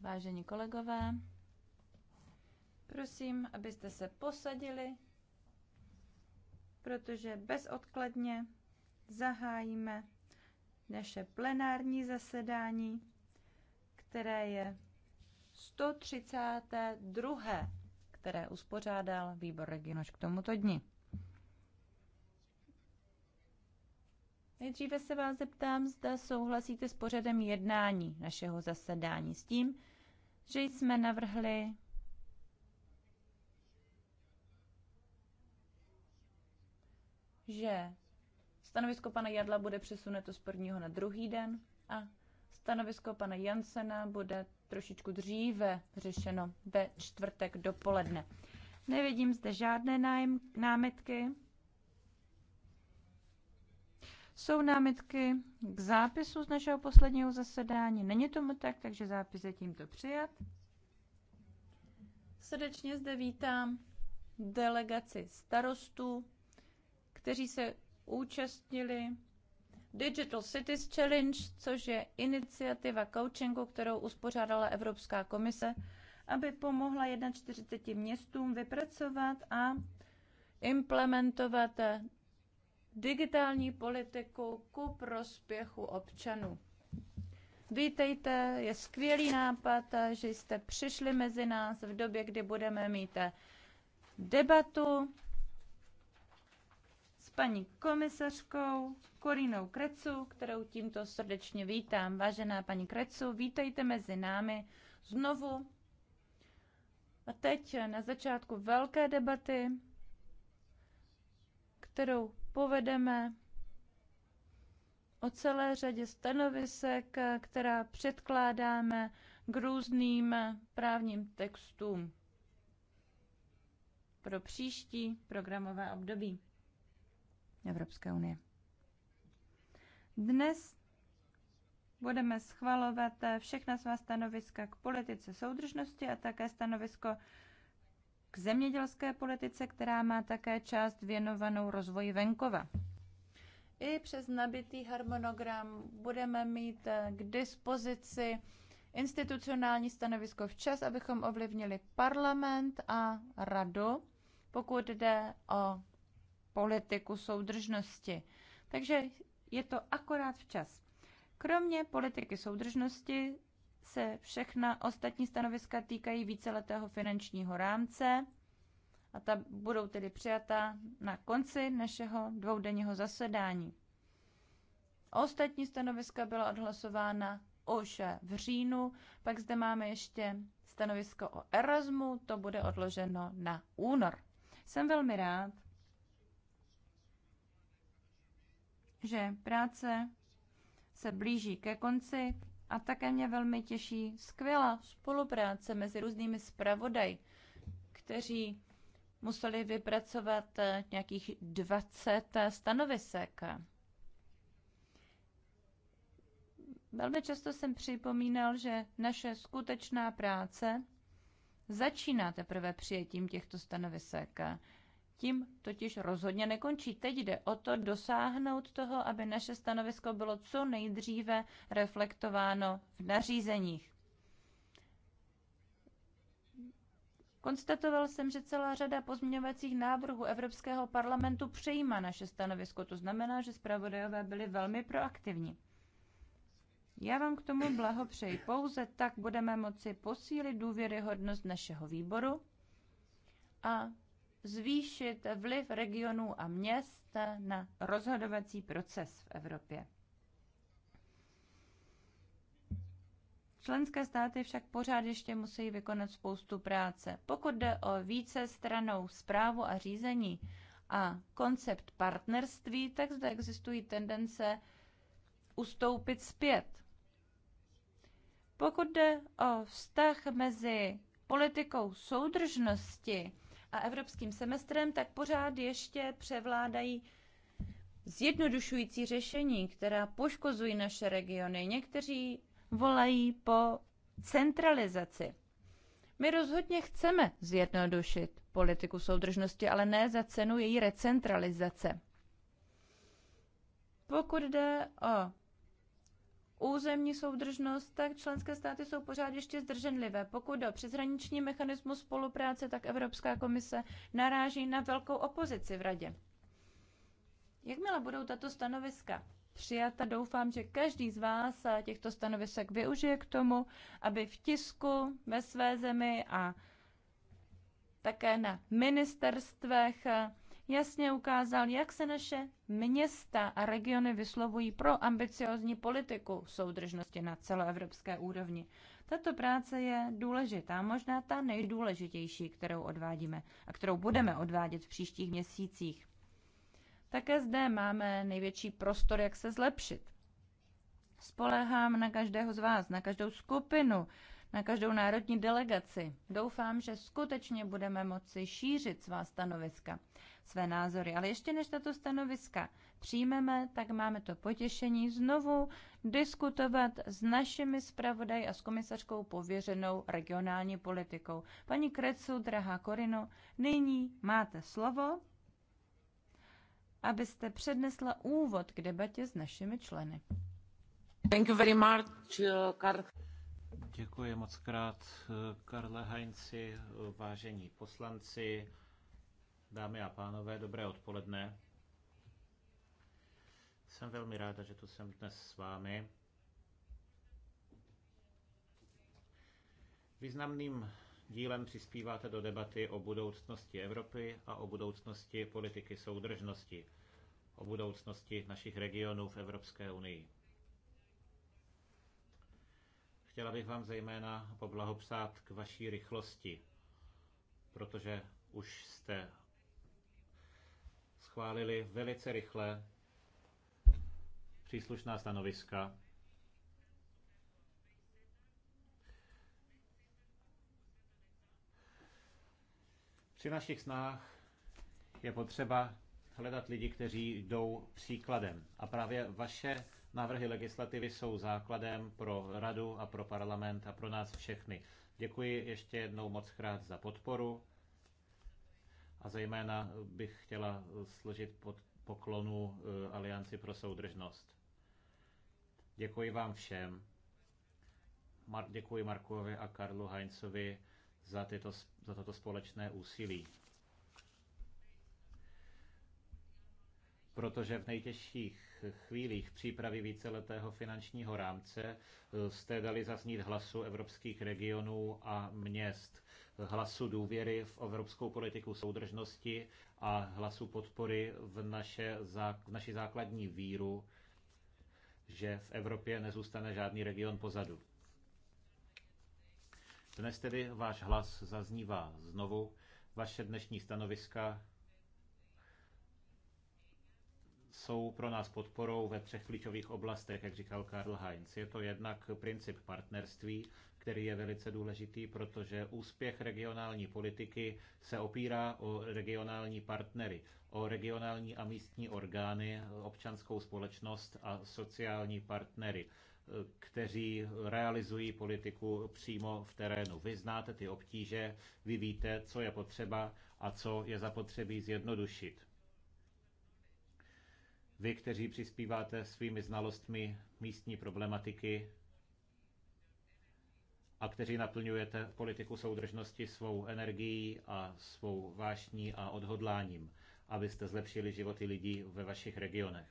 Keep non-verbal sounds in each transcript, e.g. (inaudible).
Vážení kolegové, prosím, abyste se posadili, protože bezodkladně zahájíme naše plenární zasedání, které je 132. které uspořádal výbor Reginoš k tomuto dni. Nejdříve se vás zeptám, zda souhlasíte s pořadem jednání našeho zasedání s tím, že jsme navrhli že stanovisko pana Jadla bude přesunuto z prvního na druhý den a stanovisko pana Jansena bude trošičku dříve řešeno ve čtvrtek dopoledne. Nevidím zde žádné námitky. Jsou námitky k zápisu z našeho posledního zasedání? Není tomu tak, takže zápis je tímto přijat. Srdečně zde vítám delegaci starostů, kteří se účastnili Digital Cities Challenge, což je iniciativa coachingu, kterou uspořádala Evropská komise, aby pomohla 41 městům vypracovat a implementovat digitální politiku ku prospěchu občanů. Vítejte, je skvělý nápad, že jste přišli mezi nás v době, kdy budeme mít debatu s paní komisařkou Korinou Krecu, kterou tímto srdečně vítám. Vážená paní Krecu, vítejte mezi námi znovu. A teď na začátku velké debaty, kterou povedeme o celé řadě stanovisek, která předkládáme k různým právním textům pro příští programové období Evropské unie. Dnes budeme schvalovat všechna svá stanoviska k politice soudržnosti a také stanovisko k zemědělské politice, která má také část věnovanou rozvoji venkova. I přes nabitý harmonogram budeme mít eh, k dispozici institucionální stanovisko včas, abychom ovlivnili parlament a radu, pokud jde o politiku soudržnosti. Takže je to akorát včas. Kromě politiky soudržnosti se všechna ostatní stanoviska týkají víceletého finančního rámce a ta budou tedy přijata na konci našeho dvoudenního zasedání. Ostatní stanoviska byla odhlasována už v říjnu, pak zde máme ještě stanovisko o Erasmu, to bude odloženo na únor. Jsem velmi rád, že práce se blíží ke konci, a také mě velmi těší skvělá spolupráce mezi různými zpravodaj, kteří museli vypracovat eh, nějakých 20 eh, stanovisek. Velmi často jsem připomínal, že naše skutečná práce začíná teprve přijetím těchto stanovisek tím totiž rozhodně nekončí. Teď jde o to dosáhnout toho, aby naše stanovisko bylo co nejdříve reflektováno v nařízeních. Konstatoval jsem, že celá řada pozměňovacích návrhů Evropského parlamentu přejímá naše stanovisko. To znamená, že zpravodajové byli velmi proaktivní. Já vám k tomu blahopřeji. Pouze tak budeme moci posílit důvěryhodnost našeho výboru a zvýšit vliv regionů a měst na rozhodovací proces v Evropě. Členské státy však pořád ještě musí vykonat spoustu práce. Pokud jde o více stranou zprávu a řízení a koncept partnerství, tak zde existují tendence ustoupit zpět. Pokud jde o vztah mezi politikou soudržnosti a evropským semestrem, tak pořád ještě převládají zjednodušující řešení, která poškozují naše regiony. Někteří volají po centralizaci. My rozhodně chceme zjednodušit politiku soudržnosti, ale ne za cenu její recentralizace. Pokud jde o územní soudržnost, tak členské státy jsou pořád ještě zdrženlivé. Pokud o přeshraniční mechanismus spolupráce, tak Evropská komise naráží na velkou opozici v radě. Jakmile budou tato stanoviska přijata, doufám, že každý z vás těchto stanovisek využije k tomu, aby v tisku ve své zemi a také na ministerstvech jasně ukázal, jak se naše města a regiony vyslovují pro ambiciozní politiku soudržnosti na celoevropské úrovni. Tato práce je důležitá, možná ta nejdůležitější, kterou odvádíme a kterou budeme odvádět v příštích měsících. Také zde máme největší prostor, jak se zlepšit. Spoléhám na každého z vás, na každou skupinu, na každou národní delegaci. Doufám, že skutečně budeme moci šířit svá stanoviska své názory. Ale ještě než tato stanoviska přijmeme, tak máme to potěšení znovu diskutovat s našimi zpravodaji a s komisařkou pověřenou regionální politikou. Paní Krecu, drahá Korino, nyní máte slovo, abyste přednesla úvod k debatě s našimi členy. Thank you very much, Karl. Děkuji moc krát, Karle Heinci, vážení poslanci, Dámy a pánové, dobré odpoledne. Jsem velmi ráda, že tu jsem dnes s vámi. Významným dílem přispíváte do debaty o budoucnosti Evropy a o budoucnosti politiky soudržnosti, o budoucnosti našich regionů v Evropské unii. Chtěla bych vám zejména poblahopřát k vaší rychlosti, protože už jste schválili velice rychle příslušná stanoviska. Při našich snách je potřeba hledat lidi, kteří jdou příkladem. A právě vaše návrhy legislativy jsou základem pro radu a pro parlament a pro nás všechny. Děkuji ještě jednou moc krát za podporu. A zejména bych chtěla eh, složit pod poklonu eh, Alianci pro soudržnost. Děkuji vám všem. Mar- děkuji Markovi a Karlu Heinzovi za, tyto, za toto společné úsilí. protože v nejtěžších chvílích přípravy víceletého finančního rámce eh, jste dali zaznít hlasu evropských regionů a měst hlasu důvěry v evropskou politiku soudržnosti a hlasu podpory v, naše, v naši základní víru, že v Evropě nezůstane žádný region pozadu. Dnes tedy váš hlas zaznívá znovu, vaše dnešní stanoviska jsou pro nás podporou ve třech klíčových oblastech, jak říkal Karl Heinz. Je to jednak princip partnerství, který je velice důležitý, protože úspěch regionální politiky se opírá o regionální partnery, o regionální a místní orgány, občanskou společnost a sociální partnery kteří realizují politiku přímo v terénu. Vy znáte ty obtíže, vy víte, co je potřeba a co je zapotřebí zjednodušit. Vy, kteří přispíváte svými znalostmi místní problematiky, a kteří naplňujete politiku soudržnosti svou energií a svou vášní a odhodláním, abyste zlepšili životy lidí ve vašich regionech.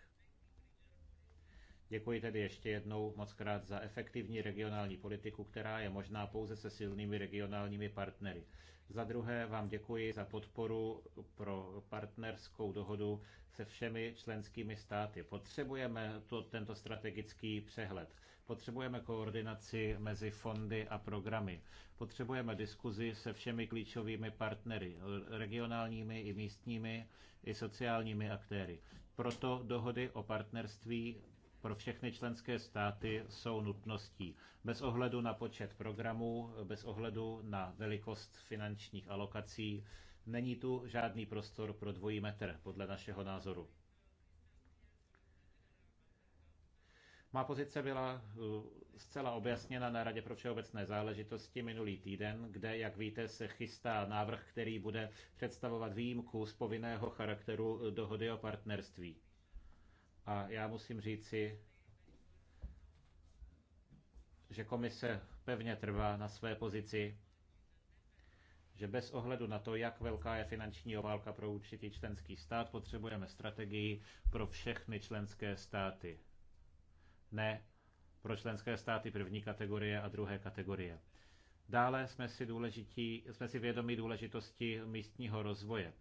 Děkuji tedy ještě jednou moc krát za efektivní regionální politiku, která je možná pouze se silnými regionálními partnery. Za druhé vám děkuji za podporu pro partnerskou dohodu se všemi členskými státy. Potřebujeme to, tento strategický přehled. Potřebujeme koordinaci mezi fondy a programy. Potřebujeme diskuzi se všemi klíčovými partnery, regionálními i místními, i sociálními aktéry. Proto dohody o partnerství pro všechny členské státy jsou nutností. Bez ohledu na počet programů, bez ohledu na velikost finančních alokací, není tu žádný prostor pro dvojí metr, podle našeho názoru. Má pozice byla eh, zcela objasněna na Radě pro všeobecné záležitosti minulý týden, kde, jak víte, se chystá návrh, který bude představovat výjimku z povinného charakteru eh, dohody o partnerství. A já musím říci, že komise pevně trvá na své pozici, že bez ohledu na to, jak velká je finanční obálka pro určitý členský stát, potřebujeme strategii pro všechny členské státy ne pro členské státy první kategorie a druhé kategorie. Dále jsme si, důležití, jsme si vědomi důležitosti místního rozvoje,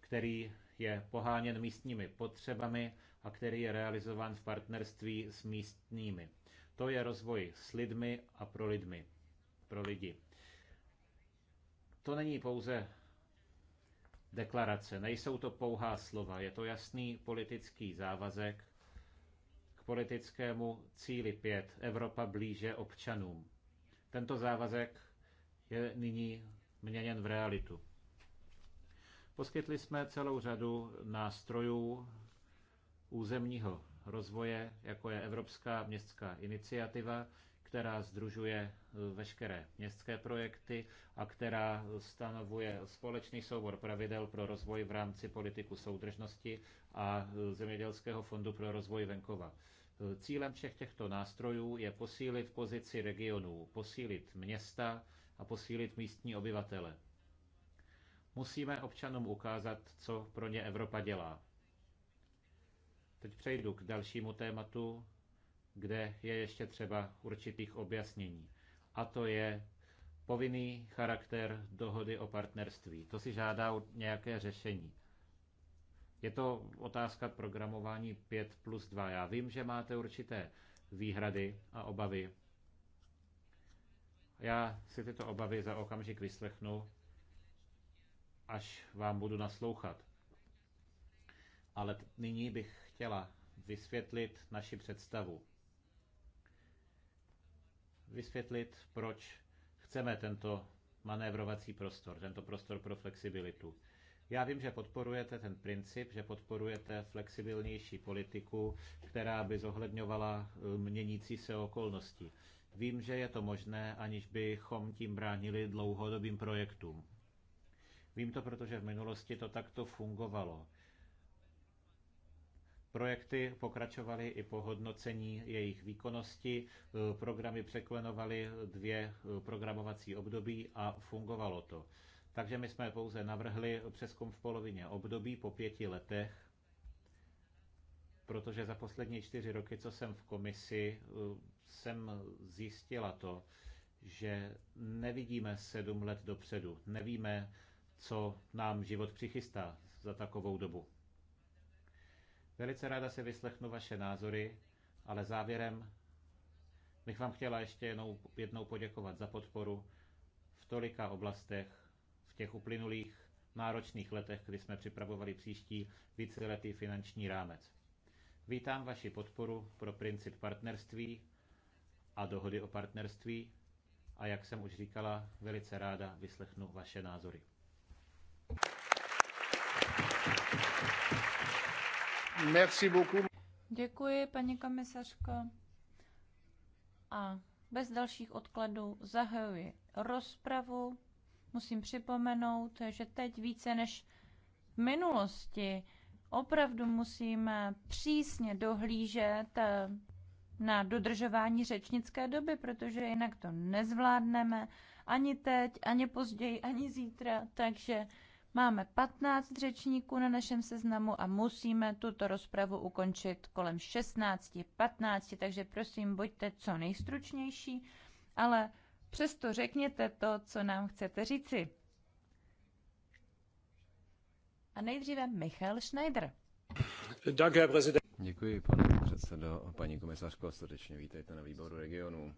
který je poháněn místními potřebami a který je realizován v partnerství s místními. To je rozvoj s lidmi a pro lidmi, pro lidi. To není pouze deklarace, nejsou to pouhá slova, je to jasný politický závazek, politickému cíli 5 Evropa blíže občanům. Tento závazek je nyní měněn v realitu. Poskytli jsme celou řadu nástrojů územního rozvoje, jako je Evropská městská iniciativa, která združuje eh, veškeré městské projekty a která stanovuje společný soubor pravidel pro rozvoj v rámci politiku soudržnosti a eh, Zemědělského fondu pro rozvoj venkova. Eh, cílem všech těchto nástrojů je posílit pozici regionů, posílit města a posílit místní obyvatele. Musíme občanům ukázat, co pro ně Evropa dělá. Teď přejdu k dalšímu tématu, kde je ještě třeba určitých objasnění. A to je povinný charakter dohody o partnerství. To si žádá nějaké řešení. Je to otázka programování 5 plus 2. Já vím, že máte určité výhrady a obavy. Já si tyto obavy za okamžik vyslechnu, až vám budu naslouchat. Ale nyní bych chtěla vysvětlit naši představu vysvětlit, proč chceme tento manévrovací prostor, tento prostor pro flexibilitu. Já vím, že podporujete ten princip, že podporujete flexibilnější politiku, která by zohledňovala e, měnící se okolnosti. Vím, že je to možné, aniž bychom tím bránili dlouhodobým projektům. Vím to, protože v minulosti to takto fungovalo. Projekty pokračovaly i po hodnocení jejich výkonnosti, e, programy překlenovaly dvě e, programovací období a fungovalo to. Takže my jsme pouze navrhli přeskum v polovině období po pěti letech, protože za poslední čtyři roky, co jsem v komisi, e, jsem zjistila to, že nevidíme sedm let dopředu, nevíme, co nám život přichystá za takovou dobu. Velice ráda si vyslechnu vaše názory, ale závěrem bych vám chtěla ještě jednou, jednou poděkovat za podporu v tolika oblastech, v těch uplynulých náročných letech, kdy jsme připravovali příští víceletý finanční rámec. Vítám vaši podporu pro princip partnerství a dohody o partnerství a jak jsem už říkala, velice ráda vyslechnu vaše názory. Děkuji, paní komisařko. A bez dalších odkladů zahajuji rozpravu. Musím připomenout, že teď více než v minulosti opravdu musíme přísně dohlížet eh, na dodržování řečnické doby, protože jinak to nezvládneme ani teď, ani později, ani zítra. Takže Máme 15 řečníků na našem seznamu a musíme tuto rozpravu ukončit kolem 16, 15, takže prosím, buďte co nejstručnější, ale přesto řekněte to, co nám chcete říci. A nejdříve Michal Schneider. Děkuji, pane předsedo. Paní komisařko, srdečně vítejte na výboru regionu.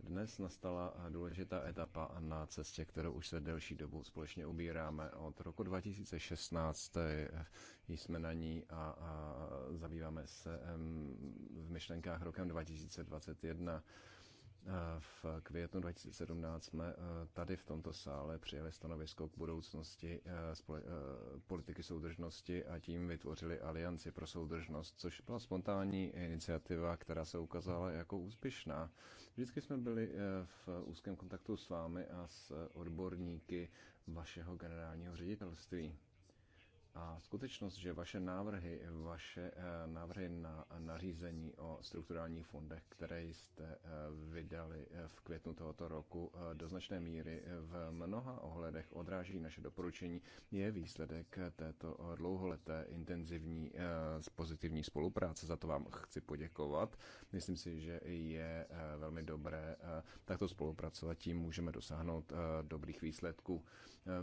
Dnes nastala důležitá etapa na cestě, kterou už se delší dobu společně ubíráme. Od roku 2016 jsme na ní a, a zabýváme se v myšlenkách rokem 2021. Eh, v květnu 2017 jsme eh, tady v tomto sále přijali stanovisko k budoucnosti eh, politiky soudržnosti a tím vytvořili Alianci pro soudržnost, což byla spontánní iniciativa, která se ukázala jako úspěšná. Vždycky jsme byli v úzkém kontaktu s vámi a s odborníky vašeho generálního ředitelství. A skutečnost, že vaše návrhy, vaše eh, návrhy na nařízení o strukturálních fondech, které jste eh, vydali eh, v květnu tohoto roku, do značné míry v mnoha ohledech odráží naše doporučení, je výsledek této dlouholeté intenzivní pozitivní spolupráce. Za to vám chci poděkovat. Myslím si, že je velmi dobré takto spolupracovat, tím můžeme dosáhnout dobrých výsledků.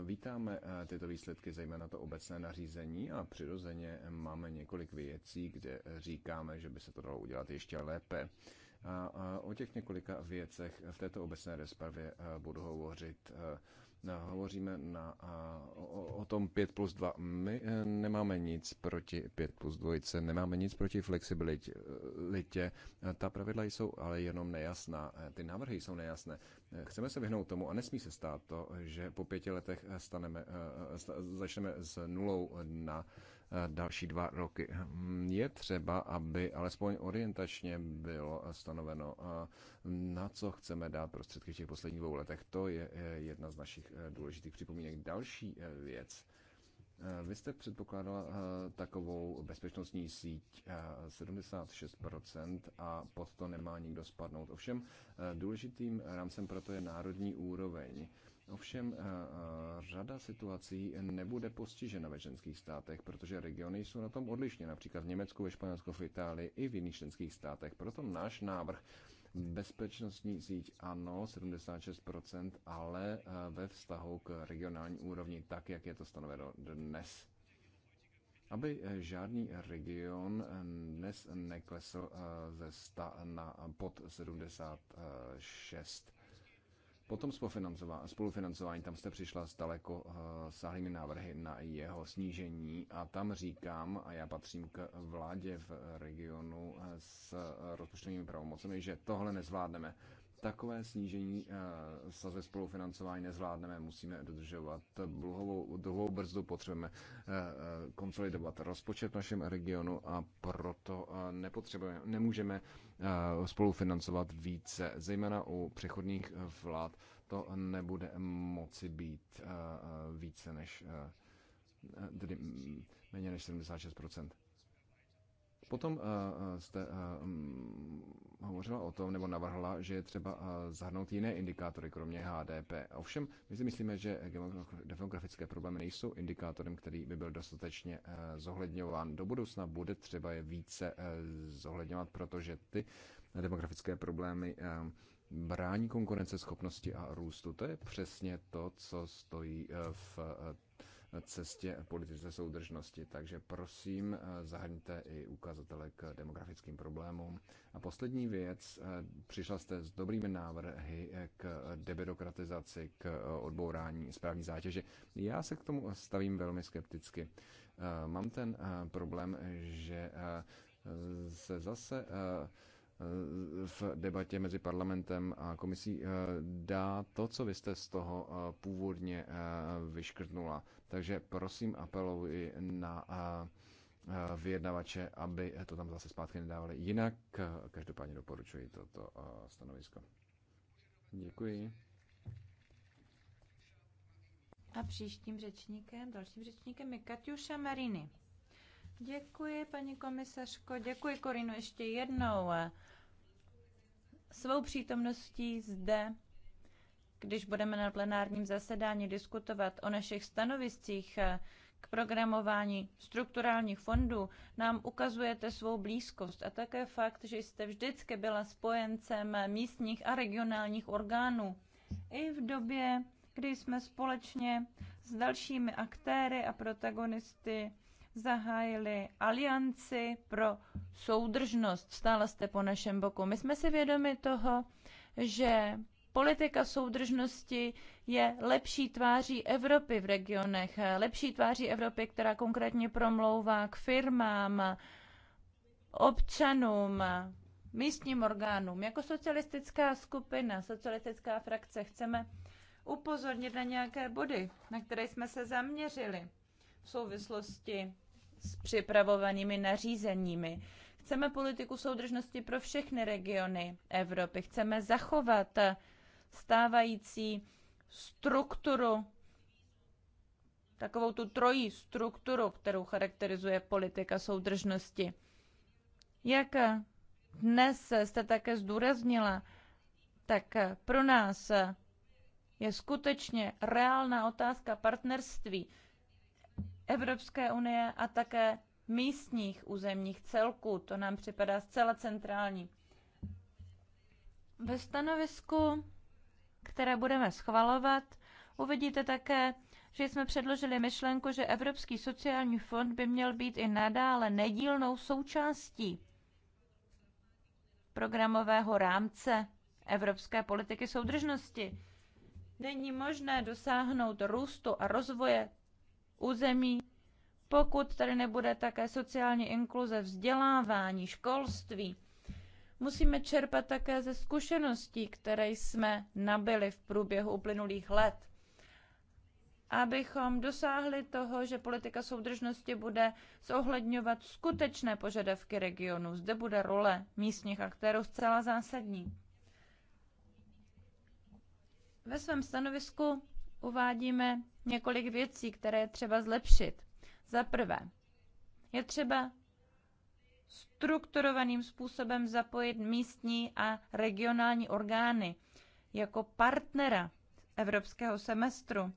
Vítáme eh, tyto výsledky, zejména to obecné nařízení a přirozeně máme několik věcí, kde říkáme, že by se to dalo udělat ještě lépe. A o těch několika věcech v této obecné rozpravě eh, budu hovořit eh, No, hovoříme na, a, o, o tom 5 plus 2. My e, nemáme nic proti 5 plus 2, nemáme nic proti flexibilitě. E, Ta pravidla jsou ale jenom nejasná. e, Ty návrhy jsou nejasné. E, Chceme se vyhnout tomu a nesmí se stát to, že po pěti letech staneme, e, e sta, začneme s nulou na E, další dva roky. Je třeba, aby alespoň orientačně bylo stanoveno, na co chceme dát prostředky v těch posledních dvou letech. To je e, jedna z našich e, důležitých připomínek. Další e, věc. Vy jste předpokládala takovou bezpečnostní síť 76% a pod to nemá nikdo spadnout. Ovšem důležitým rámcem pro to je národní úroveň. Ovšem eh, eh, řada situací nebude postižena ve členských státech, protože regiony jsou na tom odlišně, například v Německu, ve Španělsku, v Itálii i v jiných členských státech. Proto náš návrh bezpečnostní síť ano, 76%, ale eh, ve vztahu k regionální úrovni, tak jak je to stanoveno dnes. Aby žádný region dnes neklesl ze 100 na pod 76 Potom spolufinancování, tam jste přišla s daleko eh, sáhlými návrhy na jeho snížení a tam říkám, a já patřím k vládě v regionu eh, s rozpočtovými pravomocemi, že tohle nezvládneme takové snížení eh, sazby spolufinancování nezvládneme, musíme dodržovat dlouhou dlouhou brzdu, potřebujeme eh, eh, konsolidovat rozpočet v našem regionu a proto nepotřebujeme, nemůžeme spolufinancovat více, zejména u přechodných vlád to nebude moci být více než tedy méně než 76%. Potom eh, eh, jste eh, mm, hovořila o tom, nebo navrhla, že je třeba zahrnout jiné indikátory, kromě HDP. Ovšem, my si myslíme, že demografické problémy nejsou indikátorem, který by byl dostatečně zohledňován. Do budoucna bude třeba je více zohledňovat, protože ty demografické problémy brání konkurenceschopnosti a růstu. To je přesně to, co stojí v cestě politice soudržnosti. Takže prosím, eh, zahrňte i ukazatele k demografickým problémům. A poslední věc, eh, přišla jste s dobrými návrhy eh, k debirokratizaci, k odbourání správní zátěže. Já se k tomu stavím velmi skepticky. Mám ten problém, že se zase uh, Eh, v debatě mezi parlamentem a komisí eh, dá to, co vy jste z toho eh, původně vyškrtnula. Takže prosím apeluji na vyjednavače, aby to tam zase zpátky nedávali. Jinak každopádně doporučuji toto stanovisko. Děkuji. A příštím řečníkem, dalším řečníkem je Katiuša Mariny. Děkuji, paní komisařko. Děkuji, Korinu, ještě jednou. Svou přítomností zde, když budeme na plenárním zasedání diskutovat o našich stanoviscích k programování strukturálních fondů, nám ukazujete svou blízkost a také fakt, že jste vždycky byla spojencem místních a regionálních orgánů. I v době, kdy jsme společně s dalšími aktéry a protagonisty zahájili alianci pro soudržnost. Stále jste po našem boku. My jsme si vědomi toho, že politika soudržnosti je lepší tváří Evropy v regionech, lepší tváří Evropy, která konkrétně promlouvá k firmám, občanům, místním orgánům. Jako socialistická skupina, socialistická frakce chceme upozornit na nějaké body, na které jsme se zaměřili v souvislosti s připravovanými nařízeními. Chceme politiku soudržnosti pro všechny regiony Evropy. Chceme zachovat stávající strukturu, takovou tu trojí strukturu, kterou charakterizuje politika soudržnosti. Jak dnes jste také zdůraznila, tak pro nás je skutečně reálná otázka partnerství Evropské unie a také místních územních celků. To nám připadá zcela centrální. Ve stanovisku, které budeme schvalovat, uvidíte také, že jsme předložili myšlenku, že Evropský sociální fond by měl být i nadále nedílnou součástí programového rámce evropské politiky soudržnosti. Není možné dosáhnout růstu a rozvoje území, pokud tady nebude také sociální inkluze, vzdělávání, školství. Musíme čerpat také ze zkušeností, které jsme nabili v průběhu uplynulých let abychom dosáhli toho, že politika soudržnosti bude zohledňovat skutečné požadavky regionu. Zde bude role místních aktérů zcela zásadní. Ve svém stanovisku uvádíme několik věcí, které je třeba zlepšit. Za prvé, je třeba strukturovaným způsobem zapojit místní a regionální orgány jako partnera evropského semestru.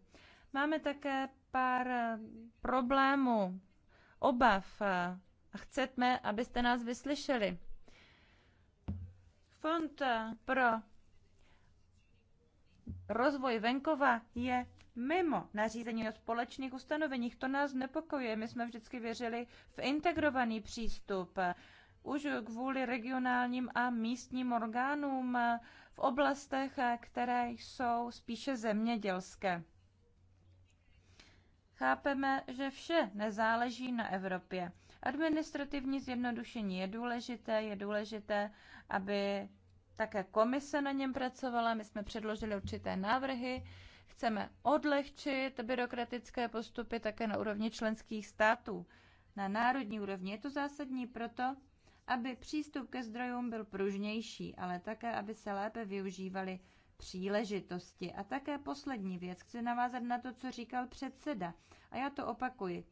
Máme také pár eh, problémů, obav eh, a chceme, abyste nás vyslyšeli. Fond eh, pro rozvoj venkova je mimo nařízení o společných ustanoveních. To nás nepokojuje. My jsme vždycky věřili v integrovaný přístup už kvůli regionálním a místním orgánům v oblastech, které jsou spíše zemědělské. Chápeme, že vše nezáleží na Evropě. Administrativní zjednodušení je důležité, je důležité, aby také komise na něm pracovala. My jsme předložili určité návrhy, Chceme odlehčit byrokratické postupy také na úrovni členských států. Na národní úrovni je to zásadní proto, aby přístup ke zdrojům byl pružnější, ale také, aby se lépe využívaly příležitosti. A také poslední věc, chci navázat na to, co říkal předseda. A já to opakuji.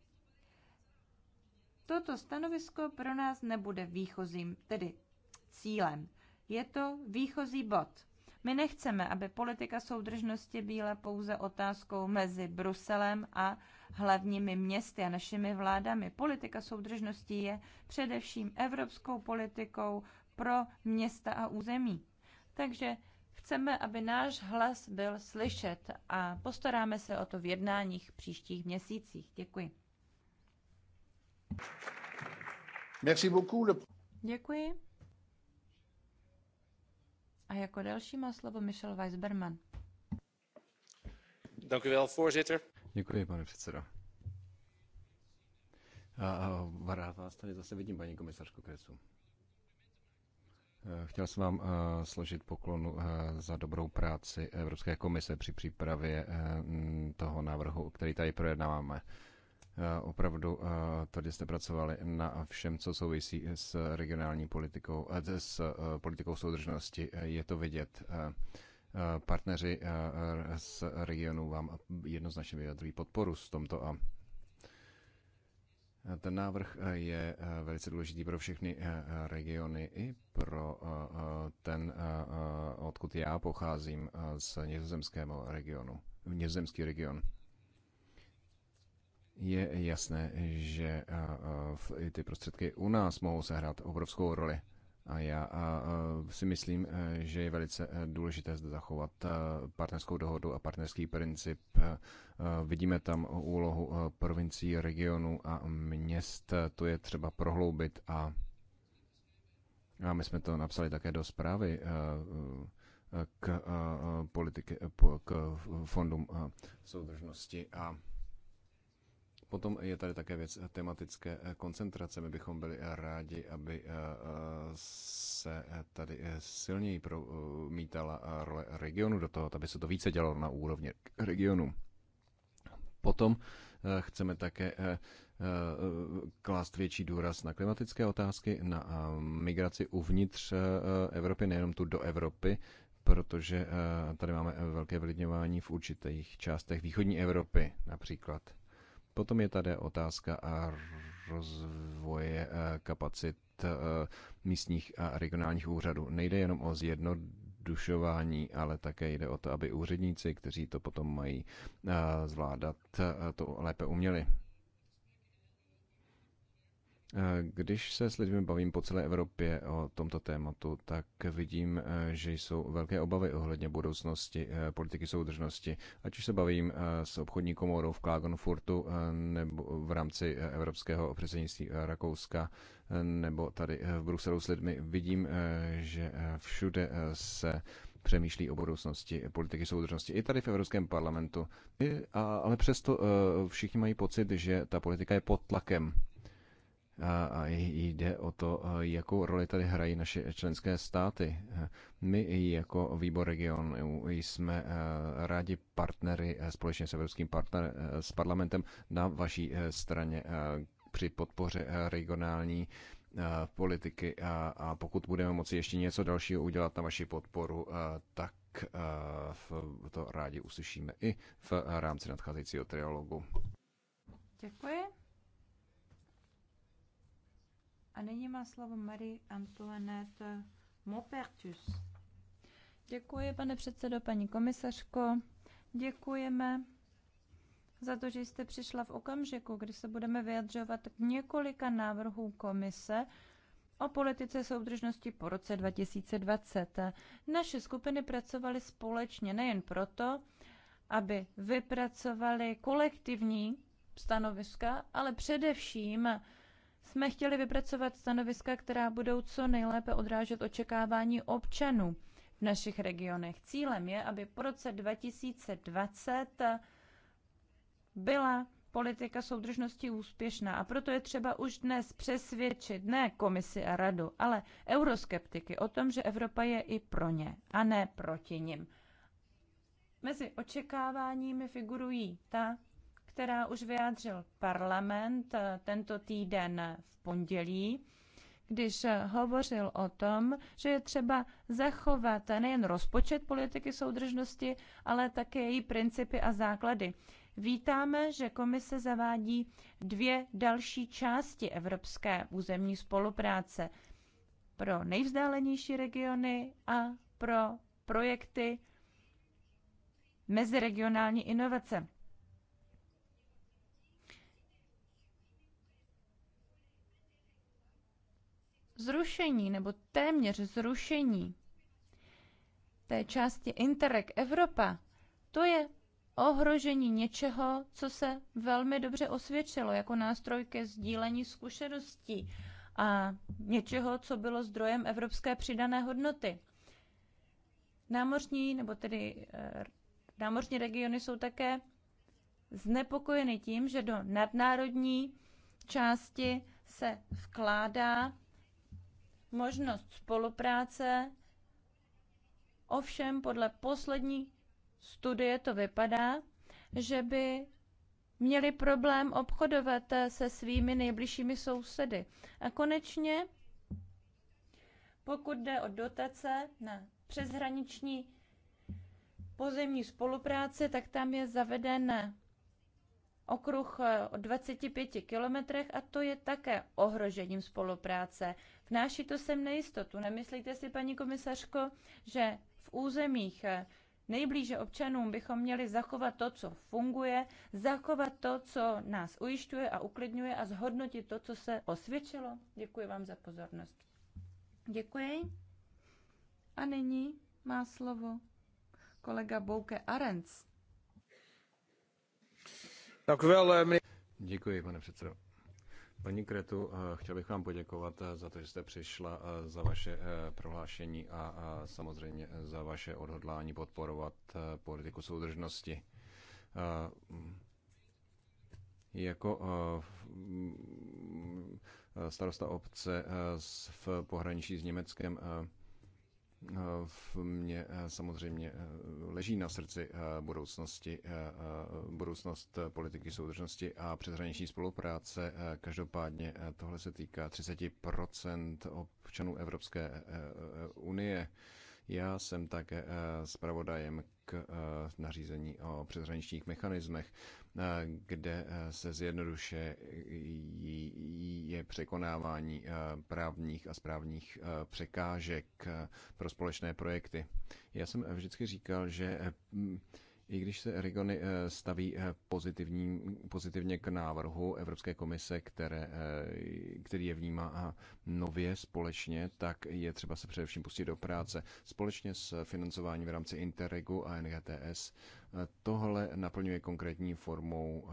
Toto stanovisko pro nás nebude výchozím, tedy cílem. Je to výchozí bod. My nechceme, aby politika soudržnosti byla pouze otázkou mezi Bruselem a hlavními městy a našimi vládami. Politika soudržnosti je především evropskou politikou pro města a území. Takže chceme, aby náš hlas byl slyšet a postaráme se o to v jednáních příštích měsících. Děkuji. Merci beaucoup. Děkuji. A jako další má slovo Michel Weisberman. Děkuji, pane předsedo. A rád vás tady zase vidím, paní komisařku Kresu. E, chtěl jsem vám e, složit poklonu e, za dobrou práci Evropské komise při přípravě toho návrhu, který tady projednáváme. Eh, opravdu eh, tady jste pracovali na všem, co souvisí s regionální politikou, eh, s politikou soudržnosti. Je to vidět. Partneři z regionu vám jednoznačně vyjadřují podporu s tomto a ten návrh je velice důležitý pro všechny regiony i pro ten, odkud já pocházím z nizozemského regionu, nizozemský region je jasné, že ty prostředky u nás mohou sehrát obrovskou roli. A já si myslím, e, že je velice e, důležité zde zachovat e, partnerskou dohodu a partnerský princip. Vidíme tam úlohu provincií, regionů a měst. To je třeba prohloubit a, a my jsme to napsali také do zprávy k, politiky, k fondům soudržnosti a Potom je tady také věc tematické eh, koncentrace. My bychom byli eh, rádi, aby eh, se tady silněji promítala role regionu do toho, aby se to více dělalo na úrovni regionu. Potom chceme také klást větší důraz na klimatické otázky, na migraci uvnitř Evropy, nejenom tu do Evropy, protože tady máme velké vylidňování v určitých částech východní Evropy například. Potom je tady otázka a rozvoje eh, kapacit eh, místních a regionálních úřadů. Nejde jenom o zjednodušování, ale také jde o to, aby úředníci, kteří to potom mají eh, zvládat, to lépe uměli. Eh, když se s lidmi bavím po celé Evropě o tomto tématu, tak vidím, eh, že jsou velké obavy ohledně budoucnosti eh, politiky soudržnosti. Ať už se bavím s obchodní komorou v Klagenfurtu nebo v rámci evropského předsednictví Rakouska nebo tady v Bruselu s lidmi, vidím, že všude se přemýšlí o budoucnosti politiky soudržnosti i tady v Evropském parlamentu. a, ale přesto všichni mají pocit, že ta politika je pod tlakem a jde o to, e, jakou roli tady hrají naše členské státy. My jako výbor regionu jsme e, rádi partnery e, společně s Evropským partner, s parlamentem na vaší straně při podpoře regionální politiky a, a pokud budeme moci ještě něco dalšího udělat na vaši podporu, tak to rádi uslyšíme i v rámci nadcházejícího trialogu. Děkuji. A nyní má slovo Marie Antoinette Mopertus. Děkuji, pane předsedo, paní komisařko. Děkujeme za to, že jste přišla v okamžiku, kdy se budeme vyjadřovat k několika návrhů komise o politice soudržnosti po roce 2020. Naše skupiny pracovaly společně nejen proto, aby vypracovali kolektivní stanoviska, ale především jsme chtěli vypracovat stanoviska, která budou co nejlépe odrážet očekávání občanů v našich regionech. Cílem je, aby po roce 2020 byla politika soudržnosti úspěšná. A proto je třeba už dnes přesvědčit ne komisi a radu, ale euroskeptiky o tom, že Evropa je i pro ně a ne proti nim. Mezi očekáváními figurují ta, která už vyjádřil parlament eh, tento týden v pondělí, když eh, hovořil o tom, že je třeba zachovat nejen rozpočet politiky soudržnosti, ale také její principy a základy. Vítáme, že komise zavádí dvě další části evropské územní spolupráce pro nejvzdálenější regiony a pro projekty meziregionální inovace. zrušení nebo téměř zrušení té části Interreg Evropa, to je ohrožení něčeho, co se velmi dobře osvědčilo jako nástroj ke sdílení zkušeností a něčeho, co bylo zdrojem evropské přidané hodnoty. Námořní, nebo tedy eh, námořní regiony jsou také znepokojeny tím, že do nadnárodní části se vkládá možnost spolupráce, ovšem podle poslední studie to vypadá, že by měli problém obchodovat se svými nejbližšími sousedy. A konečně, pokud jde o dotace na přeshraniční pozemní spolupráci, tak tam je zaveden okruh o 25 kilometrech a to je také ohrožením spolupráce. Vnáší to sem nejistotu. Nemyslíte si, paní komisařko, že v územích eh, nejblíže občanům bychom měli zachovat to, co funguje, zachovat to, co nás ujišťuje a uklidňuje a zhodnotit to, co se osvědčilo? Děkuji vám za pozornost. Děkuji. A nyní má slovo kolega Bouke Arenc. Eh, Děkuji, pane předsedo. Paní Kretu, eh, chtěl bych vám poděkovat eh, za to, že jste přišla, eh, za vaše prohlášení a samozřejmě za vaše odhodlání podporovat politiku soudržnosti. Jako mm, starosta obce v pohraničí s Německem v eh, mě eh, samozřejmě eh, leží na srdci budoucnosti, budoucnost politiky soudržnosti a přeshraniční spolupráce. Každopádně tohle se týká 30% občanů Evropské unie. Já jsem také zpravodajem k nařízení o přeshraničních mechanismech kde eh, se zjednoduše je překonávání eh, právních a správních eh, překážek pro společné projekty. Já jsem vždycky říkal, že i když se regiony eh, staví eh, pozitivní, pozitivně k návrhu Evropské komise, které, eh, který je vnímá nově společně, tak je třeba se především pustit do práce. Společně s financováním v rámci Interregu a NGTS tohle naplňuje konkrétní formou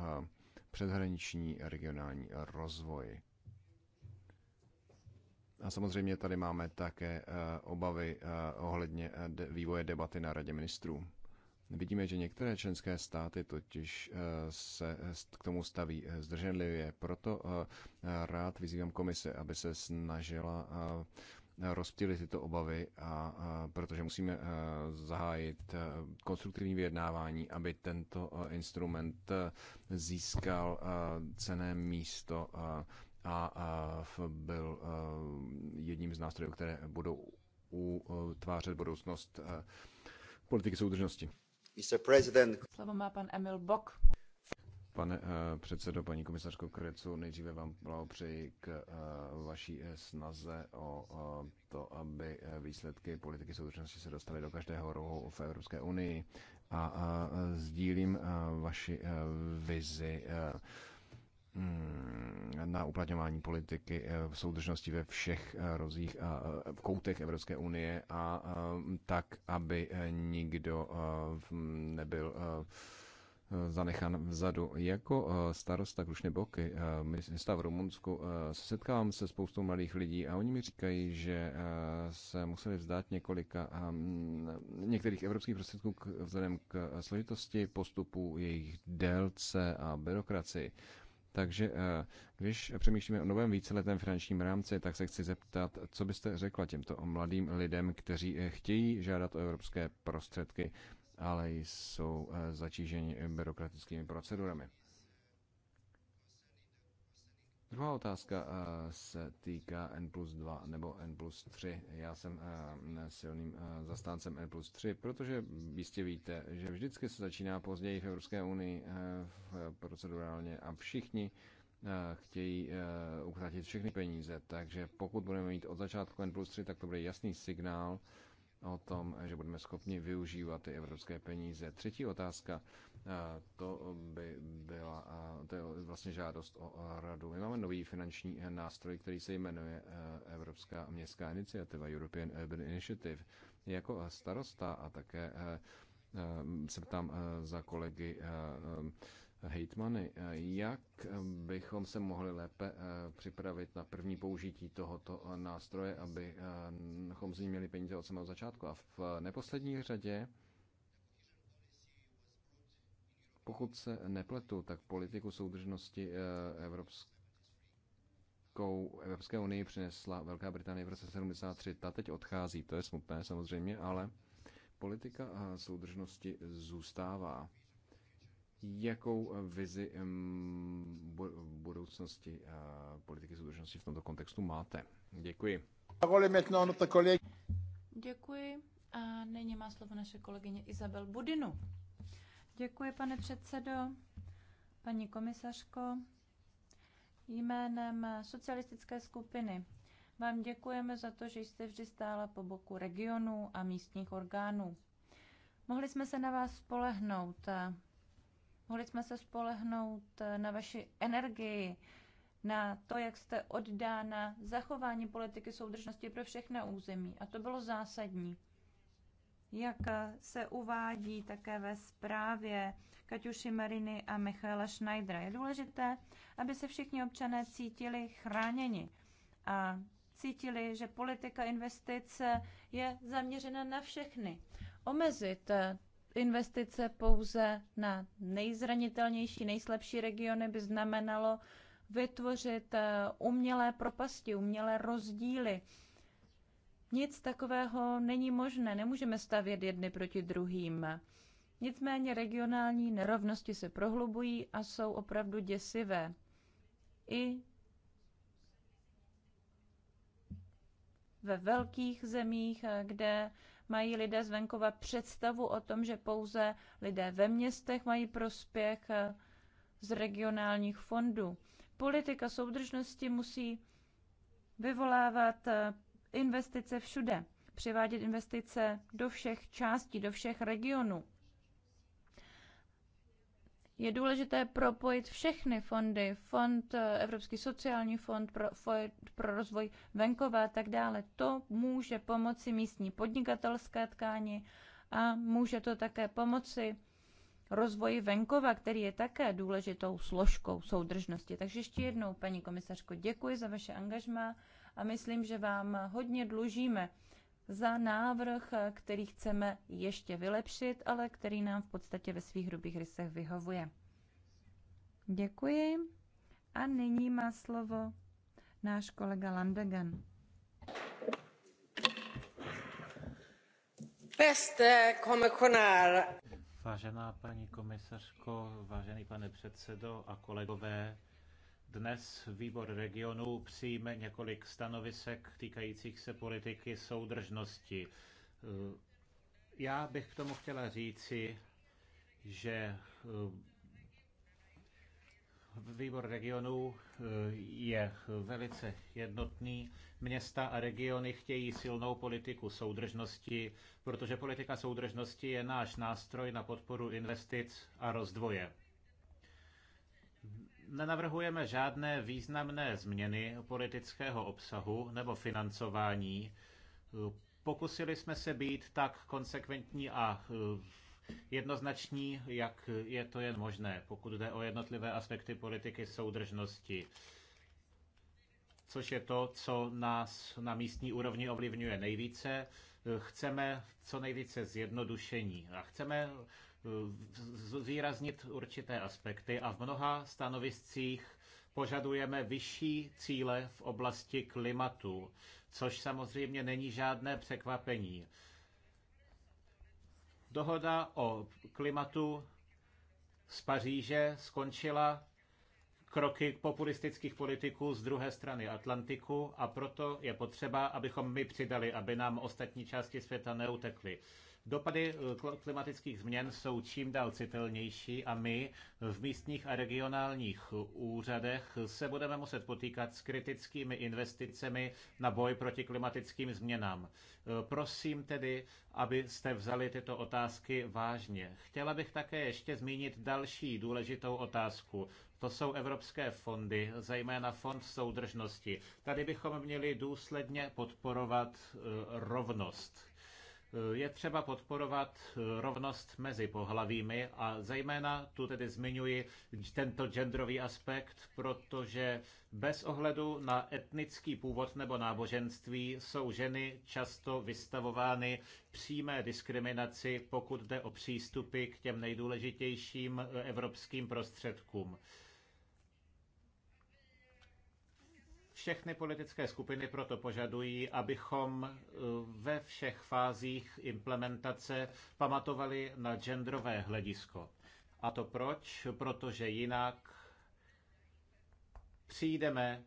předhraniční regionální rozvoj. A samozřejmě tady máme také obavy ohledně vývoje debaty na Radě ministrů. Vidíme, že některé členské státy totiž eh, se eh, k tomu staví eh, zdrženlivě. Proto rád vyzývám komise, aby se snažila rozptýlit tyto obavy, a, a, protože musíme a, zahájit a, konstruktivní vyjednávání, aby tento a, instrument a, získal a, cené místo a, a, a byl a, jedním z nástrojů, které budou utvářet budoucnost a, politiky soudržnosti. Slovo má pan Emil Bok. Pane eh, předsedo, paní komisařko Krecu, nejdříve vám blahopřeji k eh, vaší eh, snaze o to, aby výsledky politiky soudržnosti se dostaly do každého rohu v Evropské unii. A sdílím vaši vizi Mm, na uplatňování politiky eh, v soudržnosti ve všech eh, rozích a eh, v koutech Evropské unie a tak, aby nikdo nebyl zanechan vzadu. Jako starosta Krušny Boky, města v Rumunsku, setkávám se spoustou mladých lidí a oni mi říkají, že se museli vzdát několika některých evropských prostředků k, vzhledem k složitosti postupů, jejich délce a byrokracii. Takže eh, když přemýšlíme o novém víceletém finančním rámci, tak se chci zeptat, co byste řekla těmto mladým lidem, kteří eh, chtějí žádat o evropské prostředky, ale jsou eh, zatíženi byrokratickými procedurami. Druhá otázka eh, se týká N plus 2 nebo N plus 3. Já jsem eh, silným eh, zastáncem N plus 3, protože jistě víte, že vždycky se začíná později v Evropské unii procedurálně a všichni chtějí utratit všechny peníze. Takže pokud budeme mít od začátku N plus 3, tak to bude jasný signál, o tom, že budeme schopni využívat ty evropské peníze. Třetí otázka, to by byla, to je vlastně žádost o radu. My máme nový finanční nástroj, který se jmenuje e, Evropská městská iniciativa, European Urban Initiative. Jako starosta a také e, e, se ptám za kolegy hejtmany, jak bychom se mohli lépe eh, připravit na první použití tohoto eh, nástroje, abychom eh, z ní měli peníze od samého začátku. A v neposlední řadě, pokud se nepletu, tak politiku soudržnosti Evropské Evropské unii přinesla Velká Británie v roce 73. Ta teď odchází, to je smutné samozřejmě, ale politika soudržnosti zůstává jakou eh, vizi budoucnosti eh, politiky soudržnosti v tomto kontextu máte. Děkuji. No, Děkuji. A nyní má slovo naše kolegyně Izabel Budinu. Děkuji, pane předsedo, paní komisařko. Jménem socialistické skupiny vám děkujeme za to, že jste vždy stála po boku regionů a místních orgánů. Mohli jsme se na vás spolehnout Mohli jsme se spolehnout eh, na vaši energii, na to, jak jste oddána zachování politiky soudržnosti pro všechna území. A to bylo zásadní. Jak eh, se uvádí také ve zprávě Kaťuši Mariny a Michaela Schneidera, je důležité, aby se všichni občané cítili chráněni a cítili, že politika investic je zaměřena na všechny. Omezit eh, investice pouze na nejzranitelnější, nejslabší regiony by znamenalo vytvořit eh, umělé propasti, umělé rozdíly. Nic takového není možné, nemůžeme stavět jedny proti druhým. Nicméně regionální nerovnosti se prohlubují a jsou opravdu děsivé. I ve velkých zemích, eh, kde mají lidé z venkova představu o tom, že pouze lidé ve městech mají prospěch eh, z regionálních fondů. Politika soudržnosti musí vyvolávat eh, investice všude, přivádět investice do všech částí, do všech regionů. Je důležité propojit všechny fondy, fond eh, Evropský sociální fond pro, fond pro rozvoj venkova a tak dále. To může pomoci místní podnikatelské tkání a může to také pomoci rozvoji venkova, který je také důležitou složkou soudržnosti. Takže ještě jednou, paní komisařko, děkuji za vaše angažma a myslím, že vám hodně dlužíme za návrh, který chceme ještě vylepšit, ale který nám v podstatě ve svých hrubých rysech vyhovuje. Děkuji. A nyní má slovo náš kolega Landegan. Peste komisionár. Vážená paní komisařko, vážený pane předsedo a kolegové, dnes výbor regionů přijme několik stanovisek týkajících se politiky soudržnosti. Eh, já bych k tomu chtěla říci, že eh, výbor regionů eh, je velice jednotný. Města a regiony chtějí silnou politiku soudržnosti, protože politika soudržnosti je náš nástroj na podporu investic a rozdvoje. Nenavrhujeme žádné významné změny politického obsahu nebo financování. Pokusili jsme se být tak konsekventní a eh, jednoznační, jak je to jen možné, pokud jde o jednotlivé aspekty politiky soudržnosti což je to, co nás na místní úrovni ovlivňuje nejvíce. Eh, chceme co nejvíce zjednodušení a chceme Eh, zvýraznit určité aspekty a v mnoha stanoviscích požadujeme vyšší cíle v oblasti klimatu, což samozřejmě není žádné překvapení. Dohoda o klimatu z Paříže skončila kroky populistických politiků z druhé strany Atlantiku a proto je potřeba, abychom my přidali, aby nám ostatní části světa neutekly. Dopady eh, klimatických změn jsou čím dál citelnější a my v místních a regionálních úřadech se budeme muset potýkat s kritickými investicemi na boj proti klimatickým změnám. Eh, prosím tedy, abyste vzali tyto otázky vážně. Chtěla bych také ještě zmínit další důležitou otázku. To jsou evropské fondy, zejména fond soudržnosti. Tady bychom měli důsledně podporovat eh, rovnost. Je třeba podporovat eh, rovnost mezi pohlavími a zejména tu tedy zmiňuji tento genderový aspekt, protože bez ohledu na etnický původ nebo náboženství jsou ženy často vystavovány přímé diskriminaci, pokud jde o přístupy k těm nejdůležitějším eh, evropským prostředkům. Všechny politické skupiny proto požadují, abychom eh, ve všech fázích implementace pamatovali na genderové hledisko. A to proč? Protože jinak přijdeme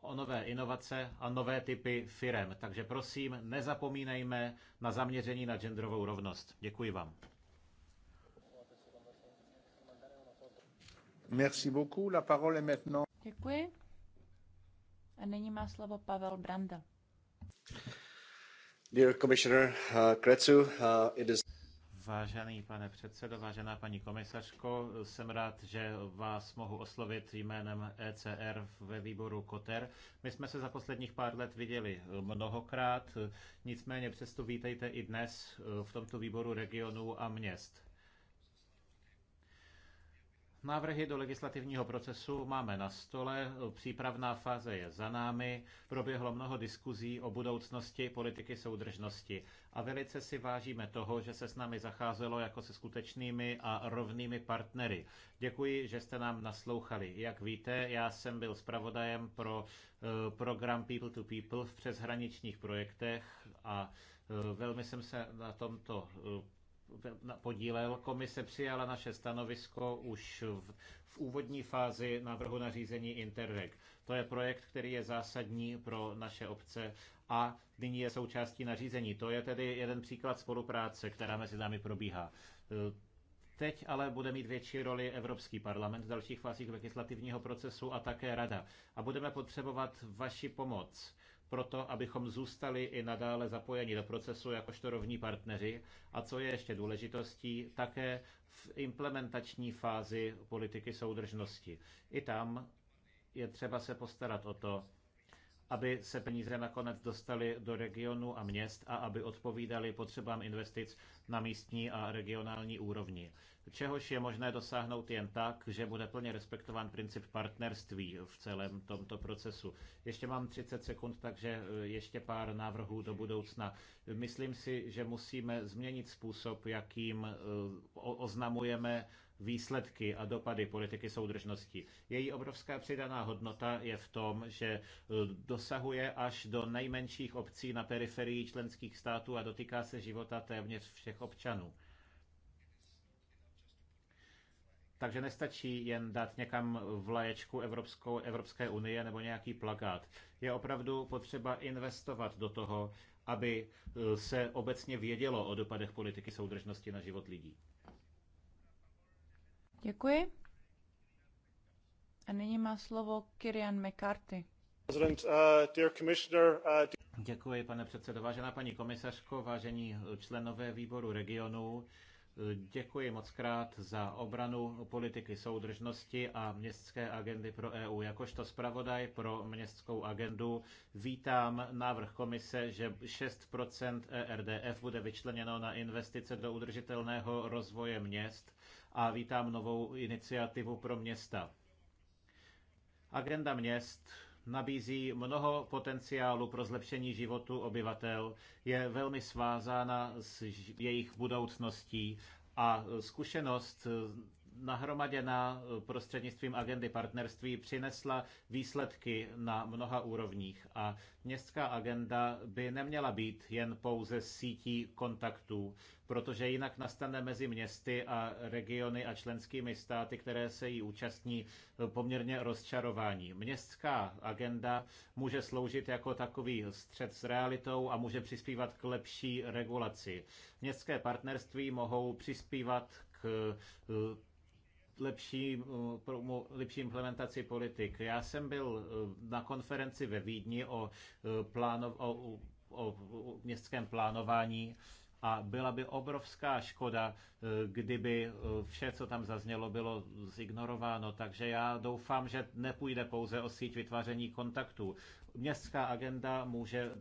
o nové inovace a nové typy firem. Takže prosím, nezapomínejme na zaměření na genderovou rovnost. Děkuji vám. Děkuji. A nyní má slovo Pavel Branda. Uh, uh, Vážený pane předsedo, vážená paní komisařko, jsem rád, že vás mohu oslovit jménem ECR ve výboru Koter. My jsme se za posledních pár let viděli mnohokrát, nicméně přesto vítejte i dnes uh, v tomto výboru regionů a měst. Návrhy do legislativního procesu máme na stole, přípravná fáze je za námi, proběhlo mnoho diskuzí o budoucnosti politiky soudržnosti a velice si vážíme toho, že se s námi zacházelo jako se skutečnými a rovnými partnery. Děkuji, že jste nám naslouchali. Jak víte, já jsem byl zpravodajem pro eh, program People to People v přeshraničních projektech a eh, velmi jsem se na tomto eh, podílel. Komise přijala naše stanovisko už v, v úvodní fázi návrhu nařízení Interreg. To je projekt, který je zásadní pro naše obce a nyní je součástí nařízení. To je tedy jeden příklad spolupráce, která mezi námi probíhá. E, teď ale bude mít větší roli Evropský parlament v dalších fázích legislativního procesu a také Rada. A budeme potřebovat vaši pomoc proto abychom zůstali i nadále zapojeni do procesu jakožto rovní partneři a co je ještě důležitostí, také v implementační fázi politiky soudržnosti. I tam je třeba se postarat o to, aby se peníze nakonec dostaly do regionu a měst a aby odpovídaly potřebám investic na místní a regionální úrovni. Čehož je možné dosáhnout jen tak, že bude plně respektován princip partnerství v celém tomto procesu. Ještě mám 30 sekund, takže e, ještě pár návrhů do budoucna. Myslím si, že musíme změnit způsob, jakým e, oznamujeme výsledky a dopady politiky soudržnosti. Její obrovská přidaná hodnota je v tom, že eh, dosahuje až do nejmenších obcí na periferii členských států a dotýká se života téměř všech občanů. Takže nestačí jen dát někam vlaječku Evropskou, Evropské unie nebo nějaký plakát. Je opravdu potřeba investovat do toho, aby eh, se obecně vědělo o dopadech politiky soudržnosti na život lidí. Děkuji. A nyní má slovo Kirian McCarthy. Uh, uh, děkuji, pane předsedo. Vážená paní komisařko, vážení členové výboru regionu. Děkuji moc krát za obranu politiky soudržnosti a městské agendy pro EU. Jakožto zpravodaj pro městskou agendu vítám návrh komise, že 6 ERDF bude vyčleněno na investice do udržitelného rozvoje měst a vítám novou iniciativu pro města. Agenda měst nabízí mnoho potenciálu pro zlepšení životu obyvatel, je velmi svázána s jejich budoucností a zkušenost nahromaděná eh, prostřednictvím agendy partnerství přinesla výsledky na mnoha úrovních a městská agenda by neměla být jen pouze sítí kontaktů, protože jinak nastane mezi městy a regiony a členskými státy, které se jí účastní, eh, poměrně rozčarování. Městská agenda může sloužit jako takový střed s realitou a může přispívat k lepší regulaci. Městské partnerství mohou přispívat k eh, lepší, eh, lepší implementaci politik. Já jsem byl eh, na konferenci ve Vídni o, eh, plánov, o, o, o městském plánování a byla by obrovská škoda, kdyby vše, co tam zaznělo, bylo zignorováno. Takže já doufám, že nepůjde pouze o síť vytváření kontaktů. Městská agenda může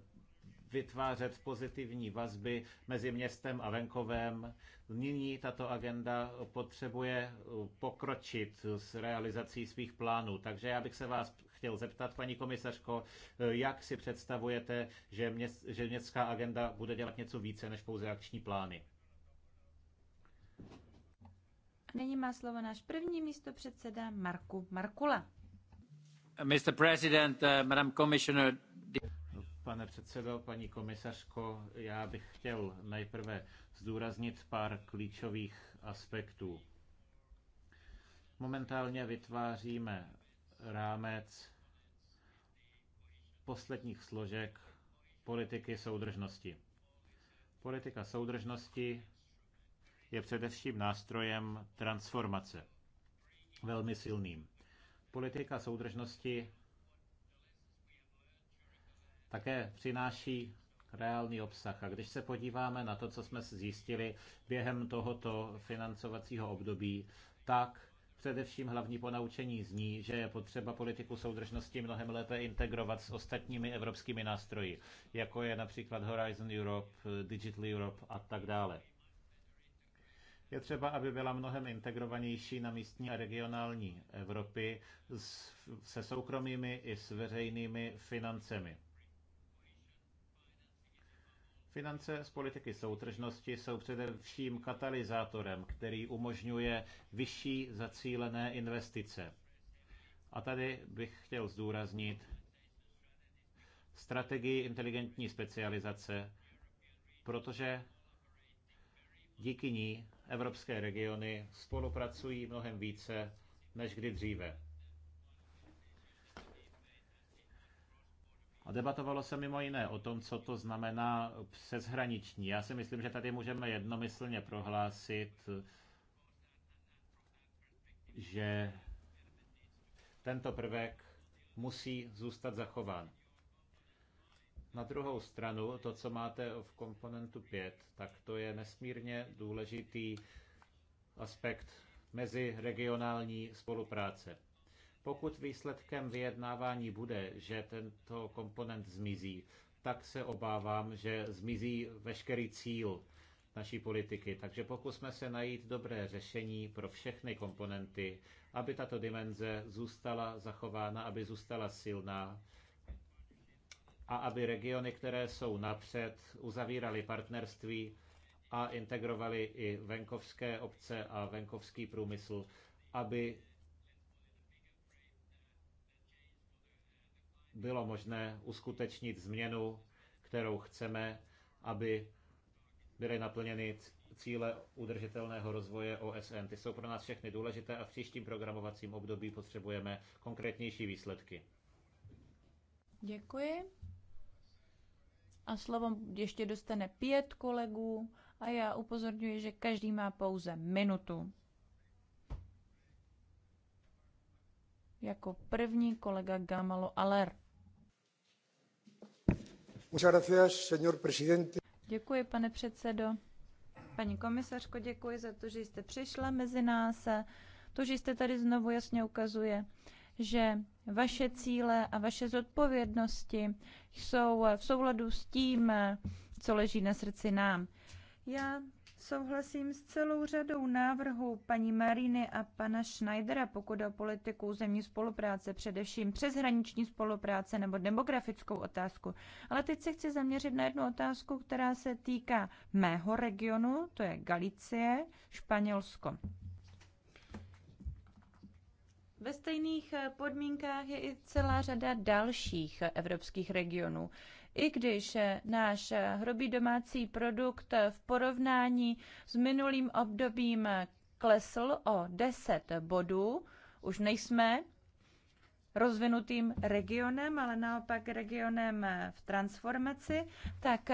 vytvářet pozitivní vazby mezi městem a venkovem. Nyní tato agenda potřebuje pokročit s realizací svých plánů. Takže já bych se vás chtěl zeptat, paní komisařko, jak si představujete, že, měst, že městská agenda bude dělat něco více než pouze akční plány? Nyní má slovo náš první místo předseda Marku Markula. Uh, Mr. President, uh, Madam Commissioner, Pane předsedo, paní komisařko, já bych chtěl nejprve zdůraznit pár klíčových aspektů. Momentálně vytváříme rámec posledních složek politiky soudržnosti. Politika soudržnosti je především nástrojem transformace, velmi silným. Politika soudržnosti také přináší reálný obsah. A když se podíváme na to, co jsme zjistili během tohoto financovacího období, tak Především hlavní ponaučení zní, že je potřeba politiku soudržnosti mnohem lépe integrovat s ostatními evropskými nástroji, jako je například Horizon Europe, Digital Europe a tak dále. Je třeba, aby byla mnohem integrovanější na místní a regionální Evropy se soukromými i s veřejnými financemi. Finance z politiky soutržnosti jsou především katalyzátorem, který umožňuje vyšší zacílené investice. A tady bych chtěl zdůraznit strategii inteligentní specializace, protože díky ní evropské regiony spolupracují mnohem více než kdy dříve. debatovalo se mimo jiné o tom, co to znamená přeshraniční. Já si myslím, že tady můžeme jednomyslně prohlásit, že tento prvek musí zůstat zachován. Na druhou stranu, to, co máte v komponentu 5, tak to je nesmírně důležitý aspekt mezi regionální spolupráce. Pokud výsledkem vyjednávání bude, že tento komponent zmizí, tak se obávám, že zmizí veškerý cíl naší politiky. Takže pokusme se najít dobré řešení pro všechny komponenty, aby tato dimenze zůstala zachována, aby zůstala silná a aby regiony, které jsou napřed, uzavíraly partnerství a integrovaly i venkovské obce a venkovský průmysl, aby bylo možné uskutečnit změnu, kterou chceme, aby byly naplněny cíle udržitelného rozvoje OSN. Ty jsou pro nás všechny důležité a v příštím programovacím období potřebujeme konkrétnější výsledky. Děkuji. A slovo ještě dostane pět kolegů a já upozorňuji, že každý má pouze minutu. Jako první kolega Gamalo Aler. Děkuji, pane předsedo. Paní komisařko, děkuji za to, že jste přišla mezi nás. To, že jste tady znovu jasně ukazuje, že vaše cíle a vaše zodpovědnosti jsou v souladu s tím, co leží na srdci nám. Já Souhlasím s celou řadou návrhů paní Mariny a pana Schneidera, pokud o politiku zemní spolupráce, především přeshraniční spolupráce nebo demografickou otázku. Ale teď se chci zaměřit na jednu otázku, která se týká mého regionu, to je Galicie, Španělsko. Ve stejných podmínkách je i celá řada dalších evropských regionů i když eh, náš eh, hrubý domácí produkt eh, v porovnání s minulým obdobím klesl o 10 bodů, už nejsme rozvinutým regionem, ale naopak regionem v transformaci, tak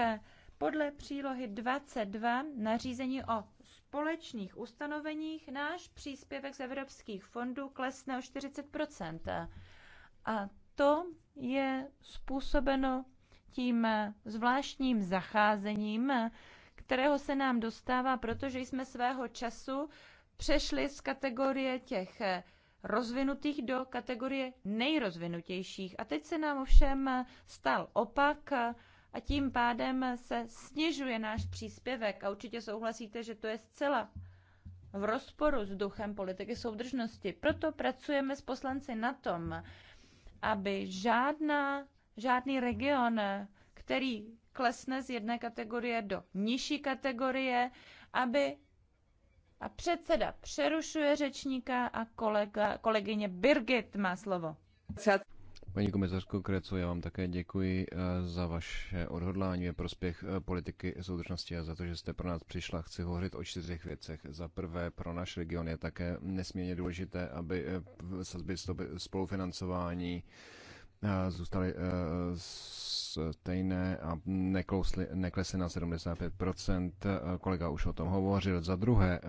podle přílohy 22 nařízení o společných ustanoveních náš příspěvek z evropských fondů klesne o 40 A to je způsobeno tím zvláštním zacházením, kterého se nám dostává, protože jsme svého času přešli z kategorie těch rozvinutých do kategorie nejrozvinutějších. A teď se nám ovšem stal opak a tím pádem se snižuje náš příspěvek. A určitě souhlasíte, že to je zcela v rozporu s duchem politiky soudržnosti. Proto pracujeme s poslanci na tom, aby žádná žádný region, který klesne z jedné kategorie do nižší kategorie, aby a předseda přerušuje řečníka a kolega, kolegyně Birgit má slovo. Paní komisařko Krecu, já vám také děkuji eh, za vaše odhodlání a prospěch eh, politiky soudržnosti a za to, že jste pro nás přišla. Chci hovořit o čtyřech věcech. Za prvé, pro náš region je také nesmírně důležité, aby eh, sazby spolufinancování Eh, zůstaly eh, stejné a neklously, neklesly na 75%. Eh, kolega už o tom hovořil. Za druhé,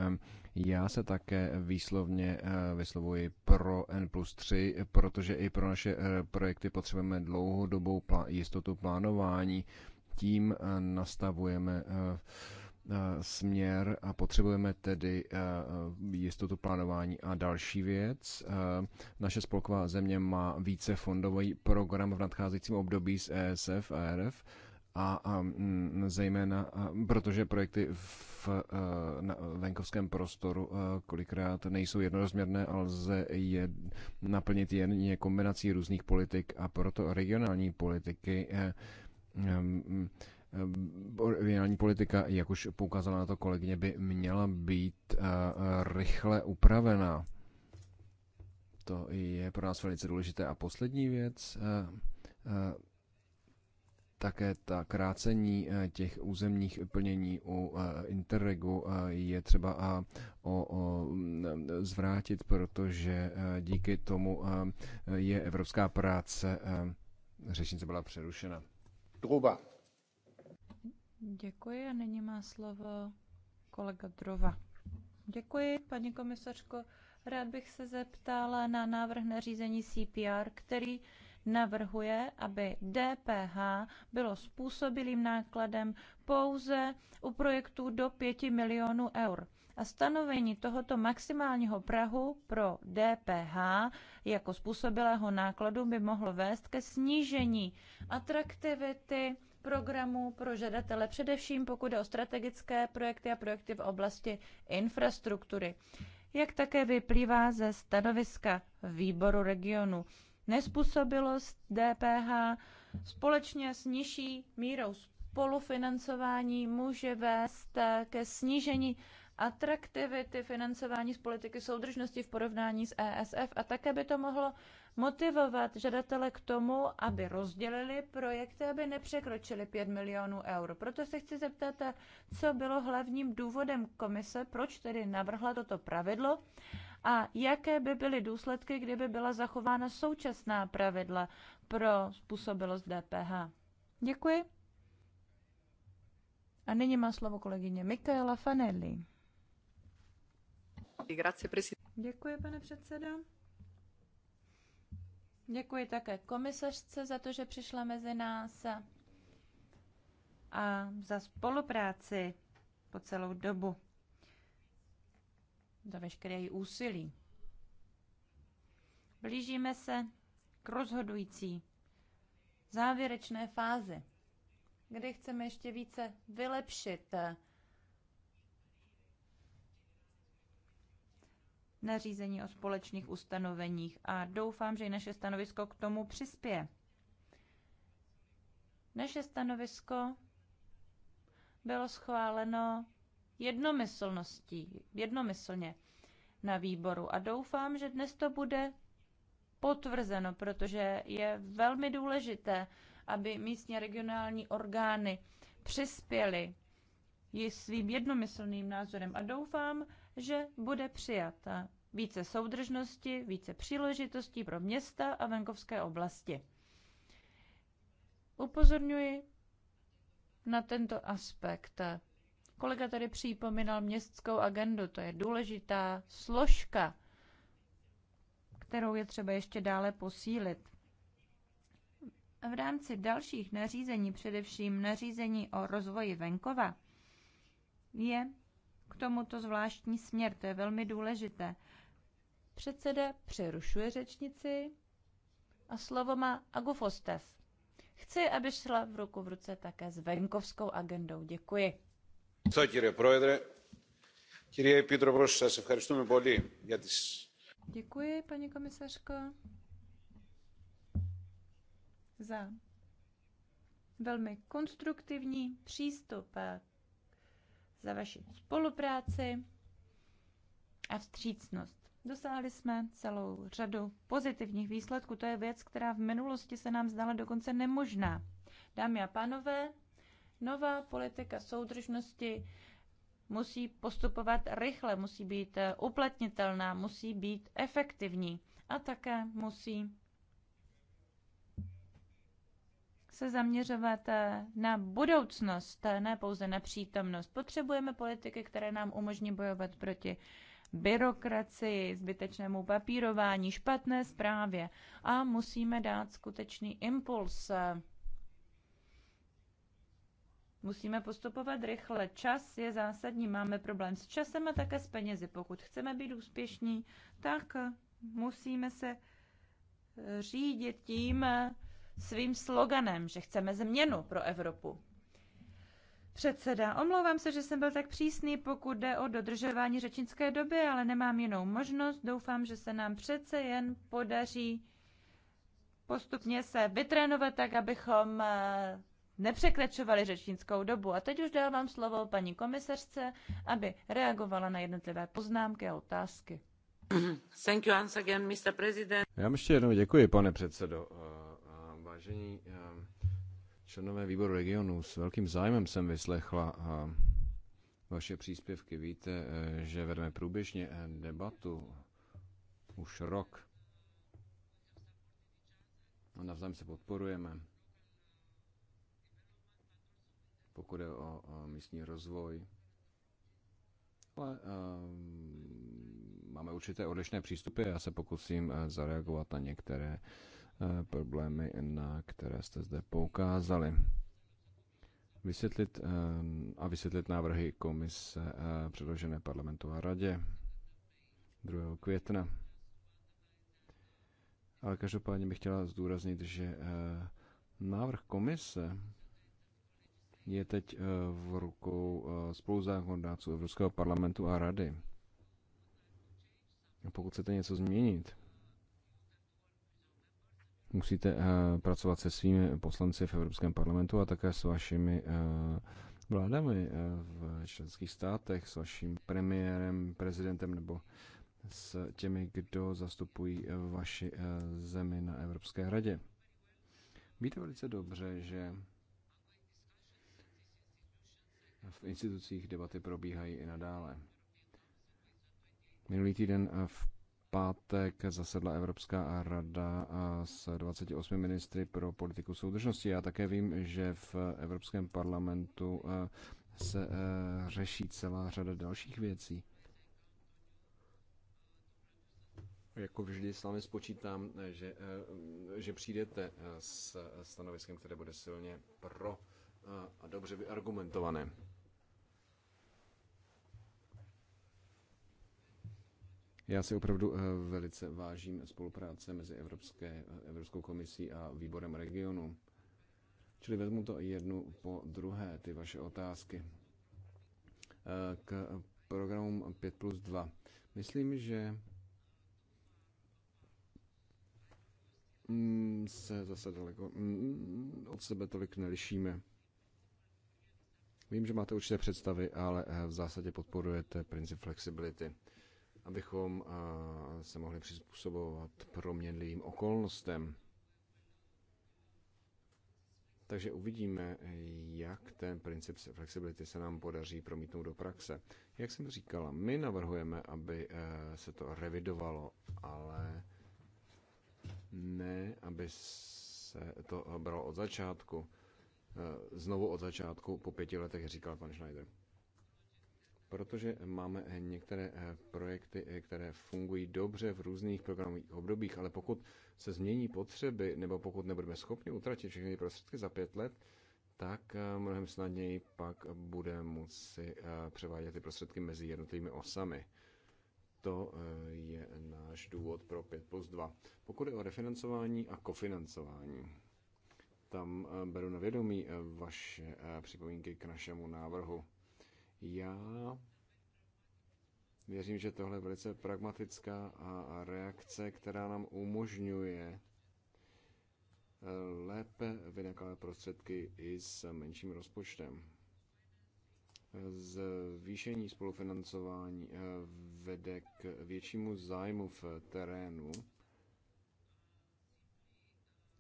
já se také výslovně vyslovuji pro N plus 3, protože i pro naše projekty potřebujeme dlouhodobou jistotu plánování. Tím nastavujeme uh, Eh, směr a potřebujeme tedy eh, eh, jistotu plánování. A další věc, naše spolková země má více fondový program v nadcházejícím období z ESF a e RF a, a mm, zejména, a, protože projekty v na venkovském prostoru kolikrát nejsou jednorozměrné, ale lze je naplnit jen kombinací různých politik a proto regionální politiky a, a, Ehm, regionální politika, jak už poukázala na to kolegyně, by měla být eh, rychle upravená. To je pro nás velice důležité. A poslední věc, eh, eh, také ta krácení těch územních plnění u Interregu je třeba a o, o zvrátit, protože díky tomu je evropská práce řečnice byla přerušena. Druba. Děkuji a nyní má slovo kolega Drova. Děkuji, paní komisařko. Rád bych se zeptala na návrh nařízení CPR, který navrhuje, aby DPH bylo způsobilým nákladem pouze u projektů do 5 milionů eur. A stanovení tohoto maximálního prahu pro DPH jako způsobilého nákladu by mohlo vést ke snížení atraktivity programů pro žadatele, především pokud jde o strategické projekty a projekty v oblasti infrastruktury. Jak také vyplývá ze stanoviska výboru regionu, nespůsobilost DPH společně s nižší mírou spolufinancování může vést ke snížení atraktivity financování z politiky soudržnosti v porovnání s ESF a také by to mohlo motivovat žadatele k tomu, aby rozdělili projekty, aby nepřekročili 5 milionů eur. Proto se chci zeptat, co bylo hlavním důvodem komise, proč tedy navrhla toto pravidlo a jaké by byly důsledky, kdyby byla zachována současná pravidla pro způsobilost DPH. Děkuji. A nyní má slovo kolegyně Michaela Fanelli. Děkuji, pane předsedo. Děkuji také komisařce za to, že přišla mezi nás a za spolupráci po celou dobu, za veškeré její úsilí. Blížíme se k rozhodující závěrečné fázi, kdy chceme ještě více vylepšit nařízení o společných ustanoveních a doufám, že i naše stanovisko k tomu přispěje. Naše stanovisko bylo schváleno jednomyslností, jednomyslně na výboru a doufám, že dnes to bude potvrzeno, protože je velmi důležité, aby místní regionální orgány přispěly svým jednomyslným názorem a doufám, že bude přijata více soudržnosti, více příležitostí pro města a venkovské oblasti. Upozorňuji na tento aspekt. Kolega tady připomínal městskou agendu, to je důležitá složka, kterou je třeba ještě dále posílit. V rámci dalších nařízení, především nařízení o rozvoji venkova, je tomuto zvláštní směr, to je velmi důležité. Předseda přerušuje řečnici a slovo má Agufostev. Chci, aby šla v ruku v ruce také s venkovskou agendou. Děkuji. Co, kýrie projedre? Kyrie Pítropos, se ευχαριστούμε πολύ για τις... Děkuji, paní komisařko, za velmi konstruktivní přístup za vaši spolupráci a vstřícnost. Dosáhli jsme celou řadu pozitivních výsledků. To je věc, která v minulosti se nám zdala dokonce nemožná. Dámy a pánové, nová politika soudržnosti musí postupovat rychle, musí být uplatnitelná, musí být efektivní a také musí se zaměřovat eh, na budoucnost, eh, ne pouze na přítomnost. Potřebujeme politiky, které nám umožní bojovat proti byrokracii, zbytečnému papírování, špatné zprávě a musíme dát skutečný impuls. Musíme postupovat rychle. Čas je zásadní. Máme problém s časem a také s penězi. Pokud chceme být úspěšní, tak musíme se řídit tím, svým sloganem, že chceme změnu pro Evropu. Předseda, omlouvám se, že jsem byl tak přísný, pokud jde o dodržování řečnické doby, ale nemám jinou možnost. Doufám, že se nám přece jen podaří postupně se vytrénovat tak, abychom eh, nepřekračovali řečnickou dobu. A teď už dávám slovo paní komisařce, aby reagovala na jednotlivé poznámky a otázky. Thank you once again, Mr. President. Já ještě jednou děkuji, pane předsedo vážení eh, členové výboru regionu, s velkým zájmem jsem vyslechla eh, vaše příspěvky. Víte, eh, že vedeme průběžně debatu už rok. A navzájem se podporujeme, pokud je o, místní rozvoj. Ale máme určité odlišné přístupy, já se pokusím zareagovat na některé Eh, problémy, na které jste zde poukázali. Vysvětlit eh, a vysvětlit návrhy komise eh, předložené parlamentu a radě 2. května. Ale každopádně bych chtěla zdůraznit, že návrh komise je teď v rukou spoluzákonodáců Evropského parlamentu a rady. A pokud chcete něco změnit, Musíte eh, pracovat se svými poslanci v Evropském parlamentu a také s vašimi eh, vládami eh, v členských státech, s vaším premiérem, prezidentem nebo s těmi, kdo zastupují vaši zemi na Evropské radě. Víte velice dobře, že v institucích debaty probíhají i nadále. Minulý týden v pátek zasedla Evropská rada s 28 ministry pro politiku soudržnosti. Já také vím, že v Evropském parlamentu eh, se eh, řeší celá řada dalších věcí. Jako vždy s vámi spočítám, eh, že, že přijdete s stanoviskem, které bude silně pro a dobře vyargumentované. Já si opravdu eh, velice vážím spolupráce mezi Evropské, eh, Evropskou komisí a výborem regionu. Čili vezmu to jednu po druhé, ty vaše otázky. Eh, k programům 5 plus 2. Myslím, že mm, se zase daleko mm, od sebe tolik nelišíme. Vím, že máte určité představy, ale v zásadě podporujete princip flexibility abychom eh, se mohli přizpůsobovat proměnlivým okolnostem. Takže uvidíme, jak ten princip flexibility se nám podaří promítnout do praxe. Jak jsem říkala, my navrhujeme, aby eh, se to revidovalo, ale ne, aby se to bralo od začátku. Eh, znovu od začátku po pěti letech, říkal pan Schneider protože máme některé eh, projekty, eh, které fungují dobře v různých programových obdobích, ale pokud se změní potřeby nebo pokud nebudeme schopni utratit všechny prostředky za pět let, tak eh, mnohem snadněji pak bude moci převádět ty prostředky mezi jednotlivými osami. To je náš důvod pro 5 plus 2. Pokud je o refinancování a kofinancování, tam beru na vědomí vaše připomínky k našemu návrhu. Já věřím, že tohle je velice pragmatická a reakce, která nám umožňuje eh, lépe vynakládat prostředky i s menším rozpočtem. Zvýšení spolufinancování eh, vede k většímu zájmu v terénu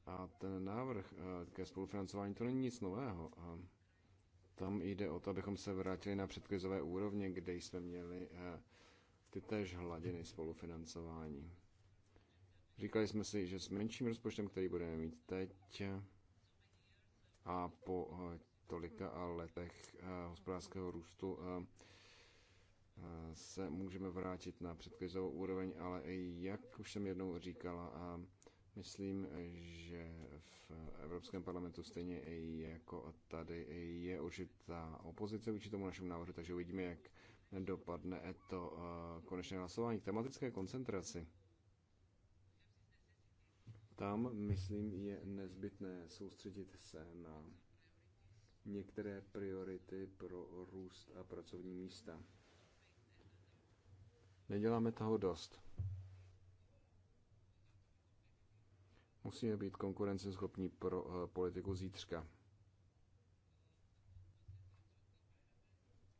a ten návrh eh, ke spolufinancování to není nic nového. Tam jde o to, abychom se vrátili na předkrizové úrovně, kde jsme měli eh, ty též hladiny spolufinancování. Říkali jsme si, že s menším rozpočtem, který budeme mít teď a po eh, tolika letech eh, hospodářského růstu se můžeme vrátit na předkrizovou úroveň, ale i jak už jsem jednou říkala, Myslím, že v Evropském parlamentu stejně jako tady je určitá opozice vůči tomu našemu návrhu, takže uvidíme, jak dopadne to eh, konečné hlasování k tematické koncentraci. Tam, myslím, je nezbytné soustředit se na některé priority pro růst a pracovní místa. Neděláme toho dost. Musíme být konkurenceschopní pro eh, politiku zítřka.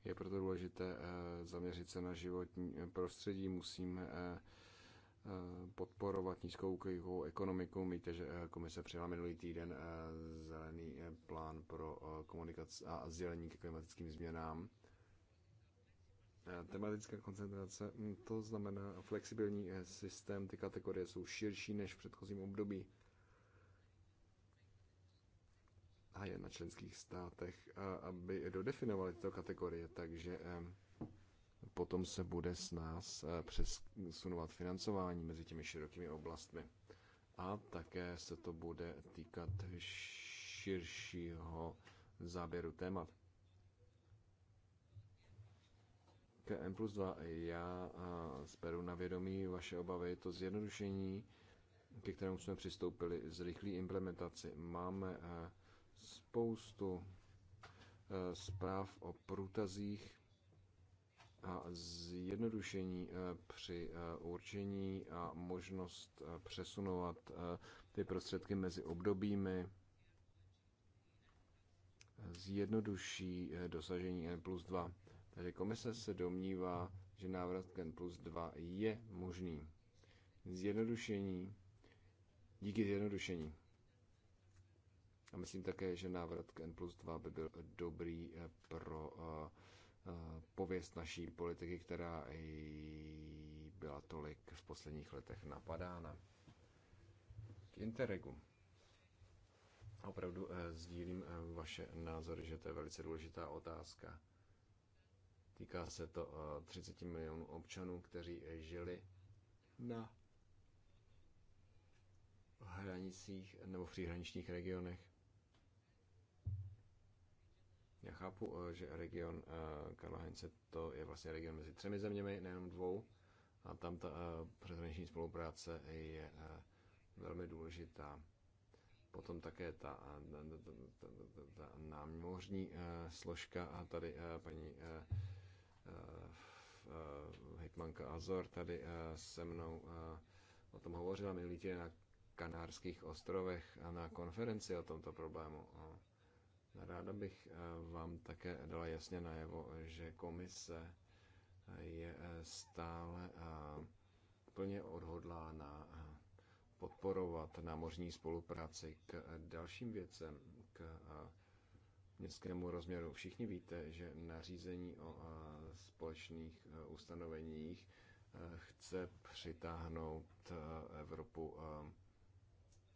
Je proto důležité eh, zaměřit se na životní eh, prostředí. Musíme podporovat nízkouhlíkovou ekonomiku. Víte, že komise přijala minulý týden zelený plán pro komunikaci a sdělení ke klimatickým změnám. Tematická koncentrace, hm, to znamená flexibilní systém, ty kategorie jsou širší než v předchozím období. a je na členských státech, aby dodefinovali tyto kategorie, takže eh, potom se bude s nás eh, přesunovat financování mezi těmi širokými oblastmi. A také se to bude týkat širšího záběru témat. K M plus 2 já zberu na vědomí vaše obavy, to zjednodušení, ke kterému jsme přistoupili, zrychlí implementaci. Máme eh, spoustu eh, zpráv o průtazích a zjednodušení eh, při eh, určení a možnost přesunovat ty prostředky mezi obdobími zjednoduší dosažení N plus 2. Takže komise se domnívá, že návrat k N plus 2 je možný. Zjednodušení díky zjednodušení. A myslím také, že návrat k N plus 2 by byl dobrý eh, pro eh, eh, pověst naší politiky, která byla tolik v posledních letech napadána. K Interregu. Opravdu sdílím vaše názory, že to je velice důležitá otázka. Týká se to 30 milionů občanů, kteří žili na hranicích nebo v příhraničních regionech já chápu, eh, že region eh, Karla Heinze to je vlastně region mezi třemi zeměmi, nejenom dvou, a tam ta eh, přeshraniční spolupráce je velmi důležitá. Potom také ta, ta, ta, ta, ta, ta námořní složka a tady paní hitmanka Azor tady se mnou o tom hovořila minulý týden na Kanárských ostrovech a na konferenci o tomto problému. Ráda bych eh, vám také dala jasně najevo, že komise eh, je eh, stále plně odhodlána podporovat námořní spolupráci k dalším věcem, k městskému rozměru. Všichni víte, že nařízení o společných ustanoveních chce přitáhnout Evropu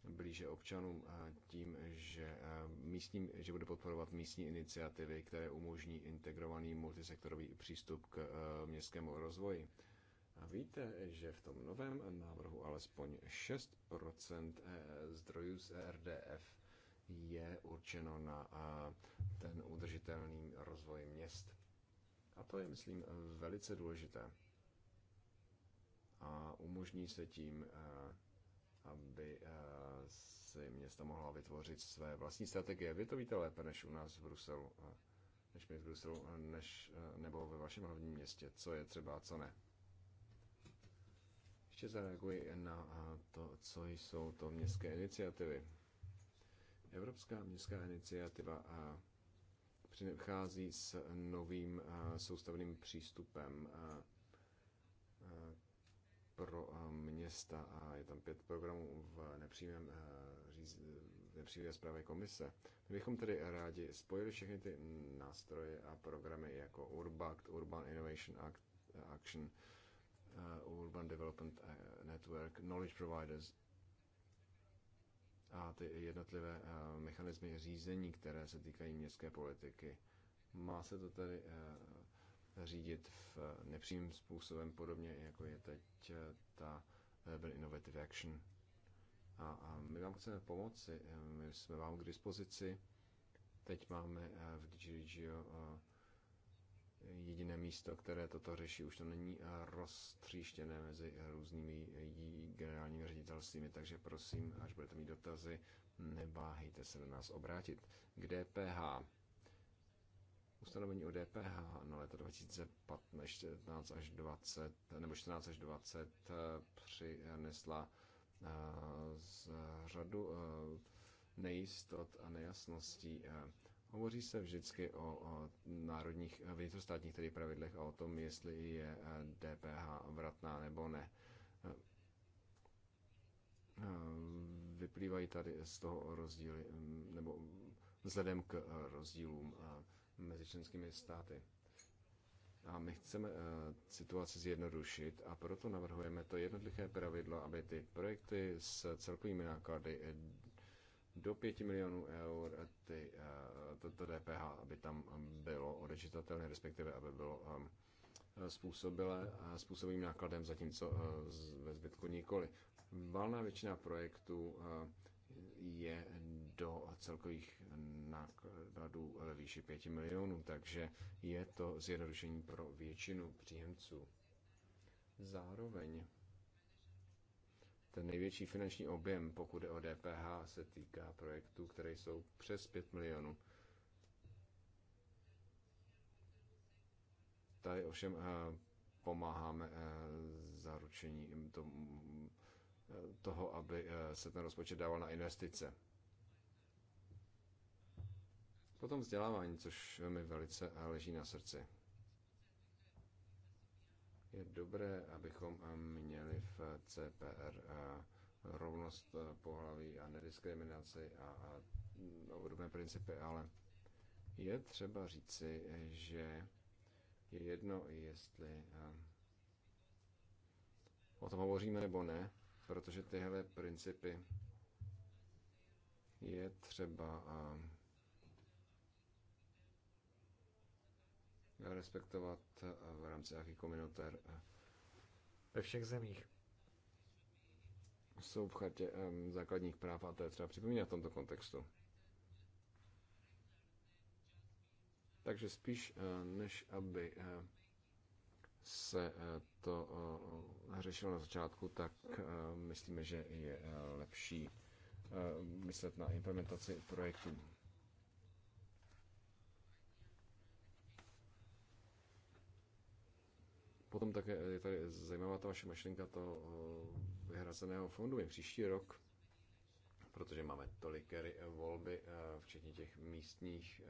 blíže občanům tím, že, místním, že bude podporovat místní iniciativy, které umožní integrovaný multisektorový přístup k e, městskému rozvoji. A víte, že v tom novém návrhu alespoň 6 e, zdrojů z RDF je určeno na ten udržitelný rozvoj měst. A to je, myslím, velice důležité. A umožní se tím e, aby eh, si města mohla vytvořit své vlastní strategie. Vy to víte lépe než u nás v Bruselu, eh, než my v Bruselu, eh, než, nebo ve vašem hlavním městě, co je třeba a co ne. Ještě zareaguji na to, co jsou to městské iniciativy. Evropská městská iniciativa a přichází s novým soustavným přístupem pro eh, města a je tam pět programů v nepřímém, eh, v nepřímé zprávě komise. My bychom tedy rádi spojili všechny ty nástroje a programy jako URBACT, Urban Innovation Act, Action, eh, Urban Development Network, Knowledge Providers a ty jednotlivé mechanismy řízení, které se týkají městské politiky. Má se to tedy řídit v nepřímým způsobem, podobně jako je teď eh, ta Urban eh, Innovative Action. A, a my vám chceme pomoci, eh, my jsme vám k dispozici. Teď máme v DigiRegio jediné místo, které toto řeší. Už to není roztříštěné mezi různými generálními ředitelstvími, takže prosím, až budete mít dotazy, nebáhejte se na nás obrátit. K DPH ustanovení o DPH na léta 2015 až 20, nebo 14 až 20 eh, přinesla eh, z řadu eh, nejistot a nejasností. Hovoří se vždycky o, o národních vnitrostátních tedy pravidlech a o tom, jestli je DPH vratná nebo ne. Vyplývají tady z toho rozdíly, mm, nebo vzhledem k rozdílům mezi členskými státy. A my chceme eh, situaci zjednodušit a proto navrhujeme to jednoduché pravidlo, aby ty projekty s celkovými náklady eh, do 5 milionů eur eh, ty, to, to DPH, aby tam bylo odečitatelné, respektive aby bylo ehm, způsobilé a způsobovým nákladem, zatímco ve zbytku nikoli. Valná většina projektů je do celkových nákladů ve výši 5 milionů, takže je to zjednodušení pro většinu příjemců. Zároveň ten největší finanční objem, pokud je o DPH, se týká projektů, které jsou přes 5 milionů. Tady ovšem eh, pomáháme eh, zaručení tomu, eh, toho, aby se ten rozpočet dával na investice. Potom vzdělávání, což mi velice leží na srdci. Je dobré, abychom měli v CPR eh, rovnost eh, pohlaví a nediskriminaci a mm, obdobné principy, ale je třeba říci, že je jedno, jestli eh, o tom hovoříme nebo ne, protože tyhle principy je třeba respektovat eh, v rámci jaký kominoter. Eh, Ve všech zemích. Jsou v chartě základních práv a to je třeba připomínat v tomto kontextu. Takže spíš eh, než aby se to řešilo na začátku, tak myslíme, že je lepší myslet na implementaci projektů. Potom také je tady zajímavá ta vaše myšlenka toho eh, vyhrazeného fondu. My příští rok, protože máme tolik eh, volby, eh, včetně těch místních,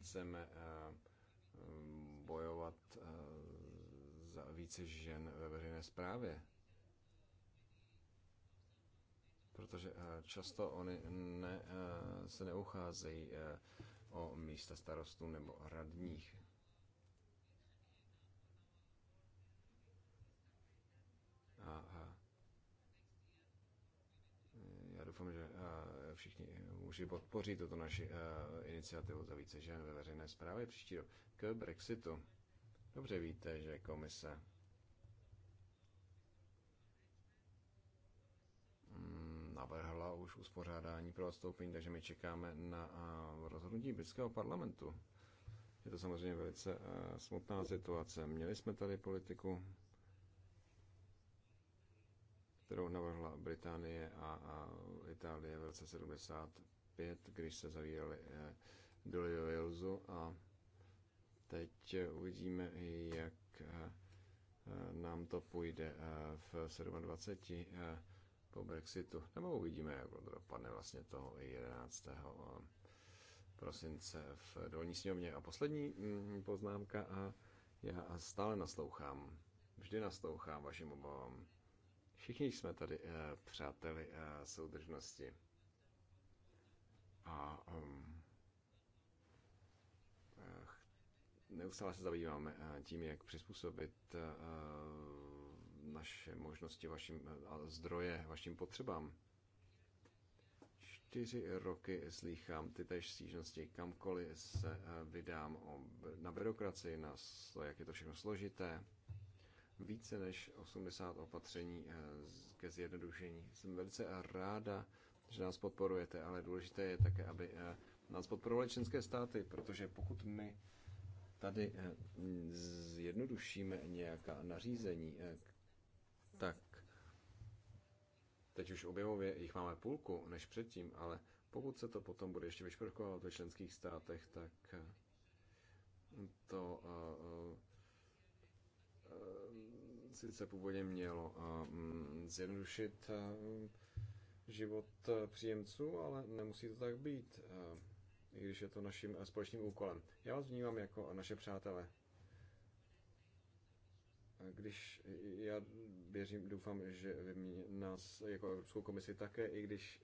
chceme bojovat za více žen ve veřejné správě. Protože často oni ne, se neucházejí o místa starostů nebo radních. doufám, že eh, všichni muži podpoří tuto naši eh, iniciativu za více žen ve veřejné zprávě příští rok. K Brexitu. Dobře víte, že komise mm, navrhla už uspořádání pro odstoupení, takže my čekáme na eh, rozhodnutí britského parlamentu. Je to samozřejmě velice smutná situace. Měli jsme tady politiku kterou navrhla Británie a, a Itálie v roce 75, když se zavírali eh, doly ve a teď uvidíme, jak eh, nám to půjde eh, v 27 eh, po Brexitu. Nebo uvidíme, jak to dopadne vlastně toho 11. Eh, prosince v dolní sněmovně. A poslední mm, poznámka, a já stále naslouchám, vždy naslouchám vašim obavám Všichni jsme tady eh, přáteli eh, soudržnosti. A um, neustále se zabýváme tím, jak přizpůsobit naše možnosti vašim, a zdroje vašim potřebám. Čtyři roky slýchám ty tež stížnosti, kamkoliv se vydám o, na byrokracii, na to, jak je to všechno složité více než 80 opatření eh, ke zjednodušení. Jsem velice ráda, že nás podporujete, ale důležité je také, aby eh, nás podporovaly členské státy, protože pokud my tady eh, zjednodušíme nějaká nařízení, tak teď už objemově jich máme půlku než předtím, ale pokud se to potom bude ještě vyšprchovat ve členských státech, tak to sice původně mělo mm, zjednodušit život příjemců, ale nemusí to tak být, i když je to naším společným úkolem. Já vás vnímám jako naše přátelé. Když já věřím, doufám, že vy mě, nás jako Evropskou komisi také, i když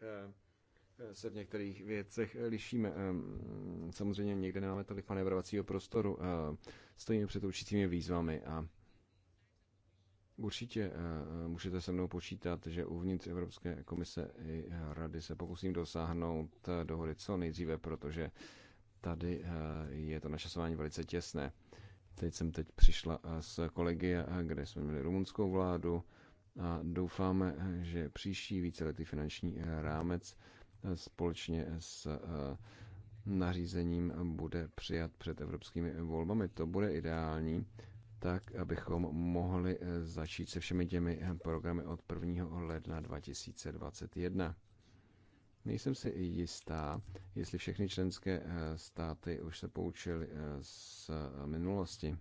se v některých věcech lišíme. Samozřejmě někde nemáme tolik manevrovacího prostoru, stojíme před určitými výzvami a Určitě eh, eh, můžete se mnou počítat, že uvnitř Evropské komise i eh, rady se pokusím dosáhnout dohody co nejdříve, protože tady je to načasování velice těsné. Teď jsem teď přišla s kolegy, kde jsme měli rumunskou vládu a doufáme, že příští víceletý finanční rámec společně s nařízením bude přijat před evropskými volbami. To bude ideální tak, abychom mohli eh, začít se všemi těmi eh, programy od 1. ledna 2021. Nejsem si jistá, jestli všechny členské eh, státy už se poučily z minulosti.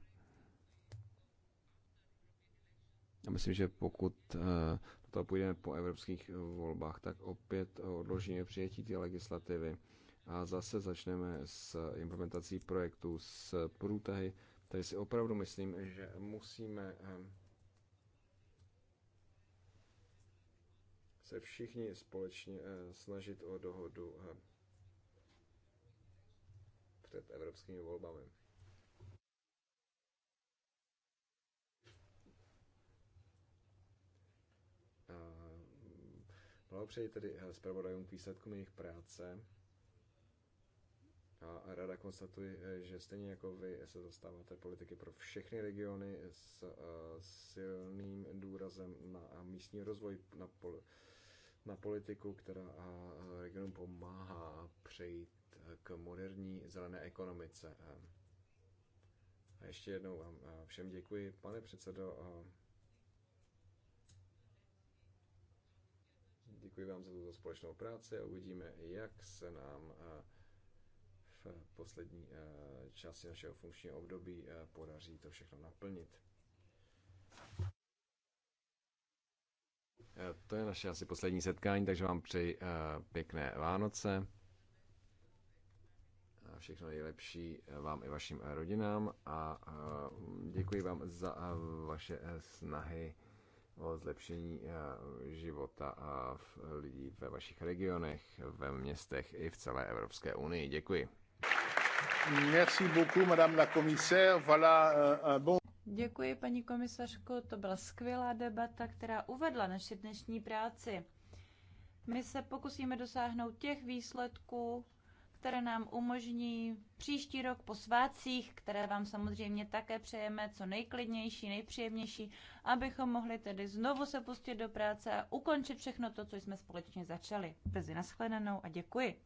A myslím, že pokud toto půjdeme po evropských volbách, tak opět odložíme přijetí té legislativy a zase začneme s implementací projektů, s průtahy Tady si opravdu myslím, že musíme ehm, se všichni společně eh, snažit o dohodu ehm, před evropskými volbami. Blahopřeji tedy eh, zpravodajům k výsledkům jejich práce. A rada konstatuje, eh, že stejně jako vy se zastáváte politiky pro všechny regiony s eh, silným důrazem na eh, místní rozvoj, na, pol, na politiku, která regionům pomáhá přejít k moderní zelené ekonomice. A ještě jednou vám všem děkuji, pane předsedo. Děkuji vám za tuto společnou práci a uvidíme, jak se nám v poslední eh, části našeho funkčního období eh, podaří to všechno naplnit. Eh, to je naše asi poslední setkání, takže vám přeji pěkné Vánoce. Všechno nejlepší vám i vašim rodinám a děkuji vám za vaše snahy o zlepšení života lidí ve vašich regionech, ve městech i v celé Evropské unii. Děkuji. Euh, děkuji, paní komisařko. To byla skvělá debata, která uvedla naši dnešní práci. My se pokusíme dosáhnout těch výsledků, které nám umožní příští rok po svácích, které vám samozřejmě také přejeme, co nejklidnější, nejpříjemnější, abychom mohli tedy znovu se pustit do práce a ukončit všechno to, co jsme společně začali. Brzy nashledanou a děkuji.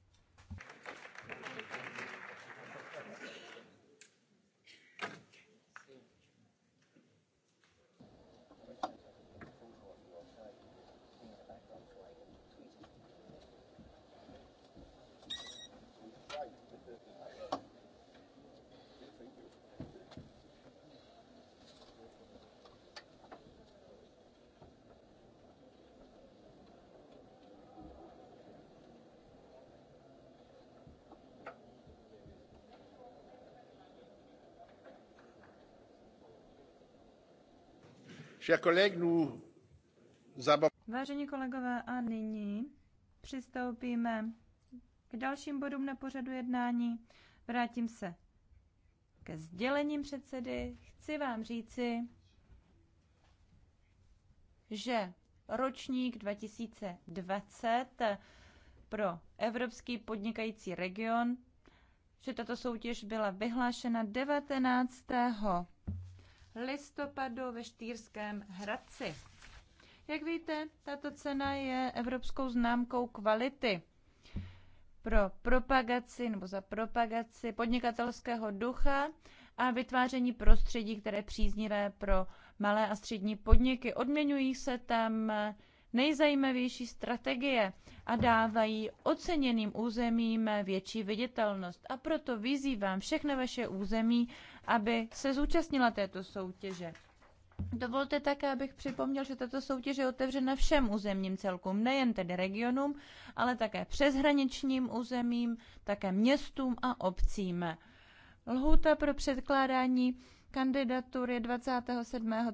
Vážení kolegové, a nyní přistoupíme k dalším bodům na pořadu jednání. Vrátím se ke sdělením předsedy. Chci vám říci, že ročník 2020 pro Evropský podnikající region, že tato soutěž byla vyhlášena 19 listopadu ve Štýrském Hradci. Jak víte, tato cena je evropskou známkou kvality pro propagaci nebo za propagaci podnikatelského ducha a vytváření prostředí, které je příznivé pro malé a střední podniky. Odměňují se tam nejzajímavější strategie a dávají oceněným územím větší viditelnost. A proto vyzývám všechny vaše území, aby se zúčastnila této soutěže. Dovolte také, abych připomněl, že tato soutěž je otevřena všem územním celkům, nejen tedy regionům, ale také přeshraničním územím, také městům a obcím. Lhůta pro předkládání 27.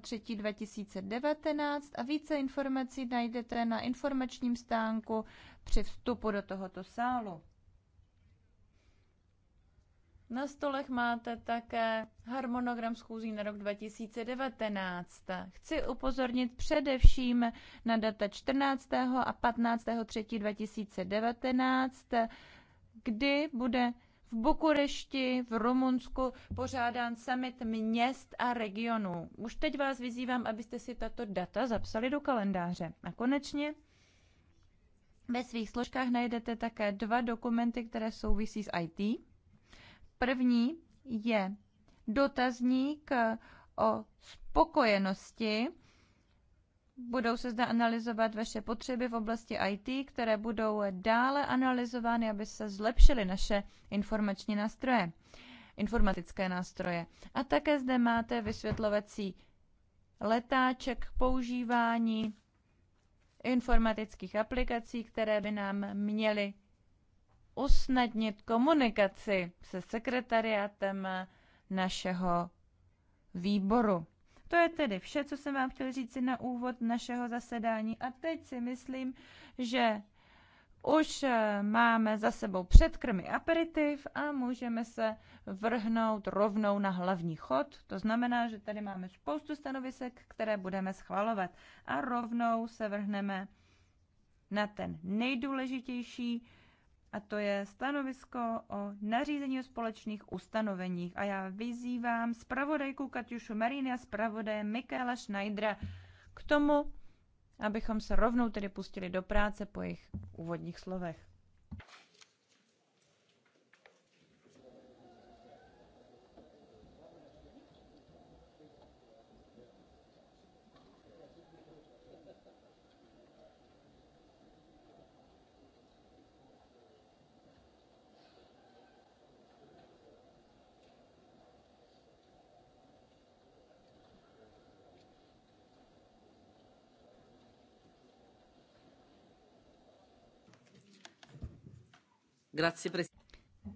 3. 27.3.2019 a více informací najdete na informačním stánku při vstupu do tohoto sálu. Na stolech máte také harmonogram schůzí na rok 2019. Chci upozornit především na data 14. a 15. 3. 2019, kdy bude v Bukurešti, v Rumunsku pořádán summit měst a regionů. Už teď vás vyzývám, abyste si tato data zapsali do kalendáře. A konečně ve svých složkách najdete také dva dokumenty, které souvisí s IT. První je dotazník o spokojenosti Budou se zde analyzovat vaše potřeby v oblasti IT, které budou dále analyzovány, aby se zlepšily naše informační nástroje, informatické nástroje. A také zde máte vysvětlovací letáček k používání informatických aplikací, které by nám měly usnadnit komunikaci se sekretariátem našeho výboru. To je tedy vše, co jsem vám chtěl říct na úvod našeho zasedání. A teď si myslím, že už eh, máme za sebou předkrmy aperitiv a můžeme se vrhnout rovnou na hlavní chod. To znamená, že tady máme spoustu stanovisek, které budeme schvalovat. A rovnou se vrhneme na ten nejdůležitější a to je stanovisko o nařízení o společných ustanoveních. A já vyzývám zpravodajku Katjušu Maríny a zpravodaje Michaela Schneidera k tomu, abychom se rovnou tedy pustili do práce po jejich úvodních slovech.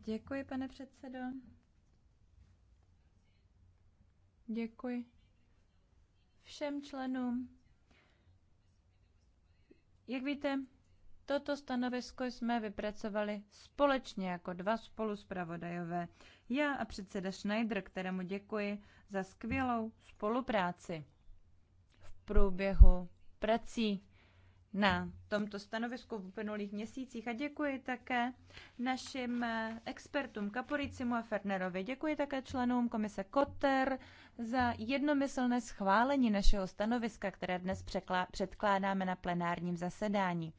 Děkuji, pane předsedo. Děkuji všem členům. Jak víte, toto stanovisko jsme vypracovali společně jako dva spoluspravodajové. Já a předseda Schneider, kterému děkuji za skvělou spolupráci v průběhu prací na tomto stanovisku v uplynulých měsících a děkuji také našim eh, expertům Kaporicimu a Fernerovi. Děkuji také členům komise Kotter za jednomyslné schválení našeho stanoviska, které dnes předkládáme na plenárním zasedání.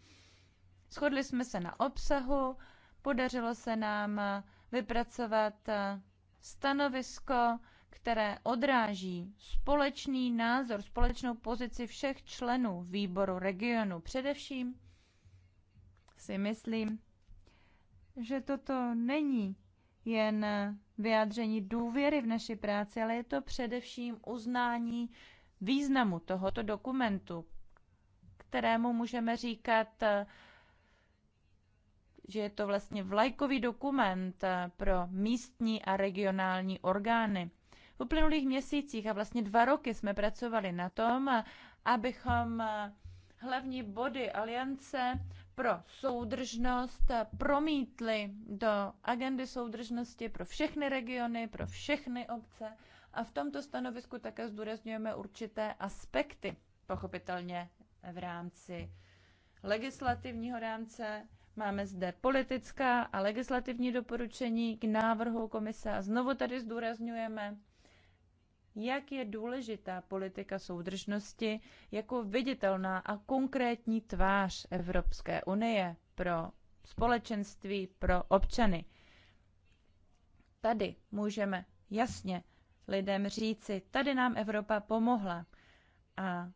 Shodli jsme se na obsahu, podařilo se nám eh, vypracovat eh, stanovisko, které odráží společný názor, společnou pozici všech členů výboru regionu. Především si myslím, že toto není jen vyjádření důvěry v naši práci, ale je to především uznání významu tohoto dokumentu, kterému můžeme říkat, že je to vlastně vlajkový dokument pro místní a regionální orgány uplynulých měsících a vlastně dva roky jsme pracovali na tom, abychom hlavní body aliance pro soudržnost promítli do agendy soudržnosti pro všechny regiony, pro všechny obce a v tomto stanovisku také zdůrazňujeme určité aspekty, pochopitelně v rámci legislativního rámce. Máme zde politická a legislativní doporučení k návrhu komise a znovu tady zdůrazňujeme, jak je důležitá politika soudržnosti jako viditelná a konkrétní tvář Evropské unie pro společenství, pro občany. Tady můžeme jasně lidem říci, tady nám Evropa pomohla a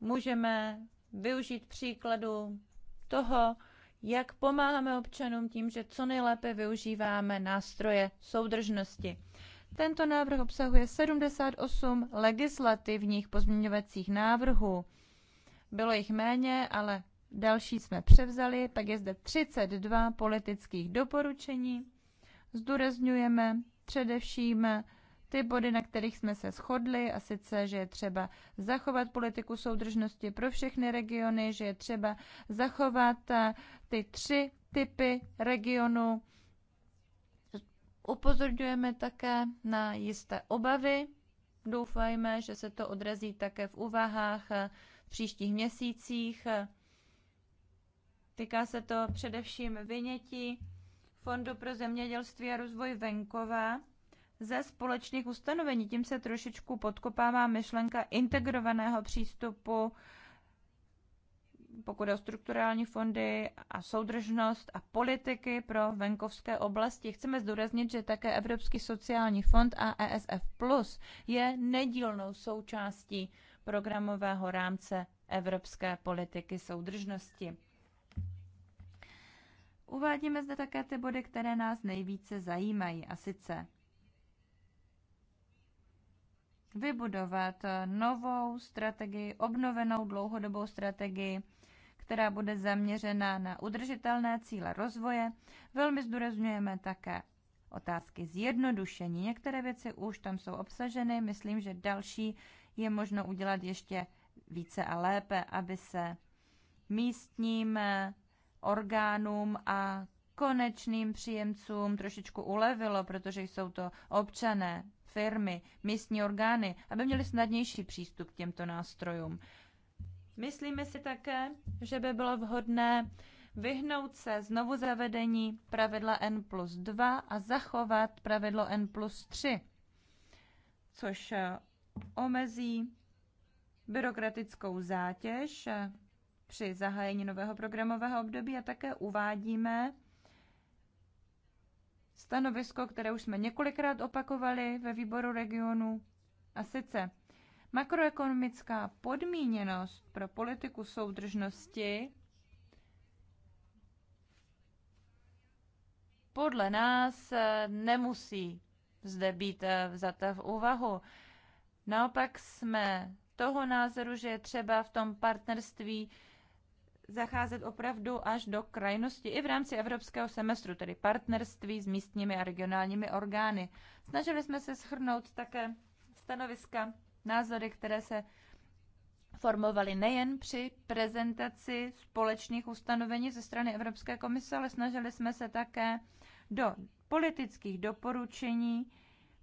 můžeme využít příkladu toho, jak pomáháme občanům tím, že co nejlépe využíváme nástroje soudržnosti. Tento návrh obsahuje 78 legislativních pozměňovacích návrhů. Bylo jich méně, ale další jsme převzali. Pak je zde 32 politických doporučení. Zdůrazňujeme především ty body, na kterých jsme se shodli, a sice, že je třeba zachovat politiku soudržnosti pro všechny regiony, že je třeba zachovat eh, ty tři typy regionů, Upozorňujeme také na jisté obavy. Doufejme, že se to odrazí také v úvahách eh, v příštích měsících. Týká se to především vynětí Fondu pro zemědělství a rozvoj venkova ze společných ustanovení. Tím se trošičku podkopává myšlenka integrovaného přístupu pokud je o strukturální fondy a soudržnost a politiky pro venkovské oblasti. Chceme zdůraznit, že také Evropský sociální fond a ESF Plus je nedílnou součástí programového rámce evropské politiky soudržnosti. Uvádíme zde také ty body, které nás nejvíce zajímají, a sice vybudovat novou strategii, obnovenou dlouhodobou strategii která bude zaměřena na udržitelné cíle rozvoje. Velmi zdůrazňujeme také otázky zjednodušení. Některé věci už tam jsou obsaženy, myslím, že další je možno udělat ještě více a lépe, aby se místním eh, orgánům a konečným příjemcům trošičku ulevilo, protože jsou to občané, firmy, místní orgány, aby měli snadnější přístup k těmto nástrojům. Myslíme si také, že by bylo vhodné vyhnout se znovu zavedení pravidla N plus 2 a zachovat pravidlo N plus 3, což eh, omezí byrokratickou zátěž eh, při zahájení nového programového období a také uvádíme stanovisko, které už jsme několikrát opakovali ve výboru regionu, a sice Makroekonomická podmíněnost pro politiku soudržnosti podle nás eh, nemusí zde být eh, vzata v úvahu. Naopak jsme toho názoru, že je třeba v tom partnerství zacházet opravdu až do krajnosti i v rámci evropského semestru, tedy partnerství s místními a regionálními orgány. Snažili jsme se shrnout také stanoviska názory, které se formovaly nejen při prezentaci společných ustanovení ze strany Evropské komise, ale snažili jsme se také do politických doporučení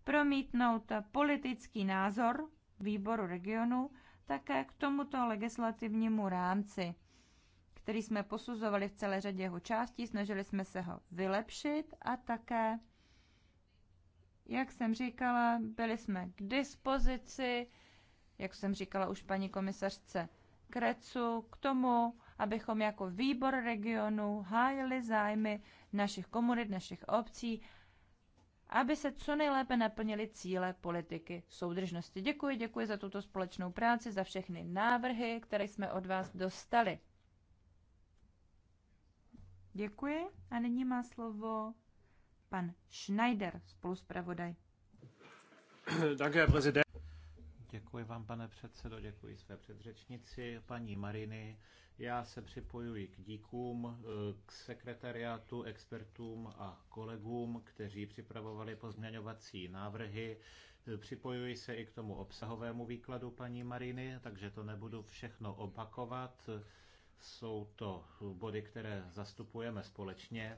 promítnout politický názor výboru regionu také k tomuto legislativnímu rámci, který jsme posuzovali v celé řadě jeho částí, snažili jsme se ho vylepšit a také jak jsem říkala, byli jsme k dispozici, jak jsem říkala už paní komisařce Krecu, k tomu, abychom jako výbor regionu hájili zájmy našich komunit, našich obcí, aby se co nejlépe naplnily cíle politiky soudržnosti. Děkuji, děkuji za tuto společnou práci, za všechny návrhy, které jsme od vás dostali. Děkuji a nyní má slovo pan Schneider, spoluspravodaj. Děkuji vám, pane předsedo, děkuji své předřečnici, paní Mariny. Já se připojuji k díkům, eh, k sekretariátu, expertům a kolegům, kteří připravovali pozměňovací návrhy. Eh, připojuji se i k tomu obsahovému výkladu paní Mariny, takže to nebudu všechno opakovat. Jsou to body, které zastupujeme společně.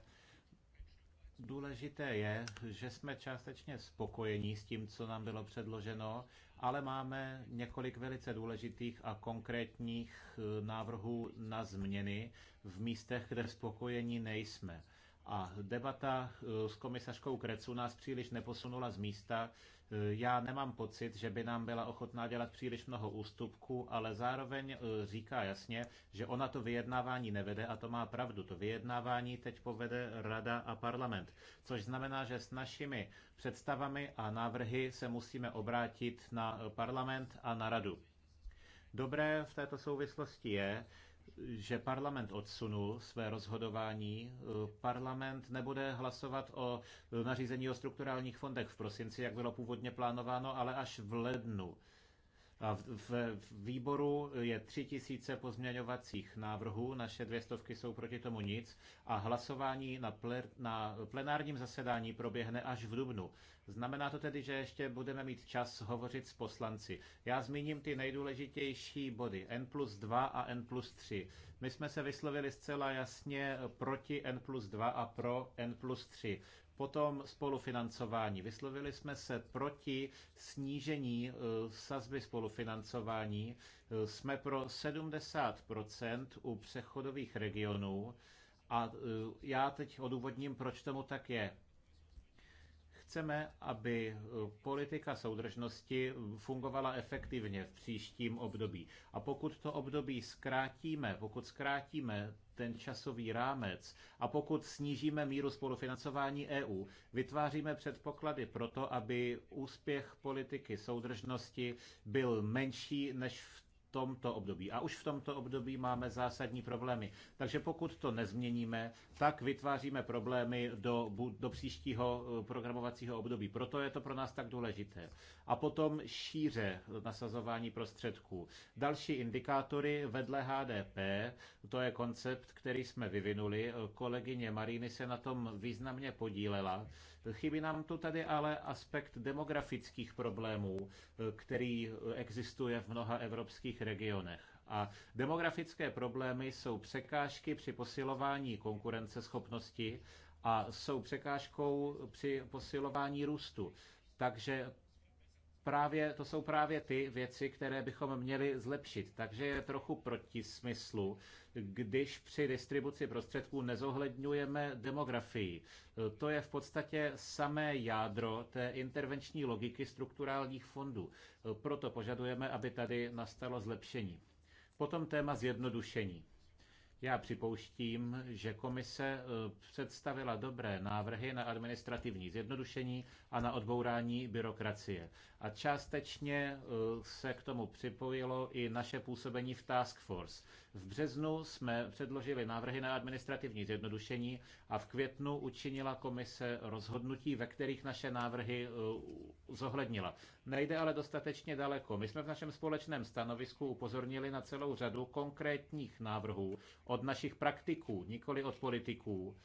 Důležité je, že jsme částečně spokojení s tím, co nám bylo předloženo, ale máme několik velice důležitých a konkrétních eh, návrhů na změny v místech, kde spokojení nejsme. A debata eh, s komisařkou Krecu nás příliš neposunula z místa. Eh, já nemám pocit, že by nám byla ochotná dělat příliš mnoho ústupků, ale zároveň eh, říká jasně, že ona to vyjednávání nevede a to má pravdu. To vyjednávání teď povede rada a parlament, což znamená, že s našimi představami a návrhy se musíme obrátit na parlament a na radu. Dobré v této souvislosti je, že parlament odsunul své rozhodování. Parlament nebude hlasovat o nařízení o strukturálních fondech v prosinci, jak bylo původně plánováno, ale až v lednu. A v, výboru je tři tisíce pozměňovacích návrhů, naše dvě stovky jsou proti tomu nic a hlasování na, pler, na plenárním zasedání proběhne až v dubnu. Znamená to tedy, že ještě budeme mít čas hovořit s poslanci. Já zmíním ty nejdůležitější body N plus 2 a N plus 3. My jsme se vyslovili zcela jasně proti N plus 2 a pro N plus 3. Potom spolufinancování. Vyslovili jsme se proti snížení e, sazby spolufinancování. E, jsme pro 70% u přechodových regionů a e, já teď odůvodním, proč tomu tak je chceme, aby politika soudržnosti fungovala efektivně v příštím období. A pokud to období zkrátíme, pokud zkrátíme ten časový rámec a pokud snížíme míru spolufinancování EU, vytváříme předpoklady pro to, aby úspěch politiky soudržnosti byl menší než v tomto období. A už v tomto období máme zásadní problémy. Takže pokud to nezměníme, tak vytváříme problémy do, do příštího eh, programovacího období. Proto je to pro nás tak důležité. A potom šíře nasazování prostředků. Další indikátory vedle HDP, to je koncept, který jsme vyvinuli. Kolegyně Maríny se na tom významně podílela. Chybí nám tu tady ale aspekt demografických problémů, e, který existuje v mnoha evropských regionech. A demografické problémy jsou překážky při posilování konkurenceschopnosti a jsou překážkou při posilování růstu. Takže právě, to jsou právě ty věci, které bychom měli zlepšit. Takže je trochu proti smyslu, když při distribuci prostředků nezohledňujeme demografii. To je v podstatě samé jádro té intervenční logiky strukturálních fondů. Proto požadujeme, aby tady nastalo zlepšení. Potom téma zjednodušení. Já připouštím, že komise eh, představila dobré návrhy na administrativní zjednodušení a na odbourání byrokracie. A částečně eh, se k tomu připojilo i naše působení v Task Force. V březnu jsme předložili návrhy na administrativní zjednodušení a v květnu učinila komise rozhodnutí, ve kterých naše návrhy eh, zohlednila. Nejde ale dostatečně daleko. My jsme v našem společném stanovisku upozornili na celou řadu konkrétních návrhů od našich praktiků, nikoli od politiků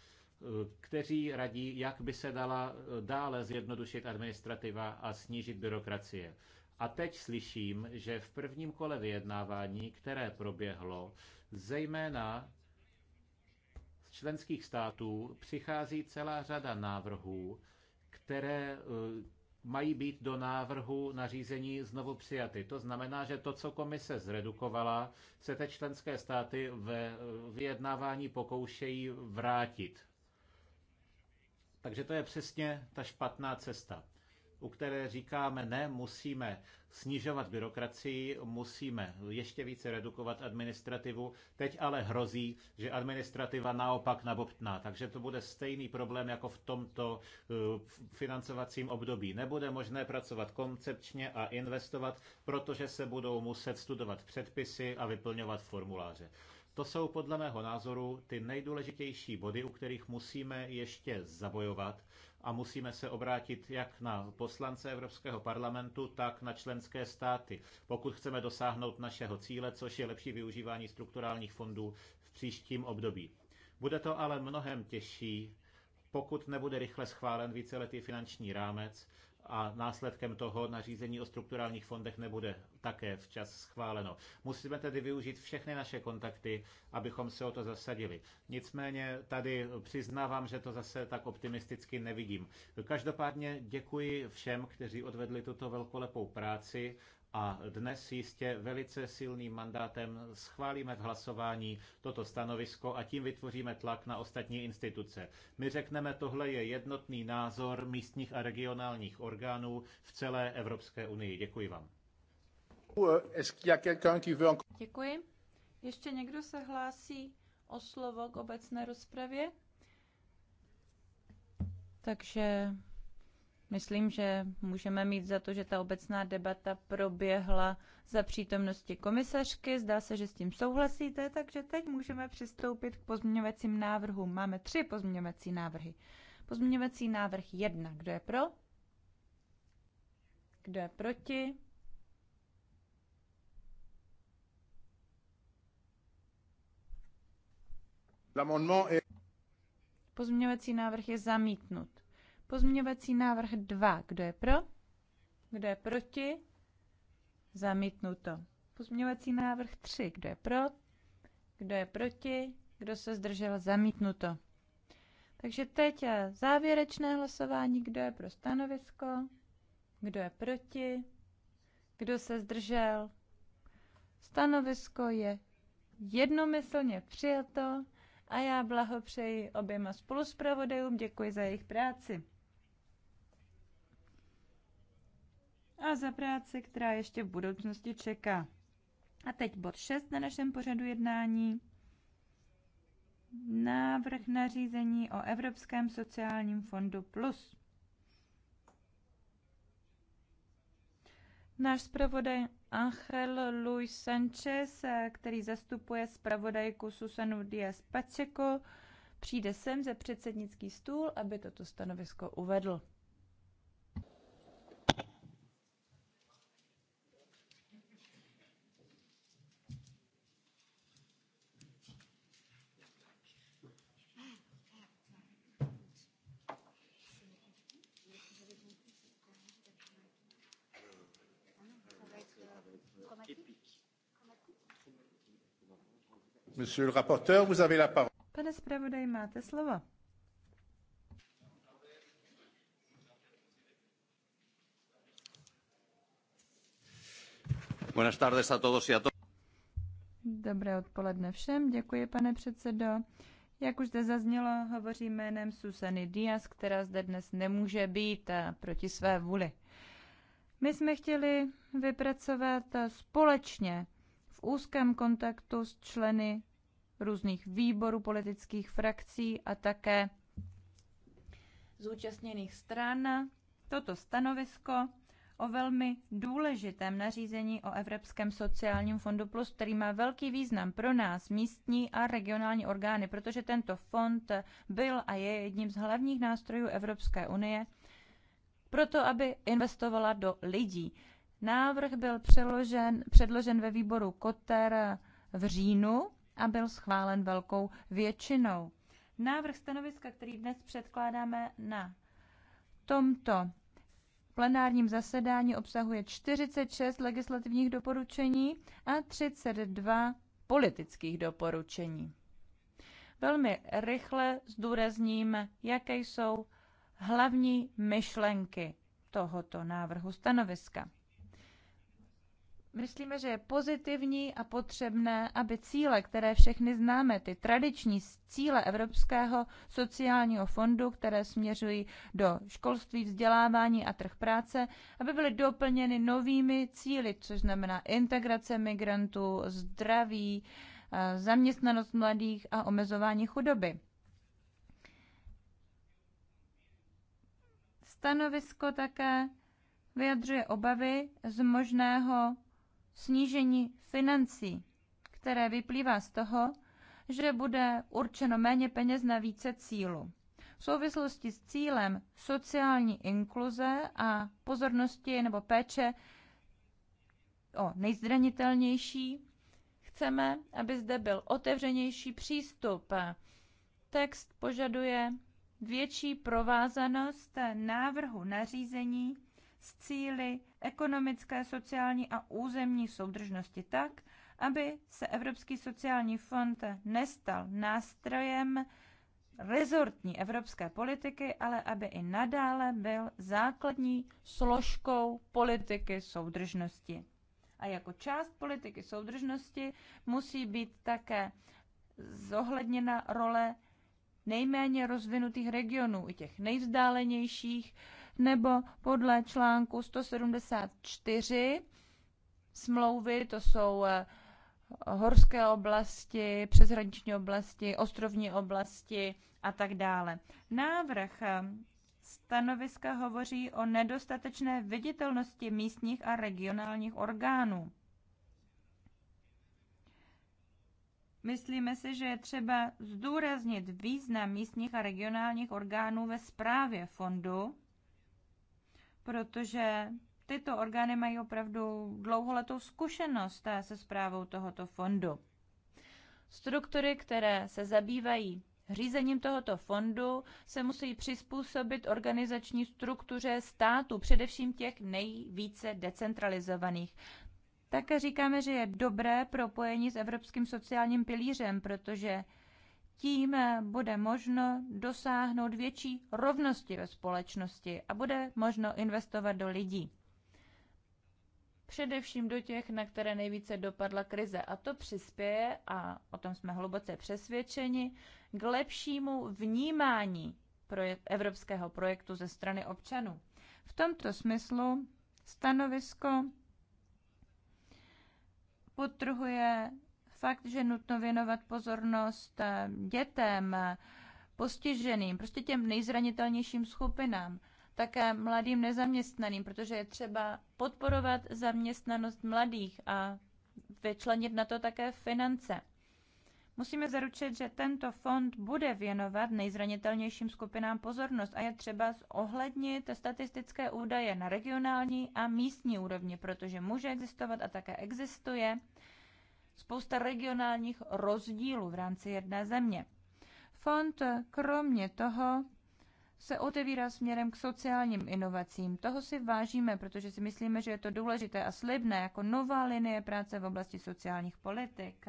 kteří radí, jak by se dala eh, dále zjednodušit administrativa a snížit byrokracie. A teď slyším, že v prvním kole vyjednávání, které proběhlo, zejména z členských států přichází celá řada návrhů, které eh, mají být do návrhu nařízení znovu přijaty. To znamená, že to, co komise zredukovala, se teď členské státy ve eh, vyjednávání pokoušejí vrátit takže to je přesně ta špatná cesta, u které říkáme ne, musíme snižovat byrokracii, musíme ještě více redukovat administrativu. Teď ale hrozí, že administrativa naopak nabobtná, takže to bude stejný problém jako v tomto eh, financovacím období. Nebude možné pracovat koncepčně a investovat, protože se budou muset studovat předpisy a vyplňovat formuláře. To jsou podle mého názoru ty nejdůležitější body, u kterých musíme ještě zabojovat a musíme se obrátit jak na poslance Evropského parlamentu, tak na členské státy, pokud chceme dosáhnout našeho cíle, což je lepší využívání strukturálních fondů v příštím období. Bude to ale mnohem těžší, pokud nebude rychle schválen víceletý finanční rámec, a následkem toho nařízení o strukturálních fondech nebude také včas schváleno. Musíme tedy využít všechny naše kontakty, abychom se o to zasadili. Nicméně tady přiznávám, že to zase tak optimisticky nevidím. Každopádně děkuji všem, kteří odvedli tuto velkolepou práci a dnes jistě velice silným mandátem schválíme v hlasování toto stanovisko a tím vytvoříme tlak na ostatní instituce. My řekneme, tohle je jednotný názor místních a regionálních orgánů v celé Evropské unii. Děkuji vám. Děkuji. Ještě někdo se hlásí o slovo k obecné rozpravě? Takže Myslím, že můžeme mít za to, že ta obecná debata proběhla za přítomnosti komisařky. Zdá se, že s tím souhlasíte, takže teď můžeme přistoupit k pozměňovacím návrhům. Máme tři pozměňovací návrhy. Pozměňovací návrh jedna. Kdo je pro? Kdo je proti? Pozměňovací návrh je zamítnut. Pozměňovací návrh 2. Kdo je pro? Kdo je proti? Zamítnuto. Pozměňovací návrh 3. Kdo je pro? Kdo je proti? Kdo se zdržel? Zamítnuto. Takže teď je závěrečné hlasování. Kdo je pro stanovisko? Kdo je proti? Kdo se zdržel? Stanovisko je jednomyslně přijato a já blahopřeji oběma spoluspravodajům, děkuji za jejich práci. a za práci, která ještě v budoucnosti čeká. A teď bod 6 na našem pořadu jednání. Návrh nařízení o Evropském sociálním fondu plus. Náš zpravodaj Angel Luis Sanchez, který zastupuje zpravodajku Susanu Díaz Pacheco, přijde sem ze předsednický stůl, aby toto stanovisko uvedl. Monsieur le rapporteur, vous avez la parole. Pane zpravodaj, máte slovo. Buenas tardes a todos y a todos. Dobré odpoledne všem, děkuji pane předsedo. Jak už zde zaznělo, hovoří jménem Susany Díaz, která zde dnes nemůže být a eh, proti své vůli. My jsme chtěli vypracovat eh, společně v úzkém kontaktu s členy různých výborů politických frakcí a také zúčastněných stran toto stanovisko o velmi důležitém nařízení o Evropském sociálním fondu plus, který má velký význam pro nás, místní a regionální orgány, protože tento fond byl a je jedním z hlavních nástrojů Evropské unie pro to, aby investovala do lidí. Návrh byl předložen, předložen ve výboru Koter v říjnu a byl schválen velkou většinou. Návrh stanoviska, který dnes předkládáme na tomto plenárním zasedání, obsahuje 46 legislativních doporučení a 32 politických doporučení. Velmi rychle zdůrazním, jaké jsou hlavní myšlenky tohoto návrhu stanoviska. Myslíme, že je pozitivní a potřebné, aby cíle, které všechny známe, ty tradiční cíle Evropského sociálního fondu, které směřují do školství, vzdělávání a trh práce, aby byly doplněny novými cíly, což znamená integrace migrantů, zdraví, eh, zaměstnanost mladých a omezování chudoby. Stanovisko také vyjadřuje obavy z možného snížení financí, které vyplývá z toho, že bude určeno méně peněz na více cílů. V souvislosti s cílem sociální inkluze a pozornosti nebo péče o nejzranitelnější chceme, aby zde byl otevřenější přístup. Text požaduje větší provázanost návrhu nařízení s cíly ekonomické, sociální a územní soudržnosti tak, aby se Evropský sociální fond nestal nástrojem rezortní evropské politiky, ale aby i nadále byl základní složkou politiky soudržnosti. A jako část politiky soudržnosti musí být také zohledněna role nejméně rozvinutých regionů, i těch nejvzdálenějších, nebo podle článku 174 smlouvy, to jsou eh, horské oblasti, přeshraniční oblasti, ostrovní oblasti a tak dále. Návrh eh, stanoviska hovoří o nedostatečné viditelnosti místních a regionálních orgánů. Myslíme si, že je třeba zdůraznit význam místních a regionálních orgánů ve správě fondu protože tyto orgány mají opravdu dlouholetou zkušenost eh, se zprávou tohoto fondu. Struktury, které se zabývají Řízením tohoto fondu se musí přizpůsobit organizační struktuře státu, především těch nejvíce decentralizovaných. Také říkáme, že je dobré propojení s Evropským sociálním pilířem, protože tím eh, bude možno dosáhnout větší rovnosti ve společnosti a bude možno investovat do lidí. Především do těch, na které nejvíce dopadla krize. A to přispěje, a o tom jsme hluboce přesvědčeni, k lepšímu vnímání projekt, evropského projektu ze strany občanů. V tomto smyslu stanovisko potrhuje Fakt, že nutno věnovat pozornost eh, dětem, eh, postiženým, prostě těm nejzranitelnějším skupinám, také mladým nezaměstnaným, protože je třeba podporovat zaměstnanost mladých a vyčlenit na to také finance. Musíme zaručit, že tento fond bude věnovat nejzranitelnějším skupinám pozornost a je třeba zohlednit statistické údaje na regionální a místní úrovni, protože může existovat a také existuje spousta regionálních rozdílů v rámci jedné země. Fond kromě toho se otevírá směrem k sociálním inovacím. Toho si vážíme, protože si myslíme, že je to důležité a slibné jako nová linie práce v oblasti sociálních politik.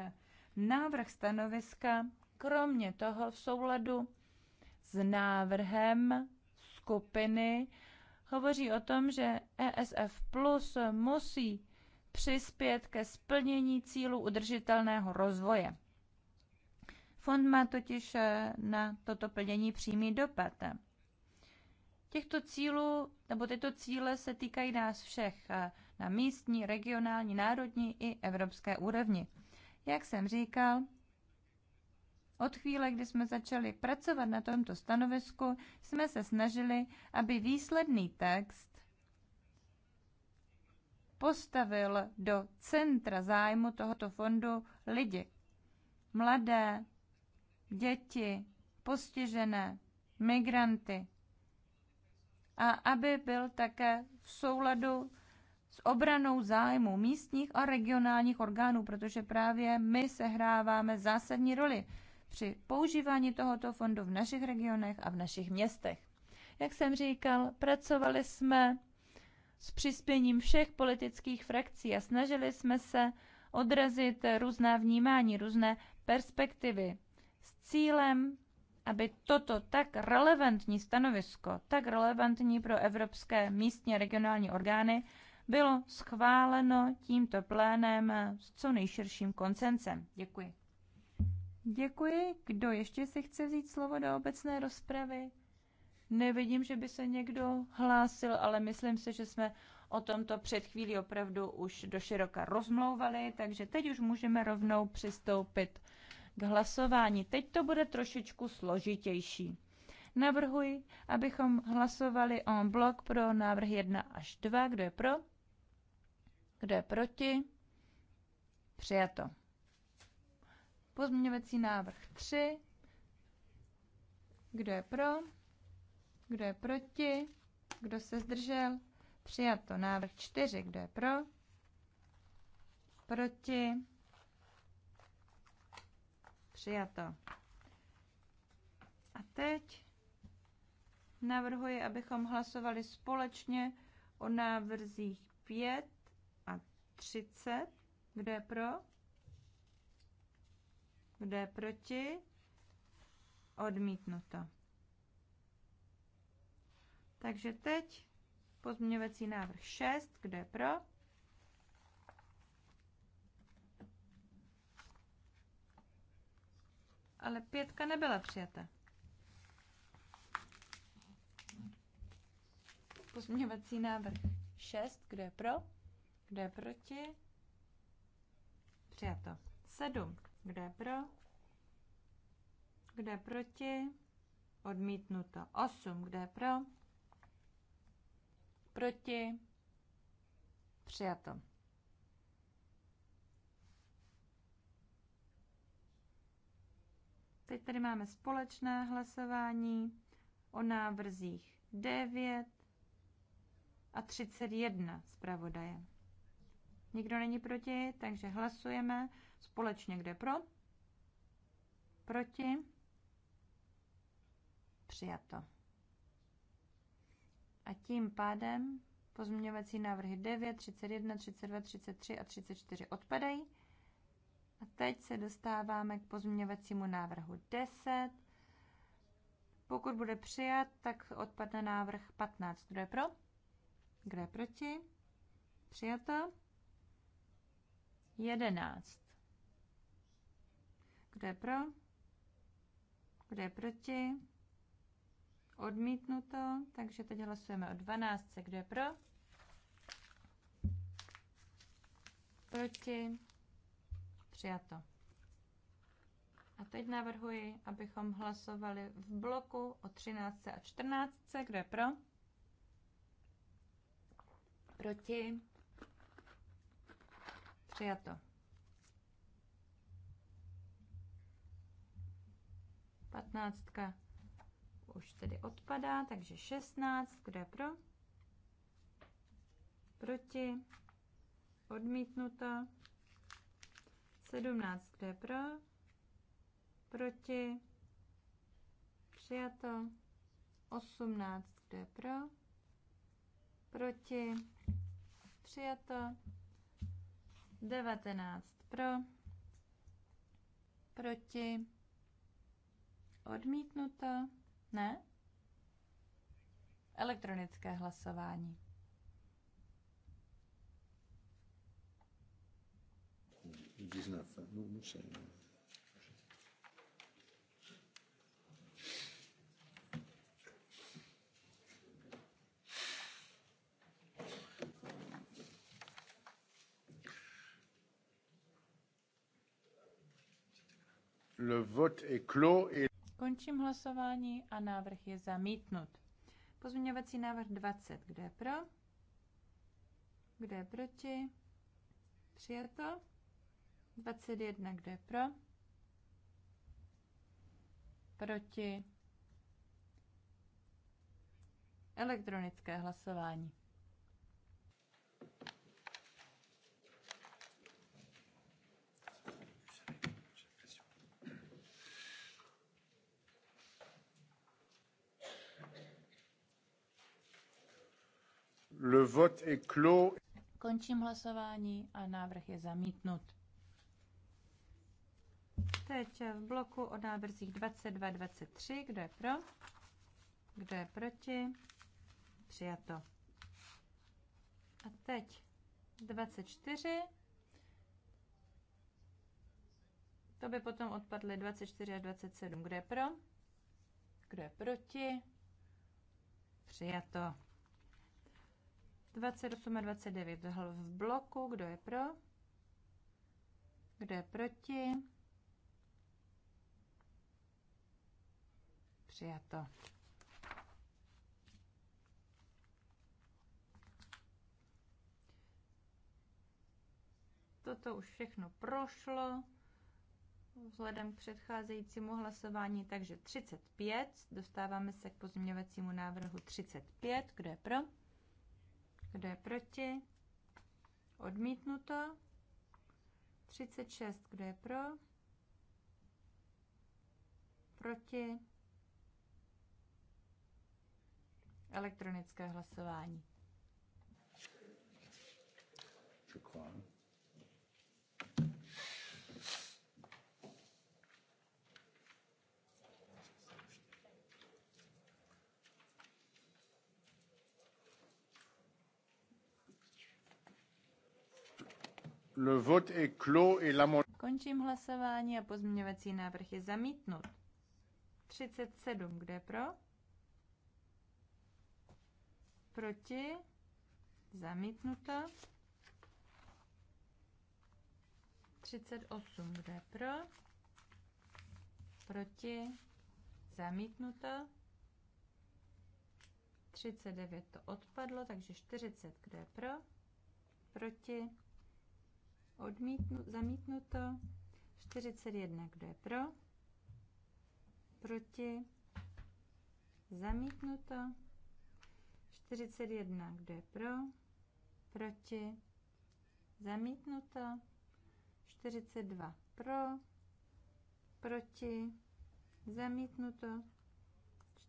Návrh stanoviska kromě toho v souladu s návrhem skupiny hovoří o tom, že ESF Plus musí přispět ke splnění cílů udržitelného rozvoje. Fond má totiž eh, na toto plnění přímý dopad. Těchto cílů, nebo tyto cíle se týkají nás všech eh, na místní, regionální, národní i evropské úrovni. Jak jsem říkal, od chvíle, kdy jsme začali pracovat na tomto stanovisku, jsme se snažili, aby výsledný text postavil do centra zájmu tohoto fondu lidi. Mladé, děti, postižené, migranty. A aby byl také v souladu s obranou zájmu místních a regionálních orgánů, protože právě my sehráváme zásadní roli při používání tohoto fondu v našich regionech a v našich městech. Jak jsem říkal, pracovali jsme s přispěním všech politických frakcí a snažili jsme se odrazit různá vnímání, různé perspektivy s cílem, aby toto tak relevantní stanovisko, tak relevantní pro evropské místní a regionální orgány, bylo schváleno tímto plénem s co nejširším koncensem. Děkuji. Děkuji. Kdo ještě si chce vzít slovo do obecné rozpravy? Nevidím, že by se někdo hlásil, ale myslím si, že jsme o tomto před chvílí opravdu už doširoka rozmlouvali, takže teď už můžeme rovnou přistoupit k hlasování. Teď to bude trošičku složitější. Navrhuji, abychom hlasovali en blok pro návrh 1 až 2. Kdo je pro? Kdo je proti? Přijato. Pozměňovací návrh 3. Kdo je pro? Kdo je proti? Kdo se zdržel? Přijato. Návrh 4. Kdo je pro? Proti? Přijato. A teď navrhuji, abychom hlasovali společně o návrzích 5 a 30. Kdo je pro? Kdo je proti? Odmítnuto. Takže teď pozměňovací návrh 6, kdo je pro? Ale pětka nebyla přijata. Pozměňovací návrh 6, kdo je pro? Kdo je proti? Přijato. 7, kdo je pro? Kdo je proti? Odmítnuto. 8, kdo je pro? Proti? Přijato. Teď tady máme společné hlasování o návrzích 9 a 31 zpravodaje. Nikdo není proti, takže hlasujeme společně, kde pro, proti, přijato. A tím pádem pozměňovací návrhy 9, 31, 32, 33 a 34 odpadají. A teď se dostáváme k pozměňovacímu návrhu 10. Pokud bude přijat, tak odpadne návrh 15. Kdo je pro? Kdo je proti? Přijato. 11. Kdo je pro? Kdo je proti? Odmítnuto, takže teď hlasujeme o 12. Kdo je pro? Proti? Přijato. A teď navrhuji, abychom hlasovali v bloku o 13. a 14. Kdo je pro? Proti? Přijato. 15 už tedy odpadá, takže 16, kdo je pro? Proti? Odmítnuto. 17, kdo je pro? Proti? Přijato. 18, kdo je pro? Proti? Přijato. 19 pro, proti, odmítnuto. Ne? Elektronické hlasování. Le vote est clos et Končím hlasování a návrh je zamítnut. Pozměňovací návrh 20. Kdo je pro? Kdo je proti? Přijato. 21. Kdo je pro? Proti. Elektronické hlasování. Le vote est clos. Končím hlasování a návrh je zamítnut. Teď v bloku o návrzích 22, 23. Kdo je pro? Kdo je proti? Přijato. A teď 24. To by potom odpadly 24 až 27. Kdo je pro? Kdo je proti? Přijato. 28 a 29 v bloku. Kdo je pro? Kdo je proti? Přijato. Toto už všechno prošlo vzhledem k předcházejícímu hlasování, takže 35. Dostáváme se k pozměňovacímu návrhu 35. Kdo je pro? Kdo je proti? Odmítnuto. 36. Kdo je pro? Proti? Elektronické hlasování. Čekám. Le vote est clos et la... Končím hlasování a pozměňovací návrh je zamítnut. 37, kde pro? Proti? Zamítnuto. 38, kde pro? Proti? Zamítnuto. 39 to odpadlo, takže 40, kde pro? Proti? Odmítnu, zamítnuto. 41. Kdo je pro? Proti? Zamítnuto. 41. Kdo je pro? Proti? Zamítnuto. 42. Pro? Proti? Zamítnuto.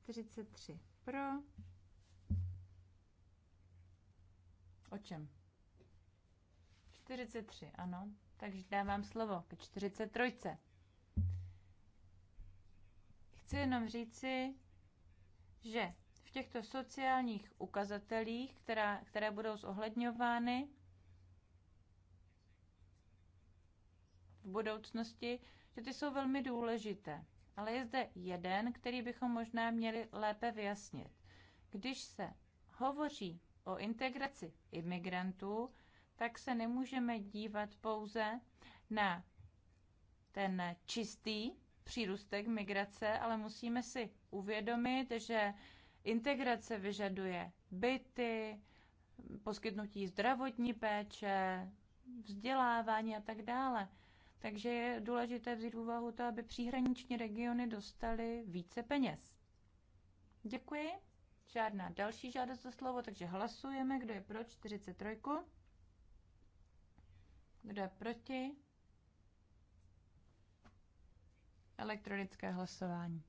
43. Pro? O čem? 43, ano. Takže dávám slovo ke 43. Chci jenom říci, že v těchto sociálních ukazatelích, která, které budou zohledňovány v budoucnosti, že ty jsou velmi důležité. Ale je zde jeden, který bychom možná měli lépe vyjasnit. Když se hovoří o integraci imigrantů, tak se nemůžeme dívat pouze na ten čistý přírůstek migrace, ale musíme si uvědomit, že integrace vyžaduje byty, poskytnutí zdravotní péče, vzdělávání a tak dále. Takže je důležité vzít v úvahu to, aby příhraniční regiony dostaly více peněz. Děkuji. Žádná další žádost za slovo, takže hlasujeme, kdo je pro 43. Kdo je proti? Elektronické hlasování.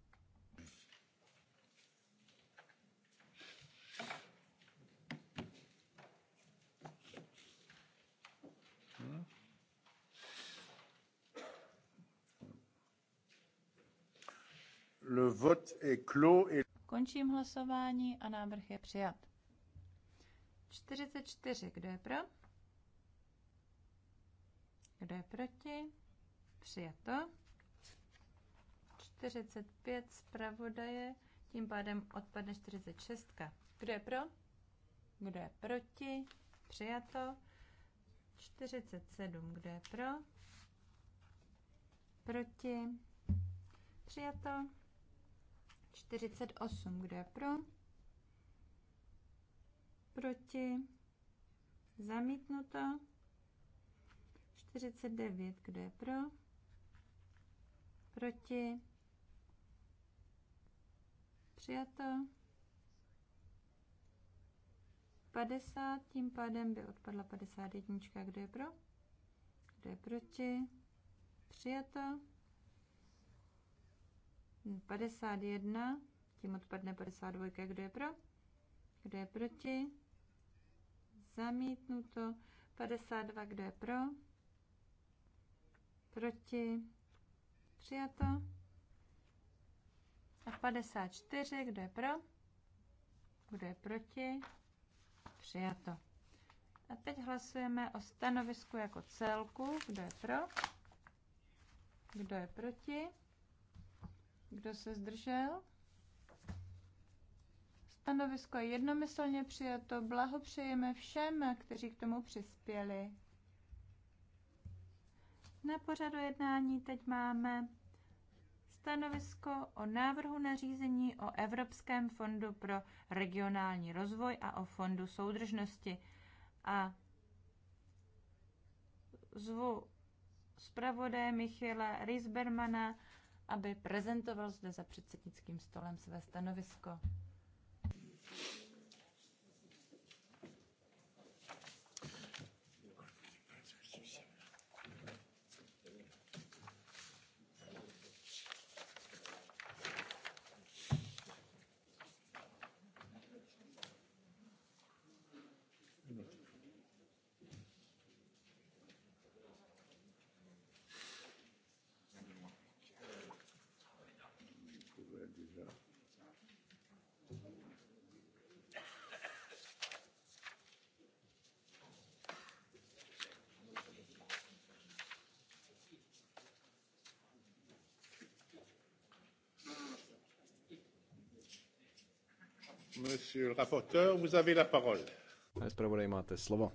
Le vote est clos et... Končím hlasování a návrh je přijat. 44, kdo je pro? Kdo je proti? Přijato. 45 zpravodaje, tím pádem odpadne 46. Kdo je pro? Kdo je proti? Přijato. 47. Kdo je pro? Proti? Přijato. 48. Kdo je pro? Proti? Zamítnuto. 49, kdo je pro? Proti? Přijato. 50, tím pádem by odpadla 51, kdo je pro? Kdo je proti? Přijato. 51, tím odpadne 52, kdo je pro? Kdo je proti? Zamítnuto. 52, kdo je pro? proti, přijato. A 54, kdo je pro, kdo je proti, přijato. A teď hlasujeme o stanovisku jako celku, kdo je pro, kdo je proti, kdo se zdržel. Stanovisko je jednomyslně přijato. Blahopřejeme všem, kteří k tomu přispěli. Na pořadu jednání teď máme stanovisko o návrhu nařízení o Evropském fondu pro regionální rozvoj a o fondu soudržnosti. A zvu zpravodaje Michela Riesbermana, aby prezentoval zde za předsednickým stolem své stanovisko. Monsieur le rapporteur, vous avez la parole. Pane zpravodaj, máte slovo.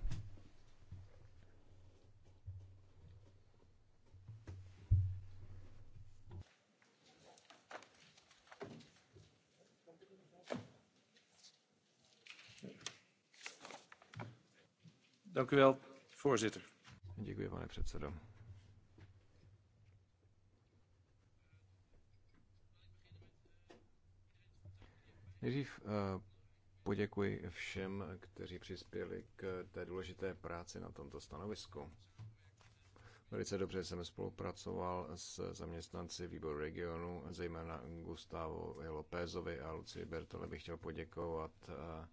Dank u wel, voorzitter. Děkuji, pane předsedo. Nejdřív eh, poděkuji všem, kteří přispěli k té důležité práci na tomto stanovisku. Velice dobře jsem spolupracoval s zaměstnanci výboru regionu, zejména Gustavo Lopézovi a Luci Bertole bych chtěl poděkovat. Eh,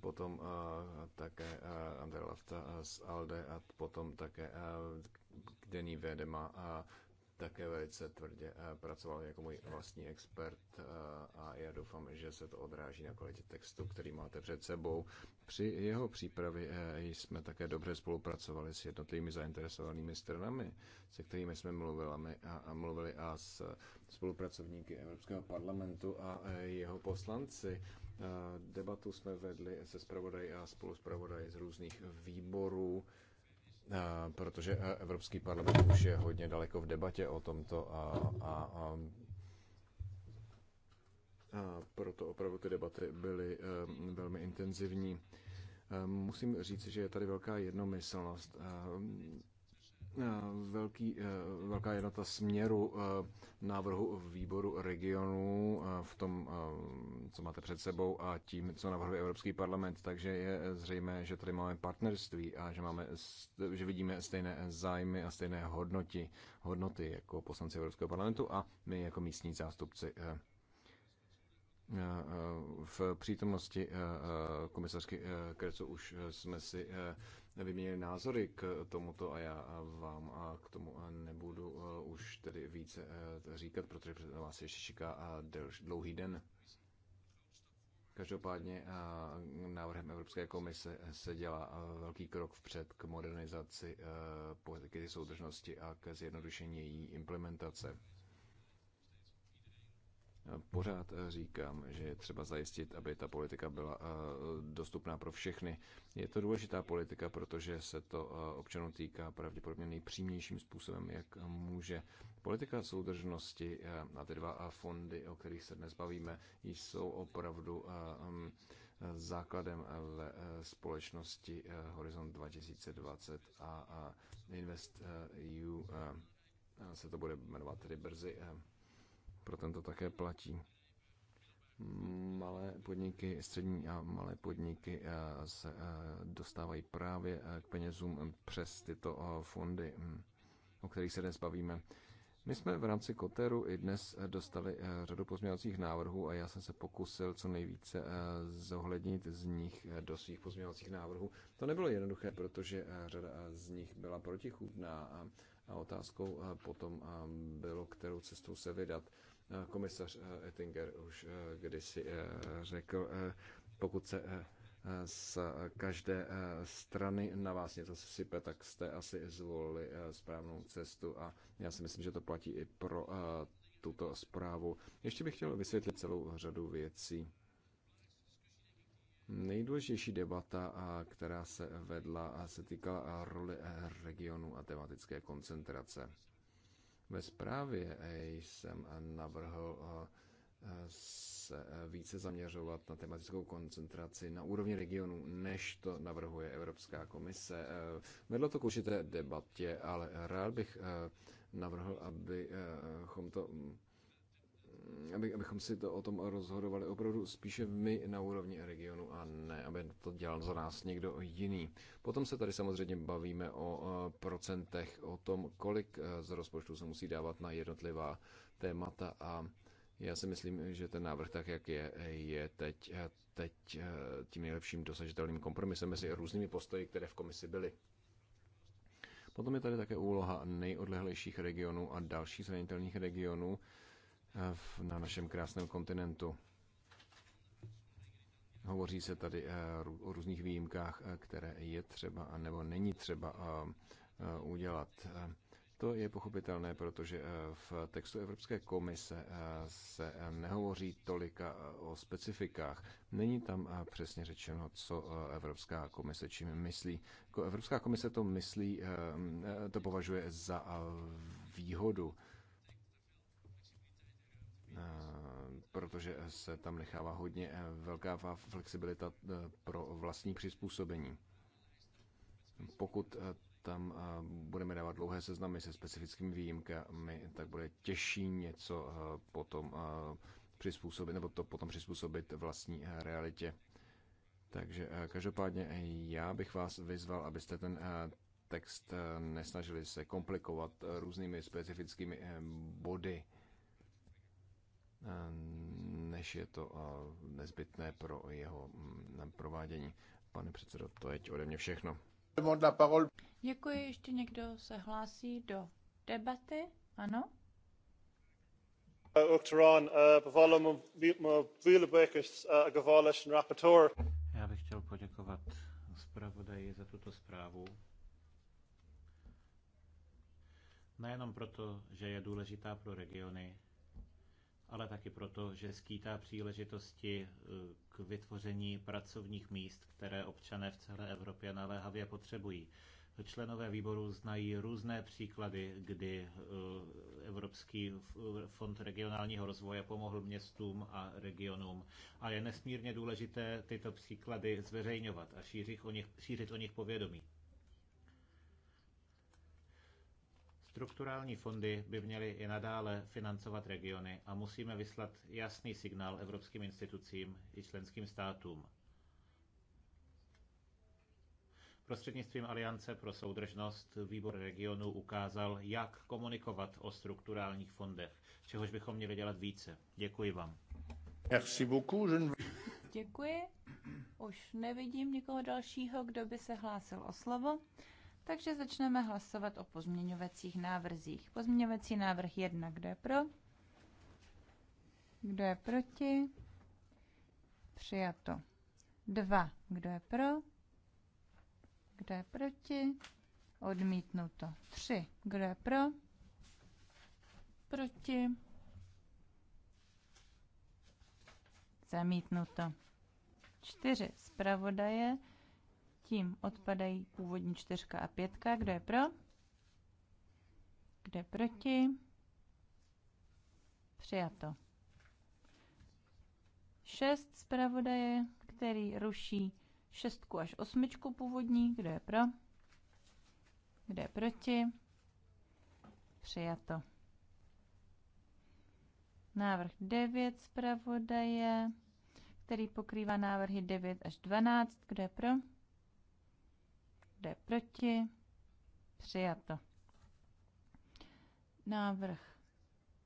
potom eh, také André Lafta z ALDE a potom také Denis Vedema také velice tvrdě eh, pracoval jako můj vlastní expert eh, a já doufám, že se to odráží na kvalitě textu, který máte před sebou. Při jeho přípravě eh, jsme také dobře spolupracovali s jednotlivými zainteresovanými stranami, se kterými jsme mluvili a, a, mluvili a s spolupracovníky Evropského parlamentu a jeho poslanci. Debatu jsme vedli se zpravodaji a spoluzpravodaji z různých výborů protože e, Evropský parlament už je hodně daleko v debatě o tomto a, a, a, a proto opravdu ty debaty byly e, velmi intenzivní. E, musím říct, že je tady velká jednomyslnost. Eh, velký, eh, velká jednota směru eh, návrhu výboru regionů v tom, co máte před sebou a tím, co navrhuje Evropský parlament. Takže je zřejmé, že tady máme partnerství a že, máme, že vidíme stejné zájmy a stejné hodnoty, hodnoty jako poslanci Evropského parlamentu a my jako místní zástupci v přítomnosti komisařky Krecu už jsme si vyměnili názory k tomuto a já vám a k tomu nebudu eh, už tedy více eh, říkat, protože před vás ještě čeká eh, dlouhý den. Každopádně návrhem Evropské komise se dělá velký krok vpřed k modernizaci politiky soudržnosti a k zjednodušení její implementace. Pořád eh, říkám, že je třeba zajistit, aby ta politika byla eh, dostupná pro všechny. Je to důležitá politika, protože se to eh, občanů týká pravděpodobně nejpřímějším způsobem, jak může. Politika soudržnosti a ty dva fondy, o kterých se dnes bavíme, jsou opravdu mm, základem ve společnosti Horizont 2020 a Invest EU se to bude jmenovat tedy brzy pro tento také platí. Malé podniky, střední a malé podniky eh, se eh, dostávají právě eh, k penězům přes tyto fondy, hm, o kterých se dnes bavíme. My jsme v rámci Koteru i dnes dostali řadu pozměňovacích návrhů a já jsem se pokusil co nejvíce zohlednit z nich do svých pozměňovacích návrhů. To nebylo jednoduché, protože řada z nich byla protichůdná a otázkou potom bylo, kterou cestou se vydat. Eh, komisař eh, Ettinger už eh, kdysi řekl, pokud se z každé strany na vás něco sype, tak jste asi zvolili správnou cestu a já si myslím, že to platí i pro tuto zprávu. Ještě bych chtěl vysvětlit celou řadu věcí. Nejdůležitější debata, která se vedla, se týkala roli regionu a tematické koncentrace. Ve zprávě jsem navrhl eh, se eh, více zaměřovat na tematickou koncentraci na úrovni regionu, než to navrhuje Evropská komise. Eh, vedlo to k určité debatě, ale rád bych navrhl, abychom to aby, abychom si to o tom rozhodovali opravdu spíše my na úrovni regionu a ne, aby to dělal za nás někdo jiný. Potom se tady samozřejmě bavíme o procentech, o tom, kolik e, z rozpočtu se musí dávat na jednotlivá témata a já si myslím, že ten návrh tak, jak je, je teď, e, teď e, tím nejlepším dosažitelným kompromisem mezi různými postoji, které v komisi byly. Potom je tady také úloha nejodlehlejších regionů a dalších zranitelných regionů, na našem krásném kontinentu. Hovoří se tady eh, o různých výjimkách, eh, které je třeba nebo není třeba eh, udělat. To je pochopitelné, protože v textu Evropské komise se nehovoří tolika o specifikách. Není tam přesně řečeno, co Evropská komise čím myslí. Evropská komise to myslí, to považuje za výhodu Eh, protože se tam nechává hodně eh, velká flexibilita eh, pro vlastní přizpůsobení. Pokud tam budeme dávat dlouhé seznamy se specifickými výjimkami, tak bude těžší něco potom přizpůsobit, nebo to potom přizpůsobit vlastní realitě. Takže každopádně já bych vás vyzval, abyste ten text nesnažili se komplikovat různými specifickými body Eh, než je to eh, nezbytné pro jeho mm, provádění. Pane předsedo, to je ode mě všechno. Děkuji. Ještě někdo se hlásí do debaty? Ano? Eh, Já bych chtěl poděkovat zpravodaji za tuto zprávu. Nejenom proto, že je důležitá pro regiony, ale taky proto, že skýtá příležitosti eh, k vytvoření pracovních míst, které občané v celé Evropě naléhavě potřebují. Členové výboru znají různé příklady, kdy eh, Evropský fond regionálního rozvoje pomohl městům a regionům. A je nesmírně důležité tyto příklady zveřejňovat a šířit o nich, šířit o nich povědomí. Strukturální fondy by měly i nadále financovat regiony a musíme vyslat jasný signál evropským institucím i členským státům. Prostřednictvím Aliance pro soudržnost výbor regionu ukázal, jak komunikovat o strukturálních fondech, čehož bychom měli dělat více. Děkuji vám. Merci beaucoup. Je... Děkuji. Už nevidím nikoho dalšího, kdo by se hlásil o slovo. Takže začneme hlasovat o pozměňovacích návrzích. Pozměňovací návrh 1, kdo je pro? Kdo je proti? Přijato. 2, kdo je pro? Kdo je proti? Odmítnuto. 3, kdo je pro? Proti? Zamítnuto. 4, zpravodaje tím odpadají původní čtyřka a pětka. Kdo je pro? Kdo je proti? Přijato. Šest zpravodaje, který ruší šestku až osmičku původní. Kdo je pro? Kdo je proti? Přijato. Návrh 9 zpravodaje, který pokrývá návrhy 9 až 12. Kdo je pro? Kdo je proti? Přijato. Návrh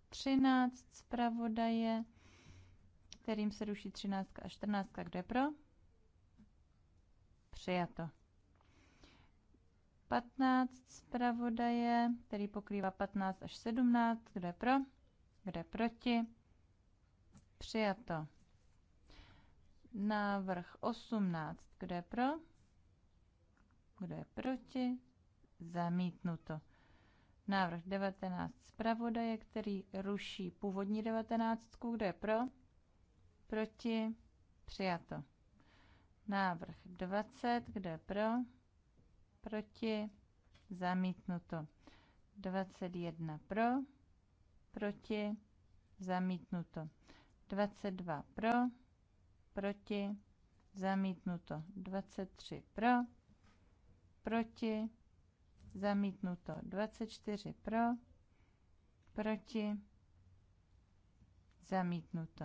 13 zpravodaje, kterým se ruší 13 a 14. Kdo je pro? Přijato. 15 zpravodaje, který pokrývá 15 až 17. Kdo je pro? Kdo je proti? Přijato. Návrh 18. Kdo je pro? Kdo je proti? Zamítnuto. Návrh 19 zpravodaje, který ruší původní 19. Kdo je pro? Proti? Přijato. Návrh 20. Kdo je pro? Proti? Zamítnuto. 21 pro? Proti? Zamítnuto. 22 pro? Proti? Zamítnuto. 23 pro? proti, zamítnuto 24 pro, proti, zamítnuto.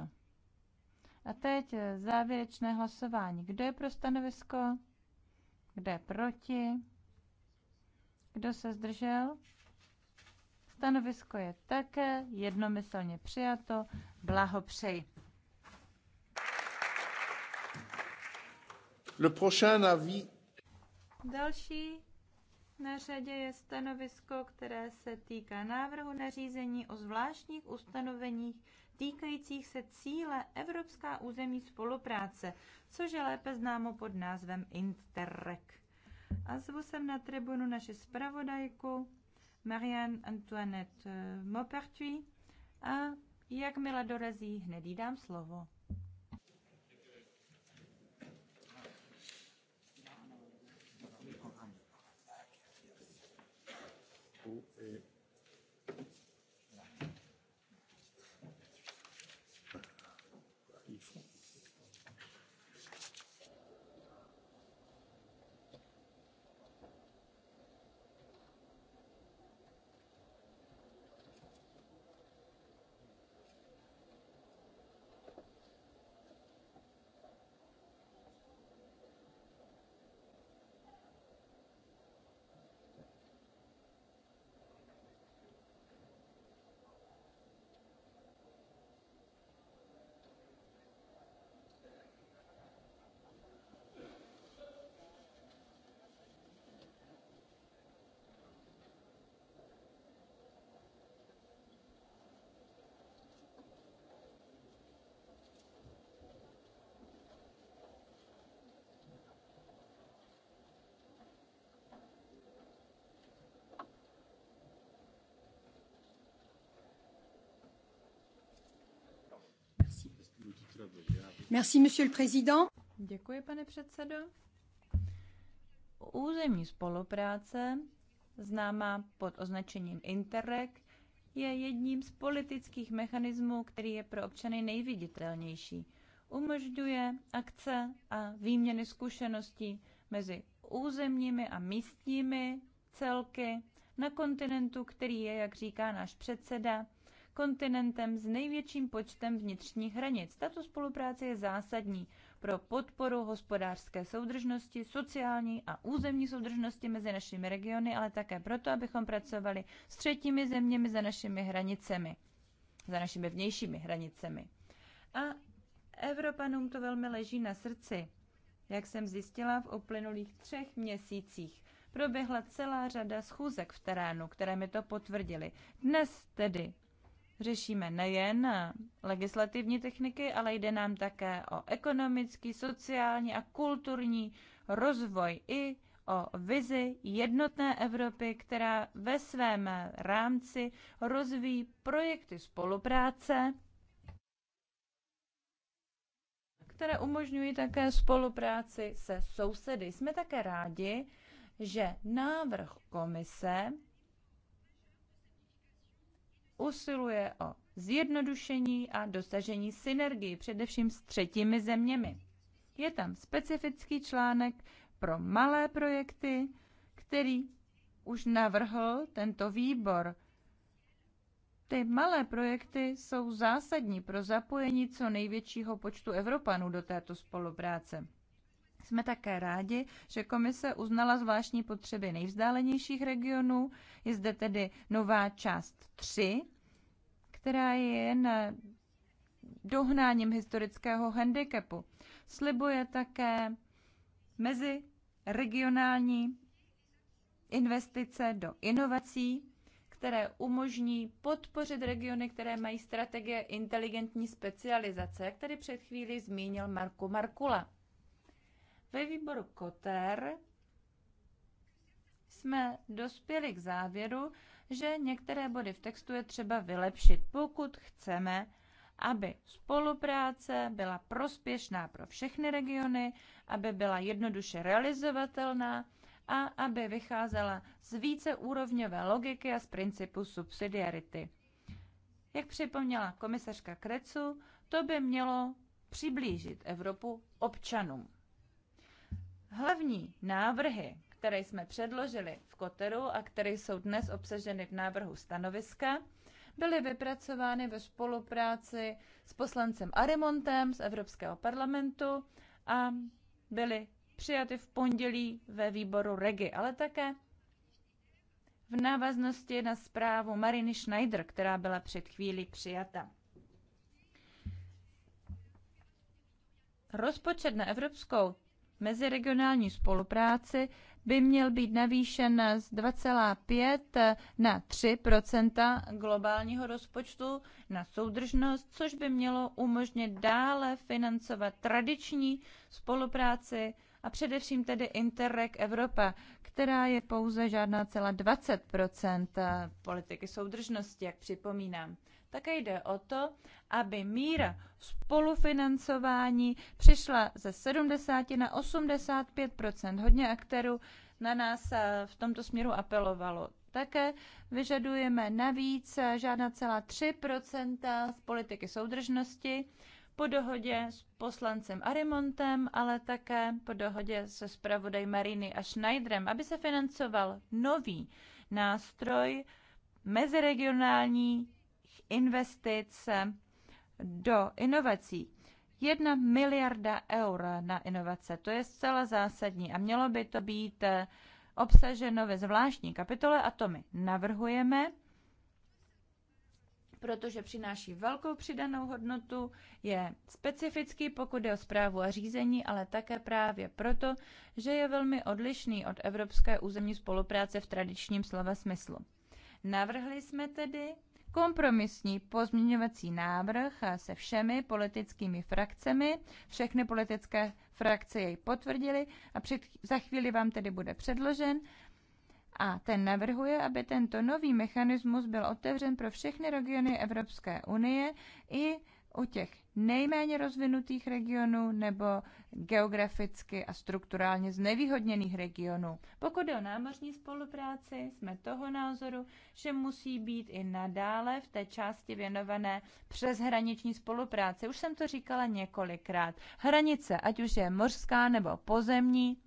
A teď eh, závěrečné hlasování. Kdo je pro stanovisko? Kdo je proti? Kdo se zdržel? Stanovisko je také jednomyslně přijato. Blahopřeji. Le prochain avis Další na řadě je stanovisko, které se týká návrhu nařízení o zvláštních ustanoveních týkajících se cíle Evropská území spolupráce, což je lépe známo pod názvem Interreg. A zvu sem na tribunu naši zpravodajku Marianne Antoinette Maupertuis a jakmile dorazí, hned jí dám slovo. u Merci, monsieur le président. Děkuji, pane předsedo. Územní spolupráce, známá pod označením Interreg, je jedním z politických mechanismů, který je pro občany nejviditelnější. Umožňuje akce a výměny zkušeností mezi územními a místními celky na kontinentu, který je, jak říká náš předseda, kontinentem s největším počtem vnitřních hranic. Tato spolupráce je zásadní pro podporu hospodářské soudržnosti, sociální a územní soudržnosti mezi našimi regiony, ale také proto, abychom pracovali s třetími zeměmi za našimi hranicemi, za našimi vnějšími hranicemi. A Evropanům to velmi leží na srdci. Jak jsem zjistila v uplynulých třech měsících, proběhla celá řada schůzek v terénu, které mi to potvrdili. Dnes tedy řešíme nejen legislativní techniky, ale jde nám také o ekonomický, sociální a kulturní rozvoj i o vizi jednotné Evropy, která ve svém rámci rozvíjí projekty spolupráce, které umožňují také spolupráci se sousedy. Jsme také rádi, že návrh komise usiluje o zjednodušení a dosažení synergii, především s třetími zeměmi. Je tam specifický článek pro malé projekty, který už navrhl tento výbor. Ty malé projekty jsou zásadní pro zapojení co největšího počtu Evropanů do této spolupráce. Jsme také rádi, že komise uznala zvláštní potřeby nejvzdálenějších regionů. Je zde tedy nová část 3, která je na dohnáním historického handicapu. Slibuje také mezi regionální investice do inovací, které umožní podpořit regiony, které mají strategie inteligentní specializace, jak tady před chvíli zmínil Marku Markula. Ve výboru Koter jsme dospěli k závěru, že některé body v textu je třeba vylepšit, pokud chceme, aby spolupráce byla prospěšná pro všechny regiony, aby byla jednoduše realizovatelná a aby vycházela z víceúrovňové logiky a z principu subsidiarity. Jak připomněla komisařka Krecu, to by mělo přiblížit Evropu občanům. Hlavní návrhy, které jsme předložili v Koteru a které jsou dnes obsaženy v návrhu stanoviska, byly vypracovány ve spolupráci s poslancem Arimontem z Evropského parlamentu a byly přijaty v pondělí ve výboru REGI, ale také v návaznosti na zprávu Mariny Schneider, která byla před chvílí přijata. Rozpočet na Evropskou meziregionální spolupráci by měl být navýšen z 2,5 na 3 globálního rozpočtu na soudržnost, což by mělo umožnit dále financovat tradiční spolupráci a především tedy Interreg Evropa, která je pouze žádná celá 20 politiky soudržnosti, jak připomínám. Také jde o to, aby míra spolufinancování přišla ze 70 na 85 Hodně aktérů na nás eh, v tomto směru apelovalo. Také vyžadujeme navíc eh, žádná celá 3 z politiky soudržnosti po dohodě s poslancem Arimontem, ale také po dohodě se zpravodaj Mariny a Schneiderem, aby se financoval nový nástroj meziregionální investic do inovací. Jedna miliarda eur na inovace, to je zcela zásadní a mělo by to být eh, obsaženo ve zvláštní kapitole a to my navrhujeme, protože přináší velkou přidanou hodnotu, je specifický, pokud je o zprávu a řízení, ale také právě proto, že je velmi odlišný od evropské územní spolupráce v tradičním slova smyslu. Navrhli jsme tedy kompromisní pozměňovací návrh se všemi politickými frakcemi. Všechny politické frakce jej potvrdily a před, za chvíli vám tedy bude předložen. A ten navrhuje, aby tento nový mechanismus byl otevřen pro všechny regiony Evropské unie i u těch nejméně rozvinutých regionů nebo geograficky a strukturálně znevýhodněných regionů. Pokud o námořní spolupráci, jsme toho názoru, že musí být i nadále v té části věnované přeshraniční spolupráci. Už jsem to říkala několikrát. Hranice, ať už je mořská nebo pozemní,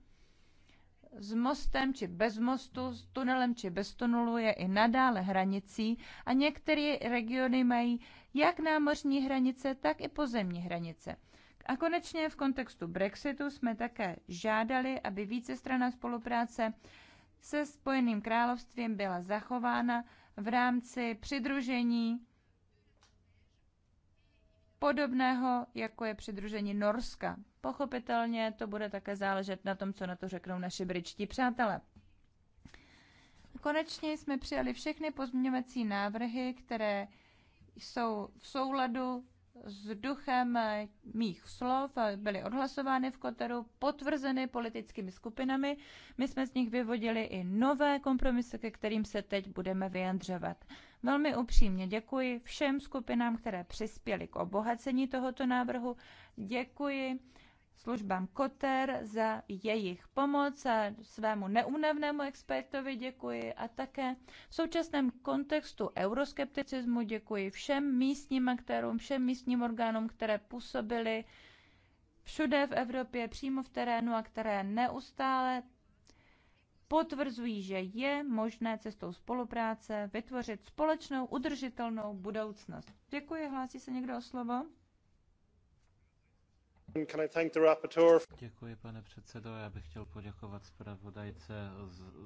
s mostem či bez mostu, s tunelem či bez tunelu je i nadále hranicí a některé regiony mají jak námořní hranice, tak i pozemní hranice. A konečně v kontextu Brexitu jsme také žádali, aby vícestranná spolupráce se Spojeným královstvím byla zachována v rámci přidružení podobného, jako je přidružení Norska. Pochopitelně to bude také záležet na tom, co na to řeknou naši britští přátelé. Konečně jsme přijali všechny pozměňovací návrhy, které jsou v souladu s duchem mých slov, byly odhlasovány v Kotaru, potvrzeny politickými skupinami. My jsme z nich vyvodili i nové kompromisy, ke kterým se teď budeme vyjadřovat. Velmi upřímně děkuji všem skupinám, které přispěly k obohacení tohoto návrhu. Děkuji službám Koter za jejich pomoc a svému neúnavnému expertovi děkuji a také v současném kontextu euroskepticismu děkuji všem místním aktérům, všem místním orgánům, které působily všude v Evropě, přímo v terénu a které neustále potvrzují, že je možné cestou spolupráce vytvořit společnou udržitelnou budoucnost. Děkuji, hlásí se někdo o slovo? Děkuji, pane předsedo. Já bych chtěl poděkovat zpravodajce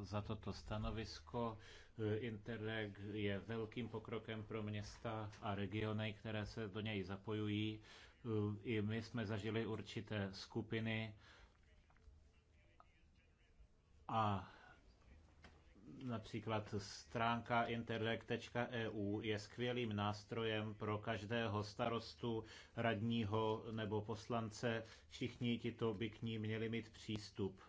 za toto stanovisko. Interreg je velkým pokrokem pro města a regiony, které se do něj zapojují. I my jsme zažili určité skupiny, a například stránka interreg.eu e je skvělým nástrojem pro každého starostu, radního nebo poslance. Všichni tito by k ní měli mít přístup.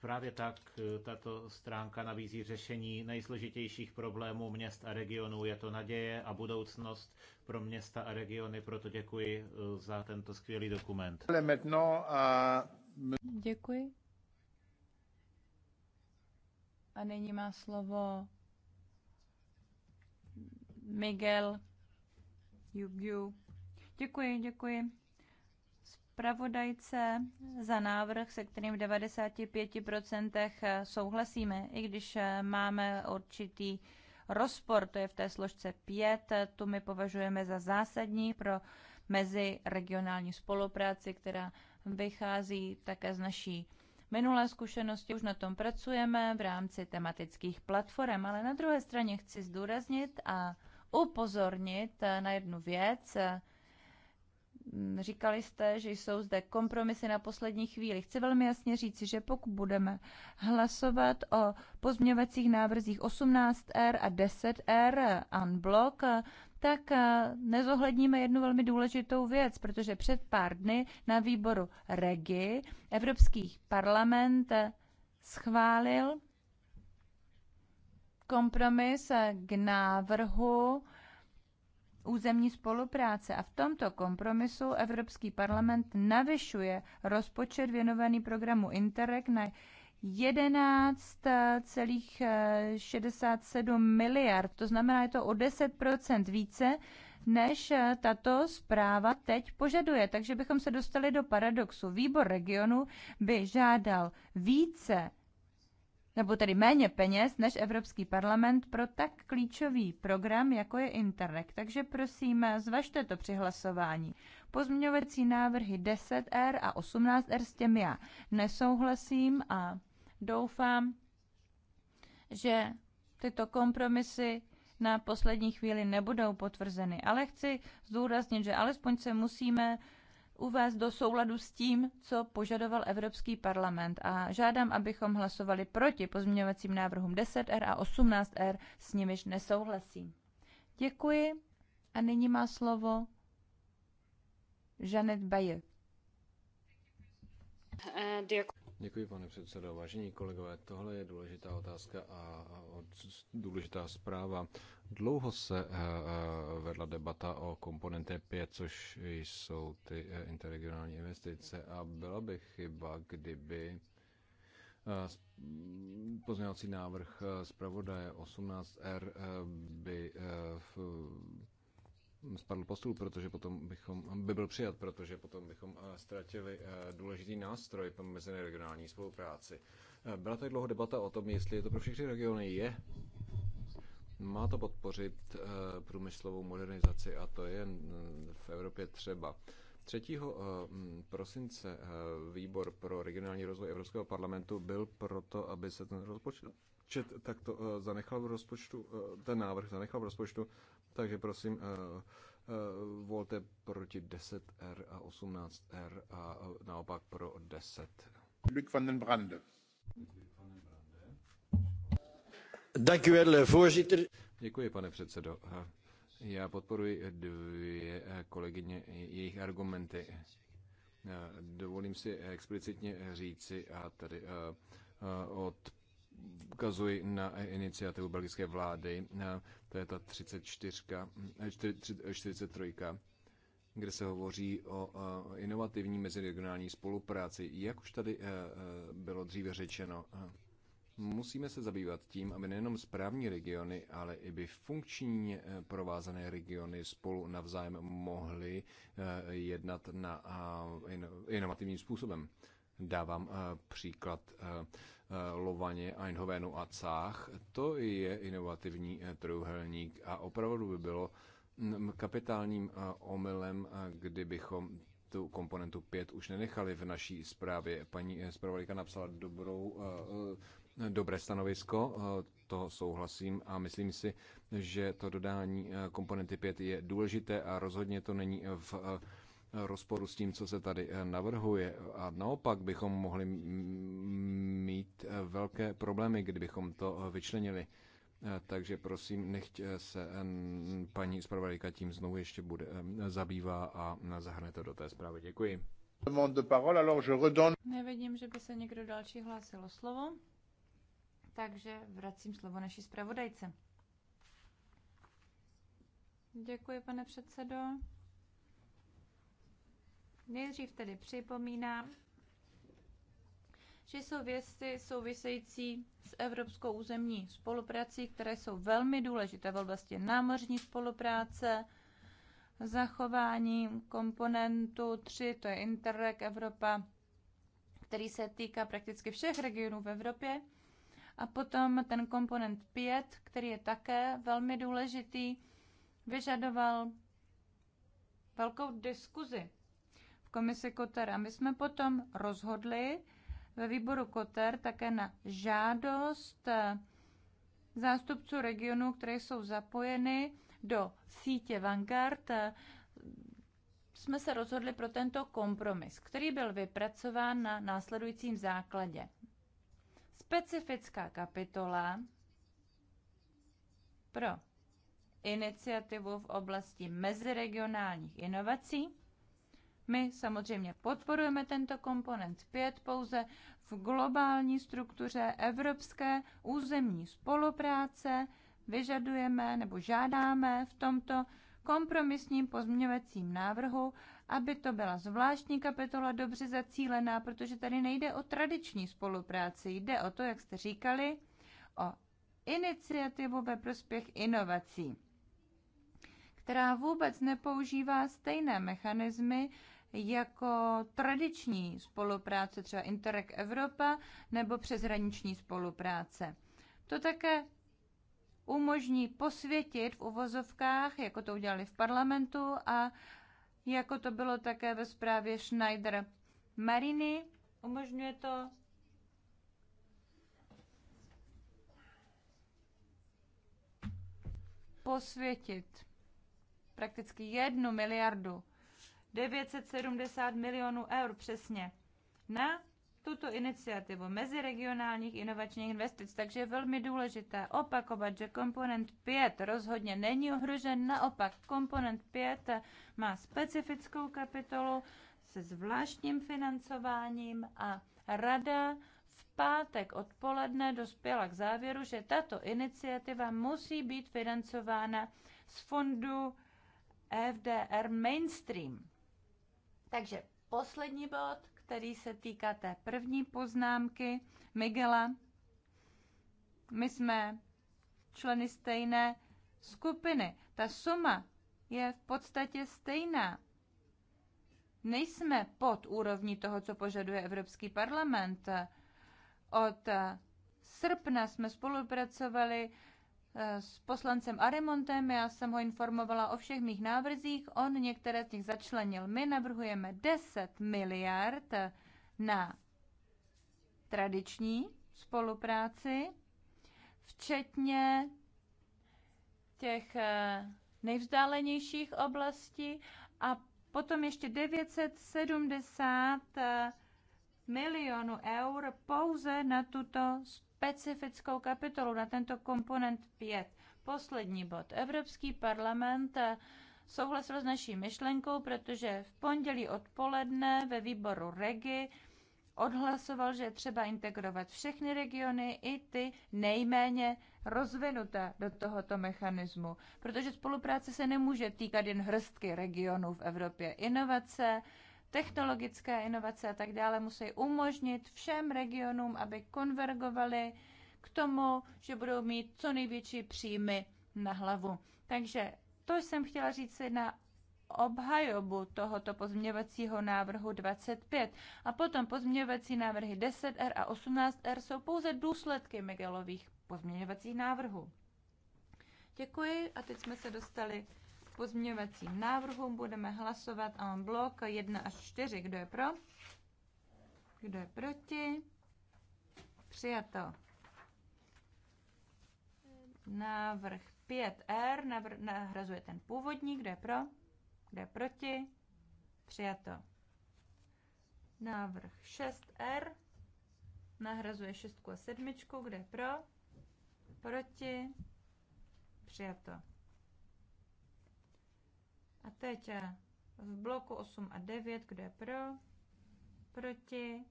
Právě tak tato stránka nabízí řešení nejsložitějších problémů měst a regionů. Je to naděje a budoucnost pro města a regiony, proto děkuji za tento skvělý dokument. Děkuji. A nyní má slovo Miguel Jubiu. Děkuji, děkuji Spravodajce za návrh, se kterým v 95% souhlasíme, i když máme určitý rozpor, to je v té složce 5, tu my považujeme za zásadní pro meziregionální spolupráci, která vychází také z naší minulé zkušenosti, už na tom pracujeme v rámci tematických platform, ale na druhé straně chci zdůraznit a upozornit na jednu věc. Říkali jste, že jsou zde kompromisy na poslední chvíli. Chci velmi jasně říci, že pokud budeme hlasovat o pozměňovacích návrzích 18R a 10R unblock, tak eh, nezohledníme jednu velmi důležitou věc, protože před pár dny na výboru REGI Evropský parlament eh, schválil kompromis eh, k návrhu územní spolupráce a v tomto kompromisu Evropský parlament navyšuje rozpočet věnovaný programu Interreg na 11,67 miliard. To znamená, je to o 10 více, než eh, tato zpráva teď požaduje. Takže bychom se dostali do paradoxu. Výbor regionu by žádal více nebo tedy méně peněz než Evropský parlament pro tak klíčový program, jako je Interreg. Takže prosím, eh, zvažte to při hlasování. Pozměňovací návrhy 10R a 18R s těmi já nesouhlasím a doufám, že tyto kompromisy na poslední chvíli nebudou potvrzeny. Ale chci zdůraznit, že alespoň se musíme uvést do souladu s tím, co požadoval Evropský parlament a žádám, abychom hlasovali proti pozměňovacím návrhům 10R a 18R, s nimiž nesouhlasím. Děkuji a nyní má slovo Janet Bayer. Eh, Děkuji, pane předsedo. Vážení kolegové, tohle je důležitá otázka a důležitá zpráva. Dlouho se eh, eh, vedla debata o komponente 5, což jsou ty eh, interregionální investice a byla by chyba, kdyby pozměňovací návrh zpravodaje 18R by spadl po stůl, protože potom bychom, by byl přijat, protože potom bychom eh, ztratili eh, důležitý nástroj pro meziregionální spolupráci. Eh, byla tady dlouho debata o tom, jestli je to pro všechny regiony je. Má to podpořit průmyslovou modernizaci a to je mm, v Evropě třeba. 3. Mm, prosince výbor pro regionální rozvoj Evropského parlamentu byl proto, aby se ten rozpočet takto zanechal v rozpočtu, ten návrh zanechal v rozpočtu takže prosím, eh, eh, volte proti 10R a 18R a eh, naopak pro 10. Luc van den Brande. Děkuji, pane předsedo. Já podporuji dvě kolegyně, jejich argumenty. Dovolím si explicitně říci a tady od ukazuji na iniciativu belgické vlády, to je ta 34, 43, kde se hovoří o inovativní meziregionální spolupráci. Jak už tady eh, eh, bylo dříve řečeno, eh, musíme se zabývat tím, aby nejenom správní regiony, ale i by funkčně provázané regiony spolu navzájem mohly jednat na inovativním způsobem. Dávám eh, příklad eh, eh, Lovaně, Einhovenu a Cách. To je inovativní trojuhelník a opravdu by bylo mm, kapitálním omylem, kdybychom tu komponentu 5 už nenechali v naší zprávě. Paní zpravodajka napsala dobrou, dobré stanovisko, to souhlasím a myslím si, že to dodání komponenty 5 je důležité a rozhodně to není v rozporu s tím, co se tady eh, navrhuje. A naopak bychom mohli mít eh, velké problémy, kdybychom to eh, vyčlenili. Takže prosím, nechť se paní zpravodajka tím znovu ještě bude, zabývá a zahrne to do té zprávy. Děkuji. Nevidím, že by se někdo další hlásil o slovo, takže vracím slovo naší zpravodajce. Děkuji, pane předsedo. Nejdřív tedy připomínám, že jsou věci související s evropskou územní spoluprací, které jsou velmi důležité v oblasti námořní spolupráce, zachování komponentu 3, to je Interreg Evropa, který se týká prakticky všech regionů v Evropě. A potom ten komponent 5, který je také velmi důležitý, vyžadoval velkou diskuzi v komisi Kotera. My jsme potom rozhodli ve výboru Koter také na žádost eh, zástupců regionů, které jsou zapojeny do sítě Vanguard, eh, jsme se rozhodli pro tento kompromis, který byl vypracován na následujícím základě. Specifická kapitola pro iniciativu v oblasti meziregionálních inovací, my samozřejmě podporujeme tento komponent 5 pouze v globální struktuře evropské územní spolupráce. Vyžadujeme nebo žádáme v tomto kompromisním pozměňovacím návrhu, aby to byla zvláštní kapitola dobře zacílená, protože tady nejde o tradiční spolupráci, jde o to, jak jste říkali, o iniciativu ve prospěch inovací, která vůbec nepoužívá stejné mechanismy jako tradiční spolupráce, třeba Interreg Evropa nebo přeshraniční spolupráce. To také umožní posvětit v uvozovkách, jako to udělali v parlamentu a jako to bylo také ve zprávě Schneider Mariny. Umožňuje to posvětit prakticky jednu miliardu 970 milionů eur přesně na tuto iniciativu meziregionálních inovačních investic, takže je velmi důležité opakovat, že komponent 5 rozhodně není ohrožen, naopak komponent 5 má specifickou kapitolu se zvláštním financováním a rada v pátek odpoledne dospěla k závěru, že tato iniciativa musí být financována z fondu FDR Mainstream. Takže poslední bod, který se týká té první poznámky Miguela. My jsme členy stejné skupiny. Ta suma je v podstatě stejná. Nejsme pod úrovní toho, co požaduje Evropský parlament. Od srpna jsme spolupracovali Eh, s poslancem Aremontem, já jsem ho informovala o všech mých návrzích, on některé z nich začlenil. My navrhujeme 10 miliard na tradiční spolupráci, včetně těch eh, nejvzdálenějších oblastí a potom ještě 970 eh, milionů eur pouze na tuto spolupráci specifickou kapitolu na tento komponent 5. Poslední bod. Evropský parlament eh, souhlasil s naší myšlenkou, protože v pondělí odpoledne ve výboru REGI odhlasoval, že třeba integrovat všechny regiony, i ty nejméně rozvinuté do tohoto mechanismu, protože spolupráce se nemůže týkat jen hrstky regionů v Evropě. Inovace, technologické inovace a tak dále musí umožnit všem regionům, aby konvergovaly k tomu, že budou mít co největší příjmy na hlavu. Takže to jsem chtěla říct si na obhajobu tohoto pozměňovacího návrhu 25. A potom pozměňovací návrhy 10R a 18R jsou pouze důsledky Miguelových pozměňovacích návrhů. Děkuji a teď jsme se dostali pozměňovacím návrhům budeme hlasovat a en blok 1 až 4. Kdo je pro? Kdo je proti? Přijato. Návrh 5R navr- nahrazuje ten původní. Kdo je pro? Kdo je proti? Přijato. Návrh 6R nahrazuje 6 a 7. Kdo je pro? Proti? Přijato. A teď eh, v bloku 8 a 9, kdo je pro, proti,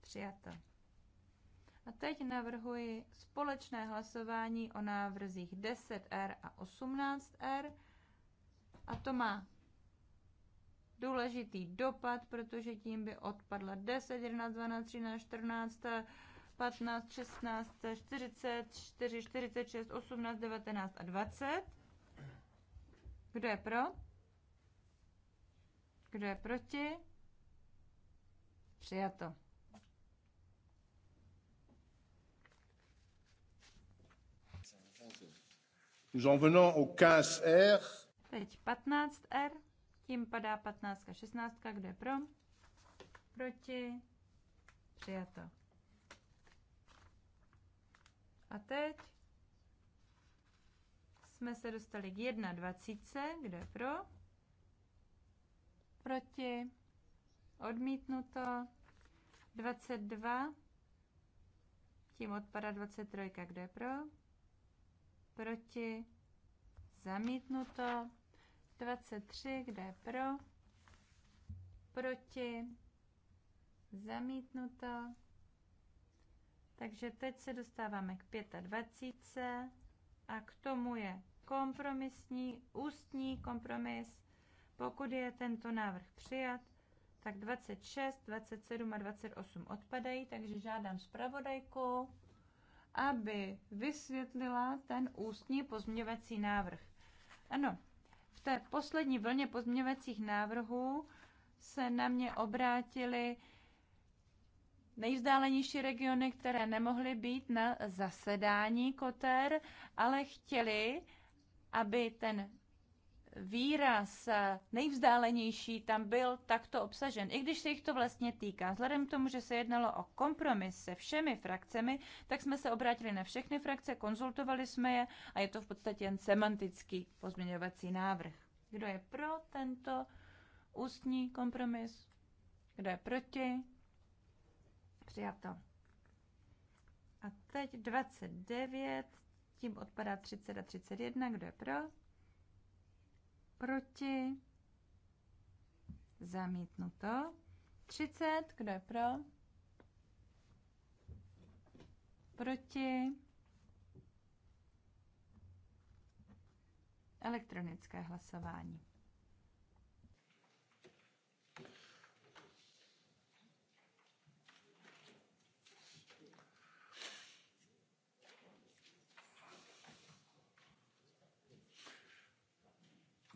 přijato. A teď navrhuji společné hlasování o návrzích 10R a 18R. A to má důležitý dopad, protože tím by odpadla 10, 11, 12, 13, 14, 15, 16, 40, 4, 46, 18, 19 a 20. Kdo je pro? Kdo je proti? Přijato. Nous en venons au 15R. Teď 15R, tím padá 15, 16, kdo je pro? Proti? Přijato. A teď jsme se dostali k 1,20, kde je pro, proti, odmítnuto, 22, tím odpada 23, kde je pro, proti, zamítnuto, 23, kde je pro, proti, zamítnuto. Takže teď se dostáváme k 25 a k tomu je kompromisní, ústní kompromis. Pokud je tento návrh přijat, tak 26, 27 a 28 odpadají, takže žádám zpravodajku, aby vysvětlila ten ústní pozměňovací návrh. Ano, v té poslední vlně pozměňovacích návrhů se na mě obrátili nejvzdálenější regiony, které nemohly být na zasedání koter, ale chtěli, aby ten výraz nejvzdálenější tam byl takto obsažen, i když se jich to vlastně týká. Vzhledem k tomu, že se jednalo o kompromis se všemi frakcemi, tak jsme se obrátili na všechny frakce, konzultovali jsme je a je to v podstatě jen semantický pozměňovací návrh. Kdo je pro tento ústní kompromis? Kdo je proti? Přijato. A teď 29, tím odpadá 30 a 31, kdo je pro? Proti? Zamítnuto. 30, kdo je pro? Proti? Elektronické hlasování.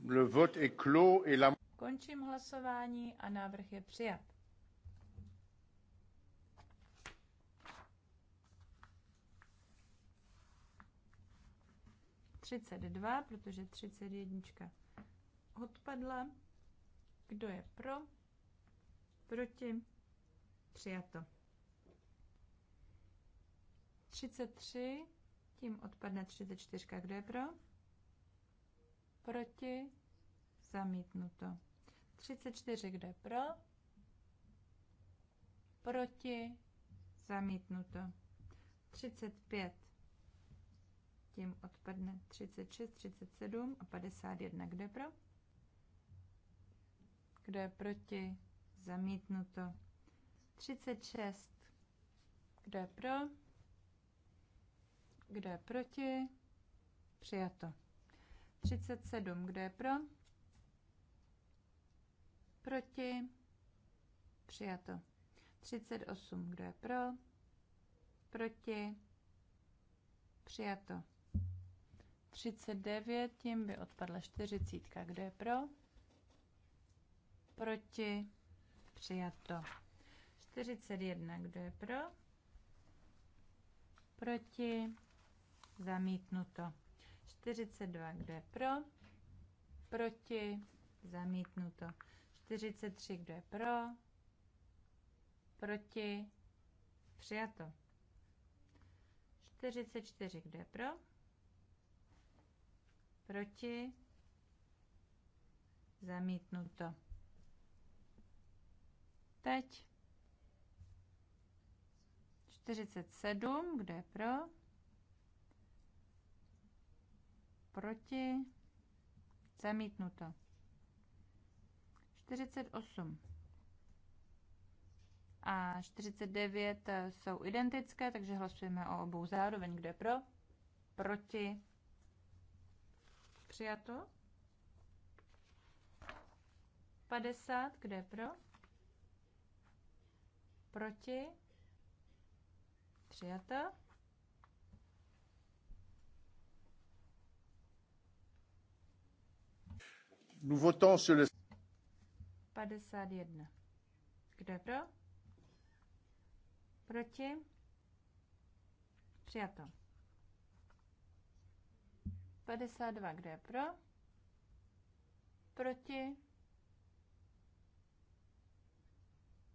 Le vote est clos et la... Končím hlasování a návrh je přijat. Třicet dva, protože třicet jednička odpadla. Kdo je pro? Proti? Přijato. 33, tím odpadne 34. Kdo je pro? proti, zamítnuto. 34, kdo je pro, proti, zamítnuto. 35, tím odpadne 36, 37 a 51, kde pro, kde proti, zamítnuto. 36, kde pro, kde proti, přijato. 37. Kdo je pro? Proti? Přijato. 38. Kdo je pro? Proti? Přijato. 39, tím by odpadla 40. Kdo je pro? Proti? Přijato. 41, kdo je pro? Proti? Zamítnuto. 42, kdo je pro, proti, zamítnuto. 43, kdo je pro, proti, přijato. 44, kdo je pro, proti, zamítnuto. Teď 47, kdo je pro, proti, zamítnuto. 48 a 49 jsou identické, takže hlasujeme o obou zároveň. Kdo je pro? Proti? Přijato? 50, kde je pro? Proti? Přijato? Nous votons sur le... 51. Kdo je pro? Proti? Přijato. 52. Kdo je pro? Proti?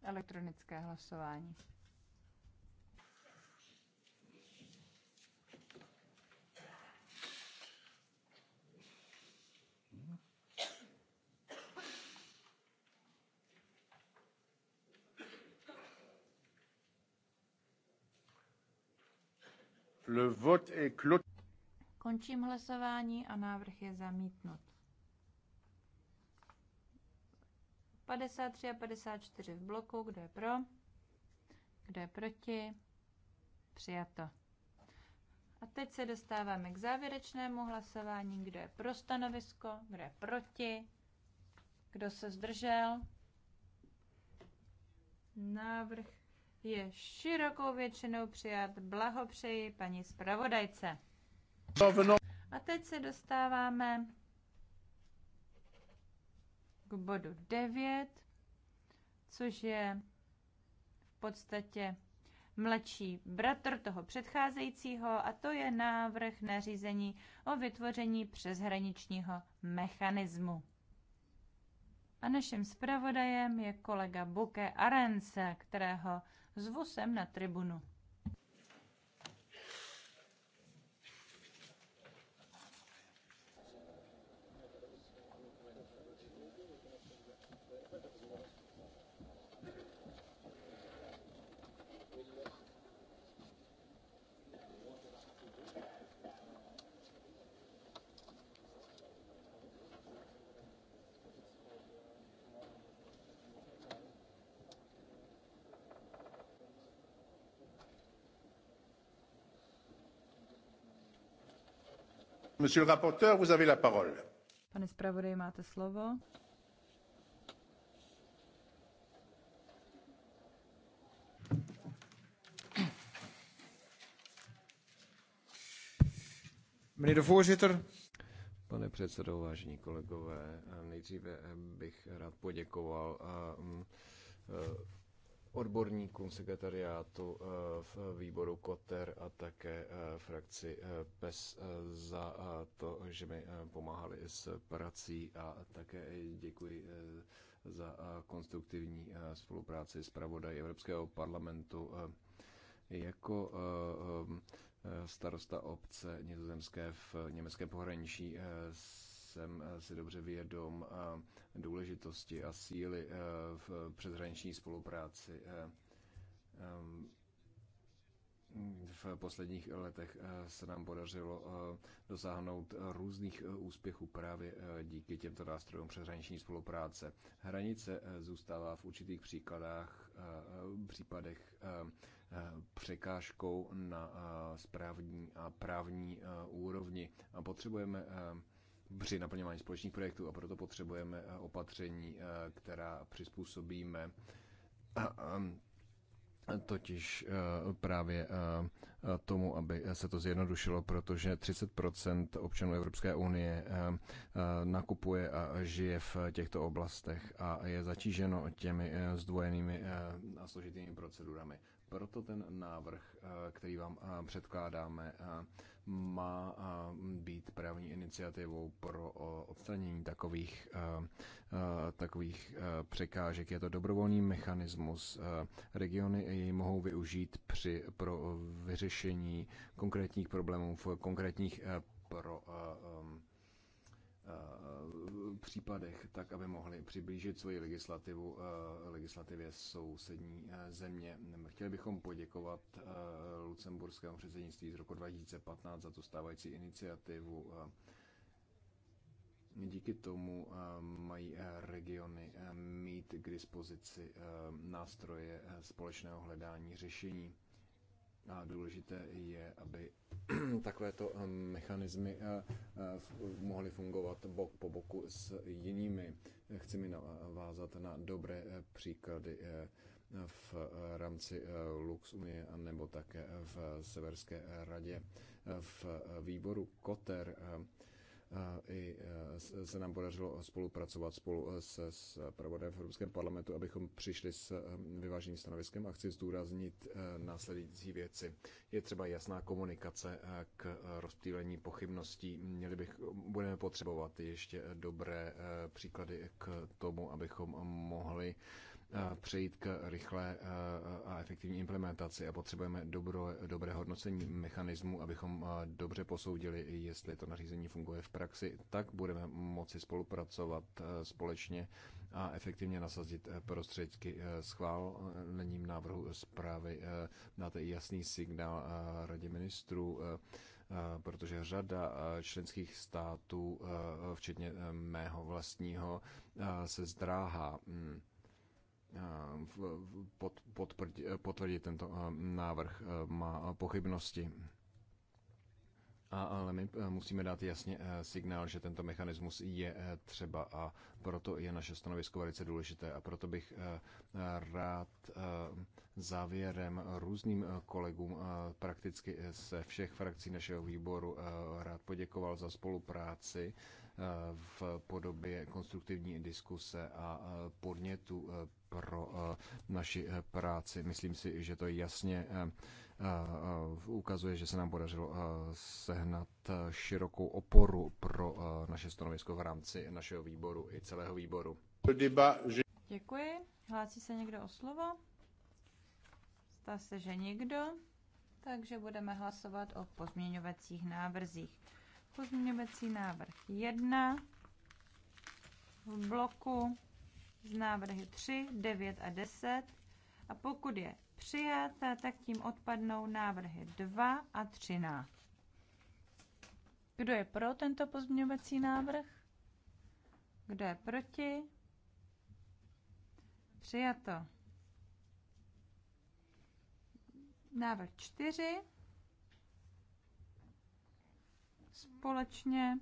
Elektronické hlasování. Le vote est clos. Končím hlasování a návrh je zamítnut. 53 a 54 v bloku, kdo je pro, kdo je proti, přijato. A teď se dostáváme k závěrečnému hlasování, kdo je pro stanovisko, kdo je proti, kdo se zdržel. Návrh je širokou většinou přijat. Blahopřeji paní zpravodajce. A teď se dostáváme k bodu 9, což je v podstatě mladší bratr toho předcházejícího a to je návrh nařízení o vytvoření přeshraničního mechanismu. A naším zpravodajem je kolega Buke Arence, kterého s vosem na tribunu. Monsieur le rapporteur, vous avez la parole. Pane zpravodaj, máte slovo. Meneer de voorzitter. Pane předsedo, vážení kolegové, nejdříve bych rád poděkoval a, a, mm, odborníkům sekretariátu eh, v výboru Koter a také eh, frakci eh, PES za to, že mi pomáhali s prací a také děkuji za konstruktivní spolupráci s pravodají Evropského parlamentu jako starosta obce nizozemské v německém pohraničí s jsem eh, si dobře vědom eh, důležitosti a síly eh, v přeshraniční spolupráci. V posledních letech se nám podařilo dosáhnout různých úspěchů právě díky těmto nástrojům přeshraniční spolupráce. Hranice zůstává v určitých příkladách, případech překážkou na správní a právní úrovni a potřebujeme při naplňování společných projektů a proto potřebujeme eh, opatření, eh, která přizpůsobíme eh, totiž právě tomu, aby se to zjednodušilo, protože 30% občanů Evropské unie nakupuje a žije v těchto oblastech a je zatíženo těmi zdvojenými a složitými procedurami. Proto ten návrh, eh, který vám eh, předkládáme, eh, má být právní iniciativou pro odstranění takových, takových překážek. Je to dobrovolný mechanismus. Regiony jej mohou využít při, pro vyřešení konkrétních problémů v konkrétních pro Eh, případech, tak aby mohli přiblížit svoji legislativu eh, legislativě sousední eh, země. Chtěli bychom poděkovat lucemburskému předsednictví z roku 2015 za tu stávající iniciativu. Díky tomu mají regiony mít k dispozici nástroje společného hledání řešení a důležité je, aby (clears throat) takovéto ehm, mechanismy eh, eh, mohly fungovat bok po boku s jinými. Chci mi navázat na dobré eh, příklady v rámci Lux Unie nebo také v Severské radě v výboru Koter i e, se nám podařilo spolupracovat spolu e, se s pravodem v Evropském parlamentu, abychom přišli s e, vyváženým stanoviskem a chci zdůraznit následující věci. Je třeba jasná komunikace k rozptýlení pochybností. Měli bych, budeme potřebovat ještě dobré příklady k tomu, abychom mohli uh, přejít k rychlé a efektivní implementaci a potřebujeme dobro, dobré hodnocení mechanismu, abychom dobře posoudili, jestli to nařízení funguje v praxi, tak budeme moci spolupracovat společně a efektivně nasadit e, prostředky e, schválením návrhu zprávy. Máte e, i jasný signál radě ministrů, protože řada členských států, včetně mého vlastního, se zdráhá mm, Eh, pod, podprdi, eh, potvrdit tento eh, návrh, má pochybnosti. ale my musíme dát jasně signál, že tento mechanismus je třeba a proto je naše stanovisko velice důležité. A proto bych rád závěrem různým kolegům prakticky ze všech frakcí našeho výboru rád poděkoval za spolupráci v podobě konstruktivní diskuse a e, podnětu e, pro e, naši práci. Myslím si, že to jasně ukazuje, že se nám podařilo sehnat širokou oporu pro naše stanovisko v rámci našeho výboru i celého výboru. Děkuji. Hlásí se někdo o slovo? Zdá se, že nikdo, takže budeme hlasovat o pozměňovacích návrzích. Pozměňovací návrh 1 v bloku z návrhy 3, 9 a 10. A pokud je přijat, tak tím odpadnou návrhy 2 a 13. Kdo je pro tento pozměňovací návrh? Kdo je proti? Přijato. Návrh 4 společně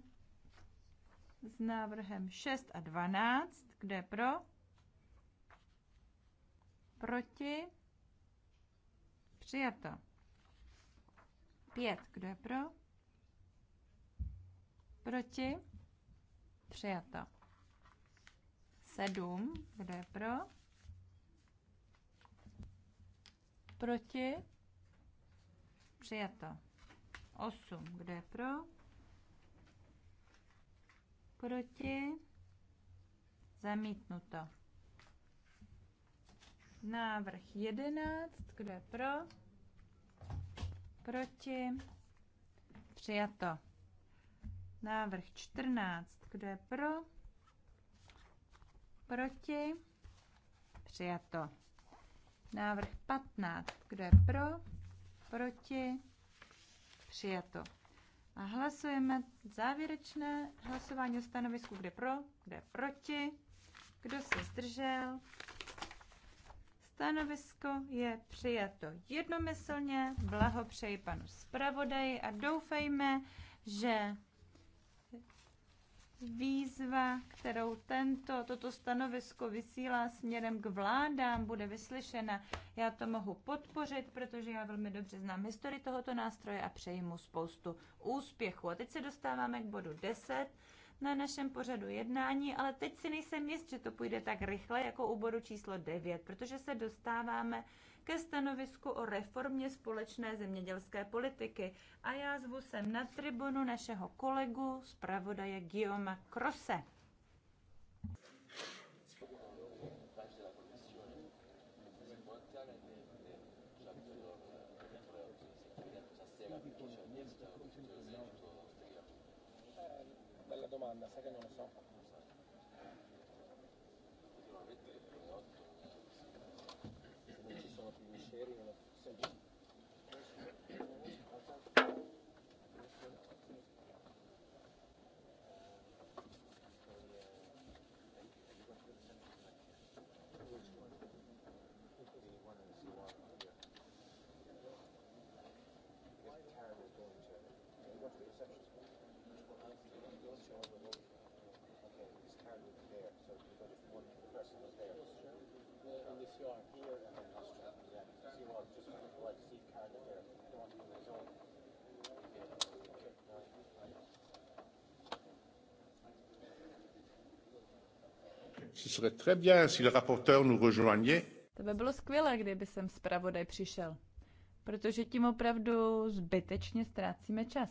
s návrhem 6 a 12. Kde pro? Proti? Přijato. 5. Kde je pro? Proti? Přijato. 7. Kde je pro? Proti? Přijato. 8. Kde je pro? Proti? Zamítnuto. Návrh 11. Kdo je pro? Proti? Přijato. Návrh 14. Kdo je pro? Proti? Přijato. Návrh 15. Kdo je pro? Proti? Přijato. A hlasujeme závěrečné hlasování o stanovisku, kde pro, kde proti, kdo se zdržel. Stanovisko je přijato jednomyslně. Blahopřeji panu zpravodaji a doufejme, že výzva, kterou tento, toto stanovisko vysílá směrem k vládám, bude vyslyšena. Já to mohu podpořit, protože já velmi dobře znám historii tohoto nástroje a přeji mu spoustu úspěchu. A teď se dostáváme k bodu 10 na našem pořadu jednání, ale teď si nejsem jist, že to půjde tak rychle jako u bodu číslo 9, protože se dostáváme ke stanovisku o reformě společné zemědělské politiky a já zvu sem na tribunu našeho kolegu, zpravodaje Guillaume Krose. Bella domanda, sai che non lo so. To by bylo skvělé, kdyby sem zpravodaj přišel, protože tím opravdu zbytečně ztrácíme čas.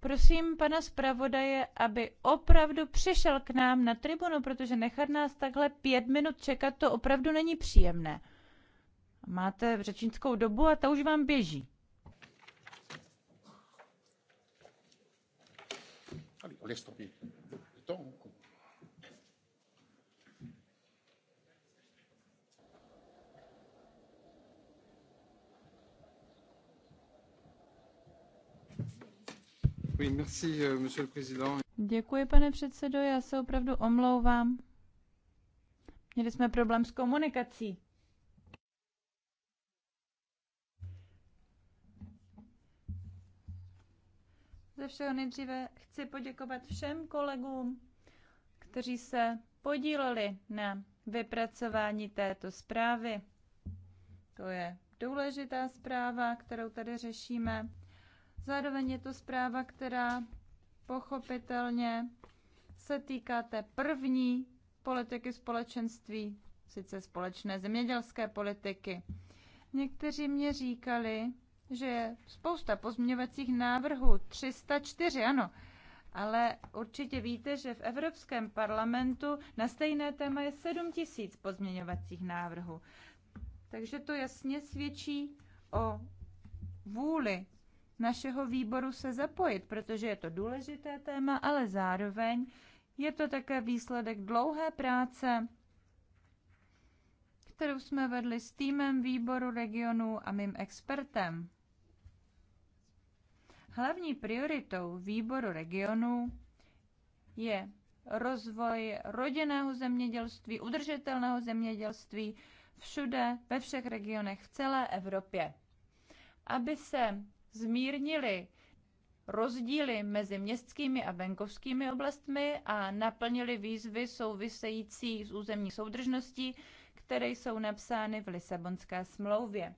Prosím pana zpravodaje, aby opravdu přišel k nám na tribunu, protože nechat nás takhle pět minut čekat, to opravdu není příjemné. Máte řečnickou dobu a ta už vám běží. Allez, on Euh, Děkuji, pane předsedo, já se opravdu omlouvám. Měli jsme problém s komunikací. Ze všeho nejdříve chci poděkovat všem kolegům, kteří se podíleli na vypracování této zprávy. To je důležitá zpráva, kterou tady řešíme. Zároveň je to zpráva, která pochopitelně se týká té první politiky společenství, sice společné zemědělské politiky. Někteří mě říkali, že je spousta pozměňovacích návrhů, 304, ano, ale určitě víte, že v Evropském parlamentu na stejné téma je 7 tisíc pozměňovacích návrhů. Takže to jasně svědčí o vůli našeho výboru se zapojit, protože je to důležité téma, ale zároveň je to také výsledek dlouhé práce, kterou jsme vedli s týmem výboru regionu a mým expertem. Hlavní prioritou výboru regionu je rozvoj rodinného zemědělství, udržitelného zemědělství všude, ve všech regionech, v celé Evropě. Aby se zmírnili rozdíly mezi městskými a venkovskými oblastmi a naplnili výzvy související s územní soudržností, které jsou napsány v Lisabonské smlouvě.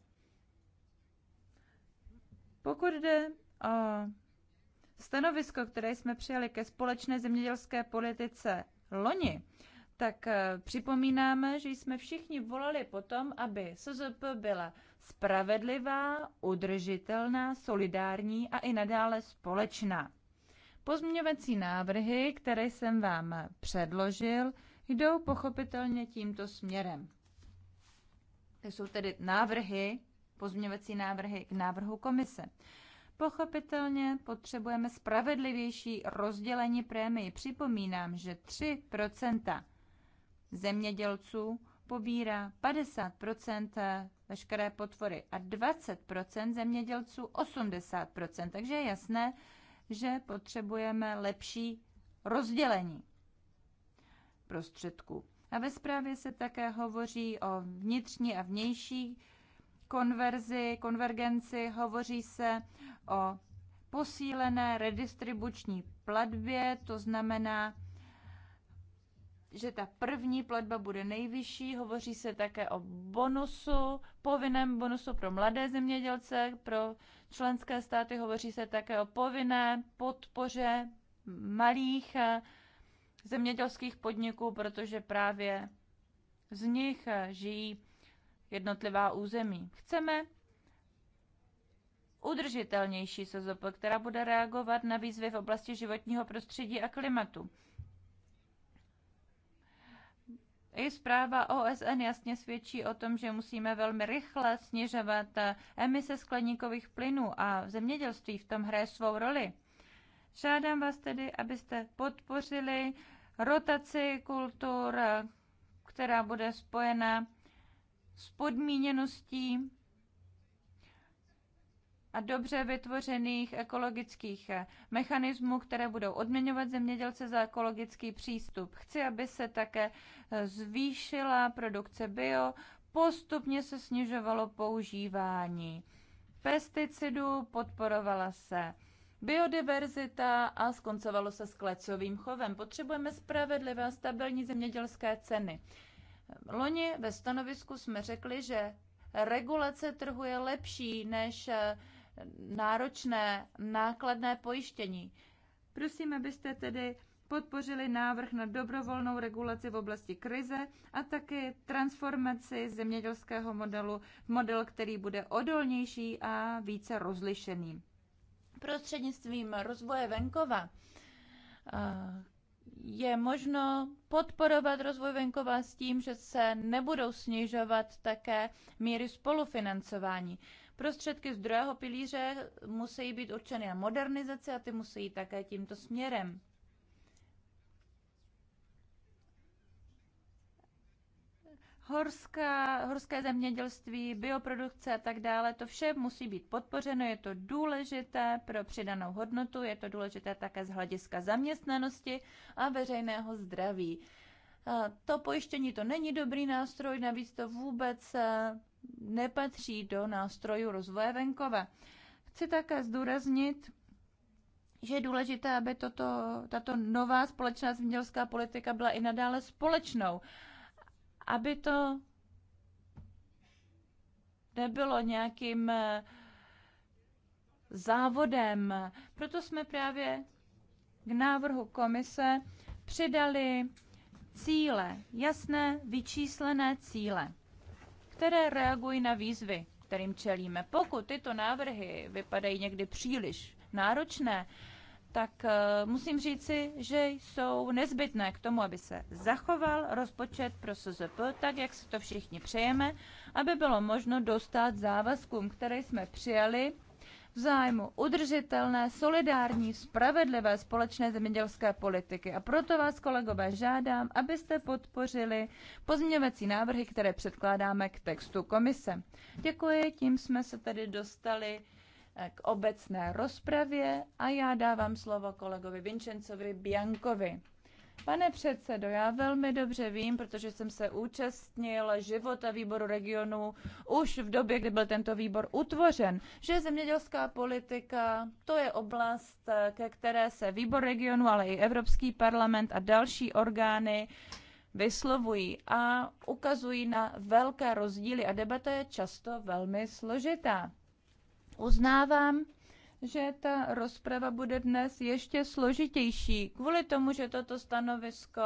Pokud jde o stanovisko, které jsme přijali ke společné zemědělské politice loni, tak eh, připomínáme, že jsme všichni volali potom, aby SZP byla spravedlivá, udržitelná, solidární a i nadále společná. Pozměňovací návrhy, které jsem vám předložil, jdou pochopitelně tímto směrem. To jsou tedy návrhy, pozměňovací návrhy k návrhu komise. Pochopitelně potřebujeme spravedlivější rozdělení prémii. Připomínám, že 3 zemědělců pobírá 50 veškeré potvory a 20% zemědělců 80%. Takže je jasné, že potřebujeme lepší rozdělení prostředků. A ve zprávě se také hovoří o vnitřní a vnější konverzi, konvergenci, hovoří se o posílené redistribuční platbě, to znamená že ta první platba bude nejvyšší. Hovoří se také o bonusu, povinném bonusu pro mladé zemědělce, pro členské státy. Hovoří se také o povinné podpoře malých eh, zemědělských podniků, protože právě z nich eh, žijí jednotlivá území. Chceme udržitelnější SZP, která bude reagovat na výzvy v oblasti životního prostředí a klimatu. I zpráva OSN jasně svědčí o tom, že musíme velmi rychle snižovat emise skleníkových plynů a zemědělství v tom hraje svou roli. Žádám vás tedy, abyste podpořili rotaci kultur, která bude spojena s podmíněností a dobře vytvořených ekologických mechanismů, které budou odměňovat zemědělce za ekologický přístup. Chci, aby se také zvýšila produkce bio, postupně se snižovalo používání pesticidů, podporovala se biodiverzita a skoncovalo se s klecovým chovem. Potřebujeme spravedlivé a stabilní zemědělské ceny. Loni ve stanovisku jsme řekli, že regulace trhu je lepší než náročné nákladné pojištění. Prosím, abyste tedy podpořili návrh na dobrovolnou regulaci v oblasti krize a taky transformaci zemědělského modelu v model, který bude odolnější a více rozlišený. Prostřednictvím rozvoje venkova je možno podporovat rozvoj venkova s tím, že se nebudou snižovat také míry spolufinancování. Prostředky z druhého pilíře musí být určeny na modernizaci a ty musí také tímto směrem. horská, horské zemědělství, bioprodukce a tak dále, to vše musí být podpořeno, je to důležité pro přidanou hodnotu, je to důležité také z hlediska zaměstnanosti a veřejného zdraví. To pojištění to není dobrý nástroj, navíc to vůbec eh, nepatří do nástrojů rozvoje venkova. Chci také zdůraznit, že je důležité, aby toto, tato nová společná zemědělská politika byla i nadále společnou, aby to nebylo nějakým eh, závodem. Proto jsme právě k návrhu komise přidali cíle, jasné vyčíslené cíle které reagují na výzvy, kterým čelíme. Pokud tyto návrhy vypadají někdy příliš náročné, tak eh, musím říci, že jsou nezbytné k tomu, aby se zachoval rozpočet pro SZP tak, jak si to všichni přejeme, aby bylo možno dostat závazkům, které jsme přijali v zájmu udržitelné, solidární, spravedlivé společné zemědělské politiky. A proto vás, kolegové, žádám, abyste podpořili pozměňovací návrhy, které předkládáme k textu komise. Děkuji, tím jsme se tedy dostali eh, k obecné rozpravě a já dávám slovo kolegovi Vincencovi Biankovi. Pane předsedo, já velmi dobře vím, protože jsem se účastnil života výboru regionu už v době, kdy byl tento výbor utvořen, že zemědělská politika to je oblast, ke které se výbor regionu, ale i Evropský parlament a další orgány vyslovují a ukazují na velké rozdíly a debata je často velmi složitá. Uznávám, že ta rozprava bude dnes ještě složitější kvůli tomu, že toto stanovisko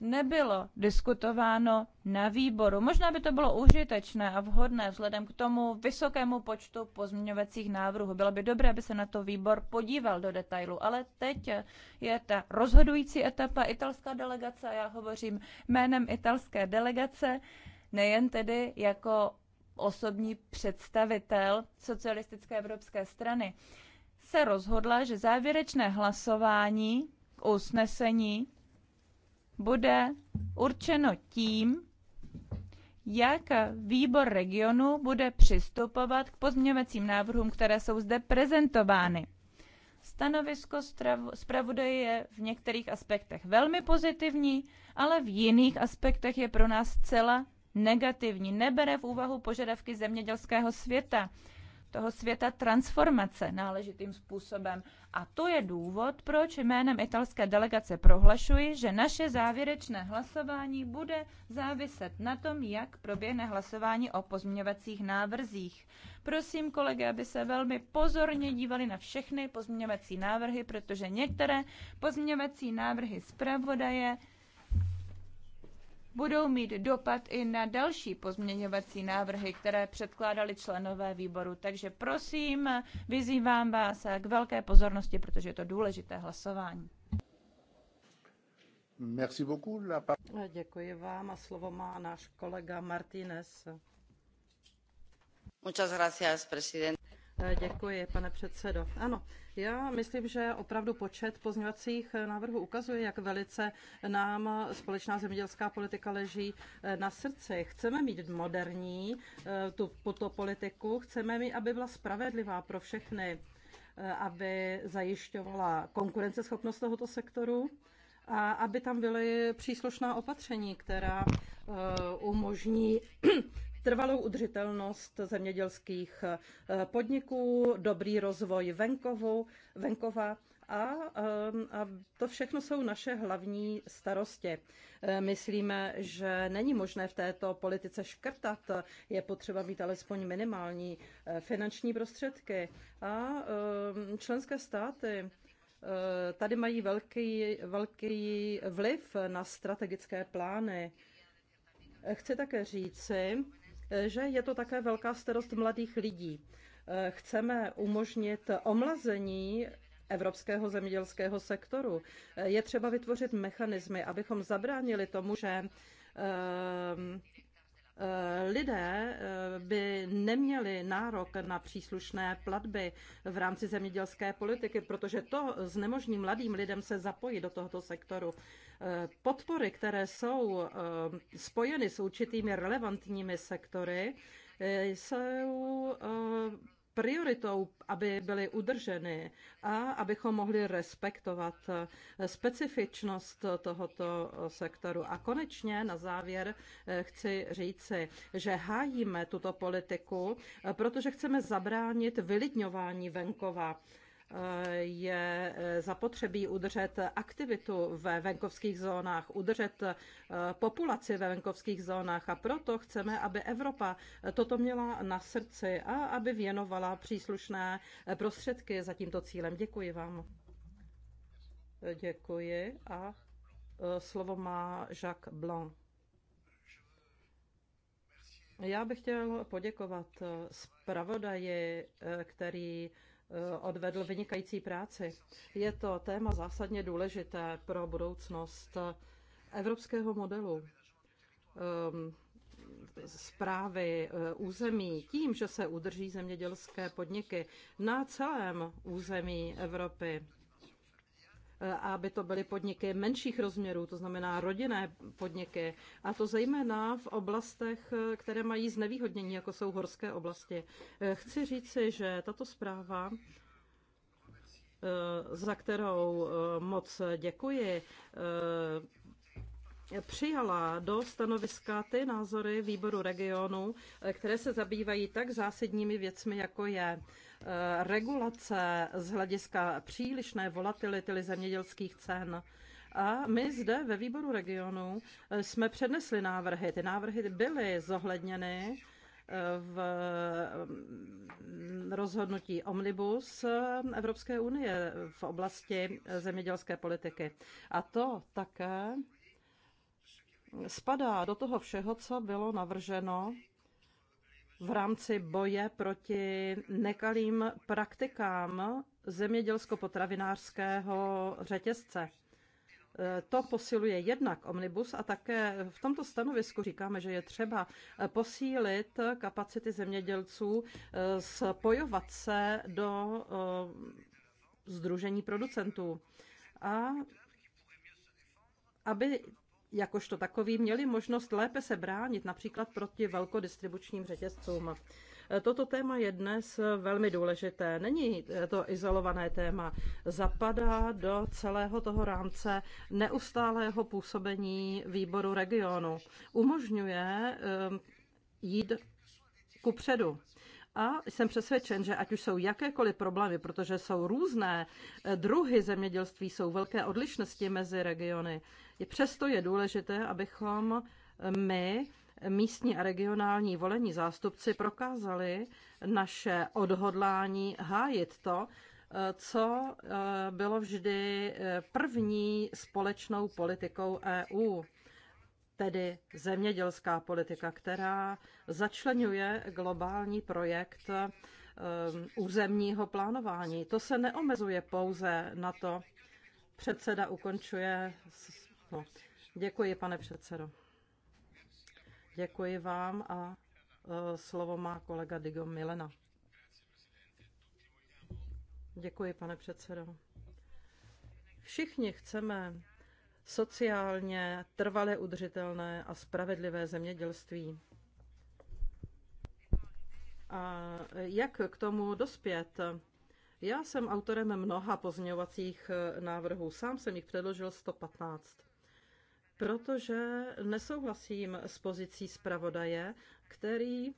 nebylo diskutováno na výboru. Možná by to bylo užitečné a vhodné vzhledem k tomu vysokému počtu pozměňovacích návrhů. Bylo by dobré, aby se na to výbor podíval do detailu, ale teď je ta rozhodující etapa italská delegace, já hovořím jménem italské delegace, nejen tedy jako osobní představitel socialistické evropské strany, se rozhodla, že závěrečné hlasování k usnesení bude určeno tím, jak výbor regionu bude přistupovat k pozměňovacím návrhům, které jsou zde prezentovány. Stanovisko zpravodaje je v některých aspektech velmi pozitivní, ale v jiných aspektech je pro nás zcela negativní, nebere v úvahu požadavky zemědělského světa, toho světa transformace náležitým způsobem. A to je důvod, proč jménem italské delegace prohlašuji, že naše závěrečné hlasování bude záviset na tom, jak proběhne hlasování o pozměňovacích návrzích. Prosím kolegy, aby se velmi pozorně dívali na všechny pozměňovací návrhy, protože některé pozměňovací návrhy zpravodaje budou mít dopad i na další pozměňovací návrhy, které předkládali členové výboru. Takže prosím, vyzývám vás k velké pozornosti, protože je to důležité hlasování. Merci beaucoup. La... Děkuji vám a slovo má náš kolega Martínez. Muchas gracias, presidente. Eh, děkuji, pane předsedo. Ano, já myslím, že opravdu počet pozměňovacích eh, návrhů ukazuje, jak velice nám společná zemědělská politika leží eh, na srdci. Chceme mít moderní tu, tuto politiku, chceme mít, aby byla spravedlivá pro všechny, aby zajišťovala konkurenceschopnost tohoto sektoru a aby tam byly příslušná opatření, která umožní trvalou udržitelnost zemědělských eh, podniků, dobrý rozvoj venkovu, venkova a, eh, a to všechno jsou naše hlavní starosti. Eh, myslíme, že není možné v této politice škrtat, je potřeba mít alespoň minimální finanční prostředky a členské státy tady mají velký, velký vliv na strategické plány. Chci také říci, že je to také velká starost mladých lidí. Eh, chceme umožnit omlazení evropského zemědělského sektoru. Eh, je třeba vytvořit mechanismy, abychom zabránili tomu, že eh, lidé by neměli nárok na příslušné platby v rámci zemědělské politiky, protože to znemožní mladým lidem se zapojit do tohoto sektoru. Eh, podpory, které jsou eh, spojeny s určitými relevantními sektory, eh, jsou prioritou, aby byly udrženy a abychom mohli respektovat specifičnost tohoto sektoru. A konečně na závěr chci říci, že hájíme tuto politiku, protože chceme zabránit vylidňování venkova je eh, zapotřebí udržet aktivitu ve venkovských zónách, udržet eh, populaci ve venkovských zónách a proto chceme, aby Evropa eh, toto měla na srdci a aby věnovala příslušné prostředky za tímto cílem. Děkuji vám. Děkuji a slovo má Jacques Blanc. Já bych chtěl poděkovat zpravodaji, který Eh, odvedl vynikající práci. Je to téma zásadně důležité pro budoucnost evropského modelu zprávy ehm, eh, území tím, že se udrží zemědělské podniky na celém území Evropy. Eh, aby to byly podniky menších rozměrů, to znamená rodinné podniky, a to zejména v oblastech, eh, které mají znevýhodnění, jako jsou horské oblasti. Eh, chci říci, že tato zpráva za kterou moc děkuji, přijala do stanoviska ty názory výboru regionu, které se zabývají tak zásadními věcmi, jako je Eh, regulace z hlediska přílišné volatility zemědělských cen. A my zde ve výboru regionu eh, jsme přednesli návrhy. Ty návrhy byly zohledněny eh, v mm, rozhodnutí Omnibus Evropské unie v oblasti zemědělské politiky. A to také spadá do toho všeho, co bylo navrženo v rámci boje proti nekalým praktikám zemědělsko-potravinářského řetězce. E, to posiluje jednak omnibus a také v tomto stanovisku říkáme, že je třeba posílit kapacity zemědělců, e, spojovat se do združení e, producentů a aby jakožto takový měli možnost lépe se bránit například proti velkodistribučním řetězcům. Toto téma je dnes velmi důležité. Není to izolované téma. Zapadá do celého toho rámce neustálého působení výboru regionu. Umožňuje eh, jít ku předu. A jsem přesvědčen, že ať už jsou jakékoliv problémy, protože jsou různé eh, druhy zemědělství, jsou velké odlišnosti mezi regiony, i přesto je důležité, abychom eh, my, místní a regionální volení zástupci, prokázali naše odhodlání hájit to, eh, co bylo vždy první společnou politikou EU tedy zemědělská politika, která začlenuje globální projekt um, územního plánování. To se neomezuje pouze na to, předseda ukončuje. No. Děkuji, pane předsedo. Děkuji vám a uh, slovo má kolega Digo Milena. Děkuji, pane předsedo. Všichni chceme sociálně trvale udržitelné a spravedlivé zemědělství. A jak k tomu dospět? Já jsem autorem mnoha pozměňovacích návrhů, sám jsem jich předložil 115, protože nesouhlasím s pozicí zpravodaje, který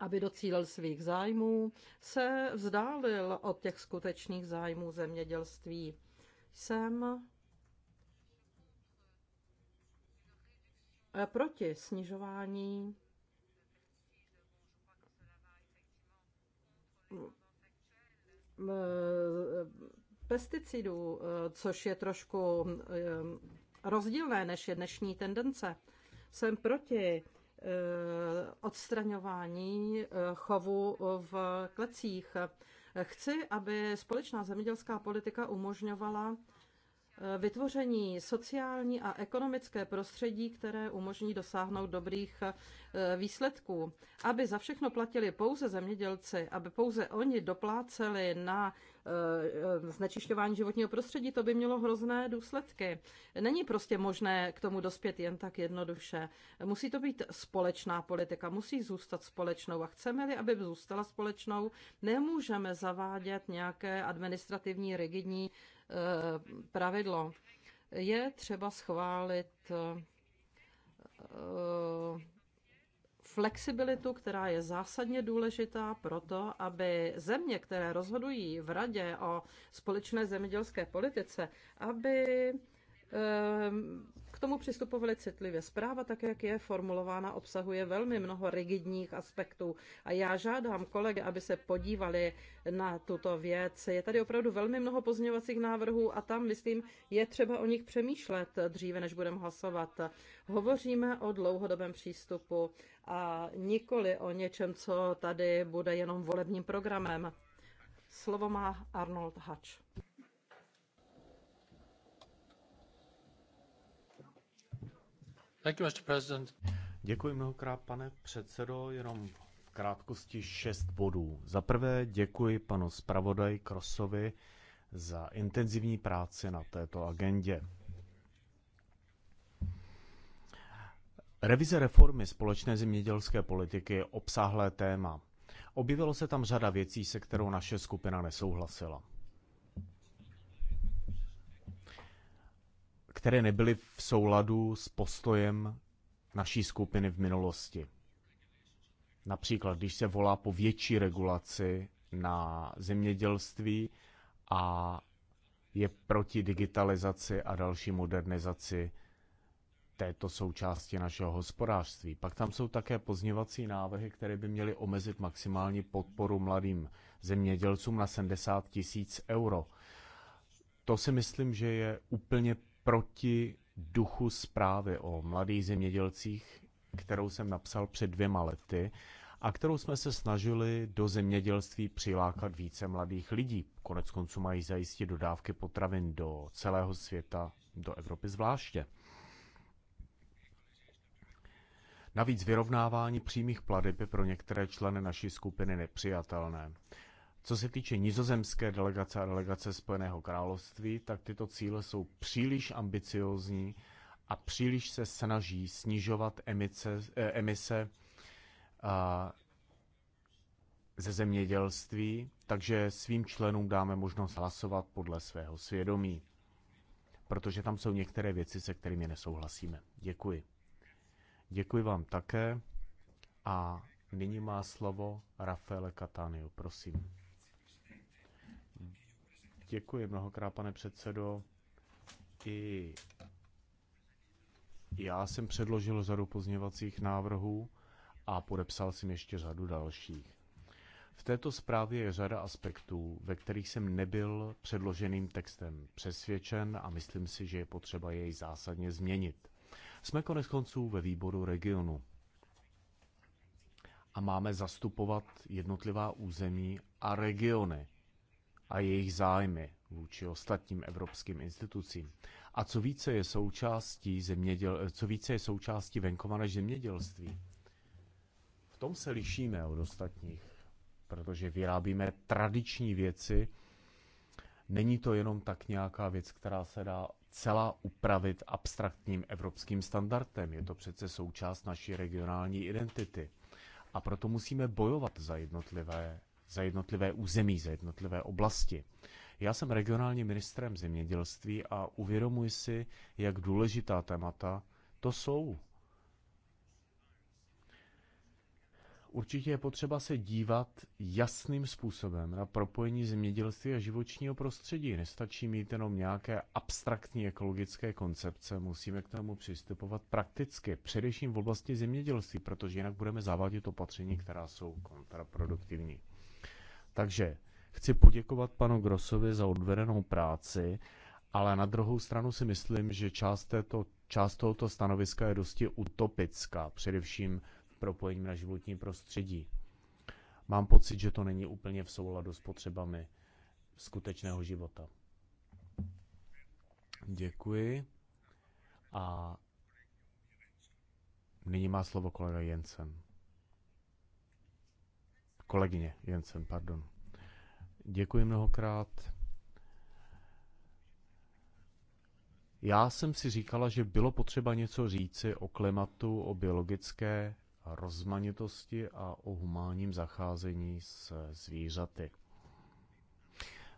aby docílil svých zájmů, se vzdálil od těch skutečných zájmů zemědělství. Jsem E, proti snižování e, pesticidů, e, což je trošku rozdílné než je dnešní tendence. Jsem proti odstraňování chovu v klecích. Chci, aby společná zemědělská politika umožňovala Eh, vytvoření sociální a ekonomické prostředí, které umožní dosáhnout dobrých eh, výsledků. Aby za všechno platili pouze zemědělci, aby pouze oni dopláceli na eh, znečišťování životního prostředí, to by mělo hrozné důsledky. Není prostě možné k tomu dospět jen tak jednoduše. Musí to být společná politika, musí zůstat společnou a chceme-li, aby zůstala společnou, nemůžeme zavádět nějaké administrativní rigidní Eh, pravidlo. Je třeba schválit eh, flexibilitu, která je zásadně důležitá pro to, aby země, které rozhodují v Radě o společné zemědělské politice, aby eh, k tomu přistupovali citlivě. Zpráva, tak jak je formulována, obsahuje velmi mnoho rigidních aspektů a já žádám kolegy, aby se podívali na tuto věc. Je tady opravdu velmi mnoho pozměňovacích návrhů a tam, myslím, je třeba o nich přemýšlet dříve, než budeme hlasovat. Hovoříme o dlouhodobém přístupu a nikoli o něčem, co tady bude jenom volebním programem. Slovo má Arnold Hatch. Thank you, Mr. President. Děkuji mnohokrát, pane předsedo, jenom v krátkosti šest bodů. Za prvé děkuji panu zpravodaji Krosovi za intenzivní práci na této agendě. Revize reformy společné zemědělské politiky je obsáhlé téma. Objevilo se tam řada věcí, se kterou naše skupina nesouhlasila. které nebyly v souladu s postojem naší skupiny v minulosti. Například, když se volá po větší regulaci na zemědělství a je proti digitalizaci a další modernizaci této součásti našeho hospodářství. Pak tam jsou také pozněvací návrhy, které by měly omezit maximální podporu mladým zemědělcům na 70 tisíc euro. To si myslím, že je úplně proti duchu zprávy o mladých zemědělcích, kterou jsem napsal před dvěma lety a kterou jsme se snažili do zemědělství přilákat více mladých lidí. Konec konců mají zajistit dodávky potravin do celého světa, do Evropy zvláště. Navíc vyrovnávání přímých pladeb je pro některé členy naší skupiny nepřijatelné. Co se týče nizozemské delegace a delegace Spojeného království, tak tyto cíle jsou příliš ambiciozní a příliš se snaží snižovat emice, eh, emise a, ze zemědělství, takže svým členům dáme možnost hlasovat podle svého svědomí, protože tam jsou některé věci, se kterými nesouhlasíme. Děkuji. Děkuji vám také a nyní má slovo Rafaele Catánio, prosím. Děkuji mnohokrát, pane předsedo. I já jsem předložil řadu pozměvacích návrhů a podepsal jsem ještě řadu dalších. V této zprávě je řada aspektů, ve kterých jsem nebyl předloženým textem přesvědčen a myslím si, že je potřeba jej zásadně změnit. Jsme konec konců ve výboru regionu a máme zastupovat jednotlivá území a regiony a jejich zájmy vůči ostatním evropským institucím. A co více je součástí, zeměděl, co více je součástí venkova než zemědělství. V tom se lišíme od ostatních, protože vyrábíme tradiční věci. Není to jenom tak nějaká věc, která se dá celá upravit abstraktním evropským standardem. Je to přece součást naší regionální identity. A proto musíme bojovat za jednotlivé za jednotlivé území, za jednotlivé oblasti. Já jsem regionálním ministrem zemědělství a uvědomuji si, jak důležitá témata to jsou. Určitě je potřeba se dívat jasným způsobem na propojení zemědělství a životního prostředí. Nestačí mít jenom nějaké abstraktní ekologické koncepce, musíme k tomu přistupovat prakticky, především v oblasti zemědělství, protože jinak budeme zavádět opatření, která jsou kontraproduktivní. Takže chci poděkovat panu Grosovi za odvedenou práci, ale na druhou stranu si myslím, že část, této, část tohoto stanoviska je dosti utopická, především v propojení na životní prostředí. Mám pocit, že to není úplně v souladu s potřebami skutečného života. Děkuji. A nyní má slovo kolega Jensen. Kolegyně Jensen, pardon. Děkuji mnohokrát. Já jsem si říkala, že bylo potřeba něco říci o klimatu, o biologické rozmanitosti a o humánním zacházení s zvířaty.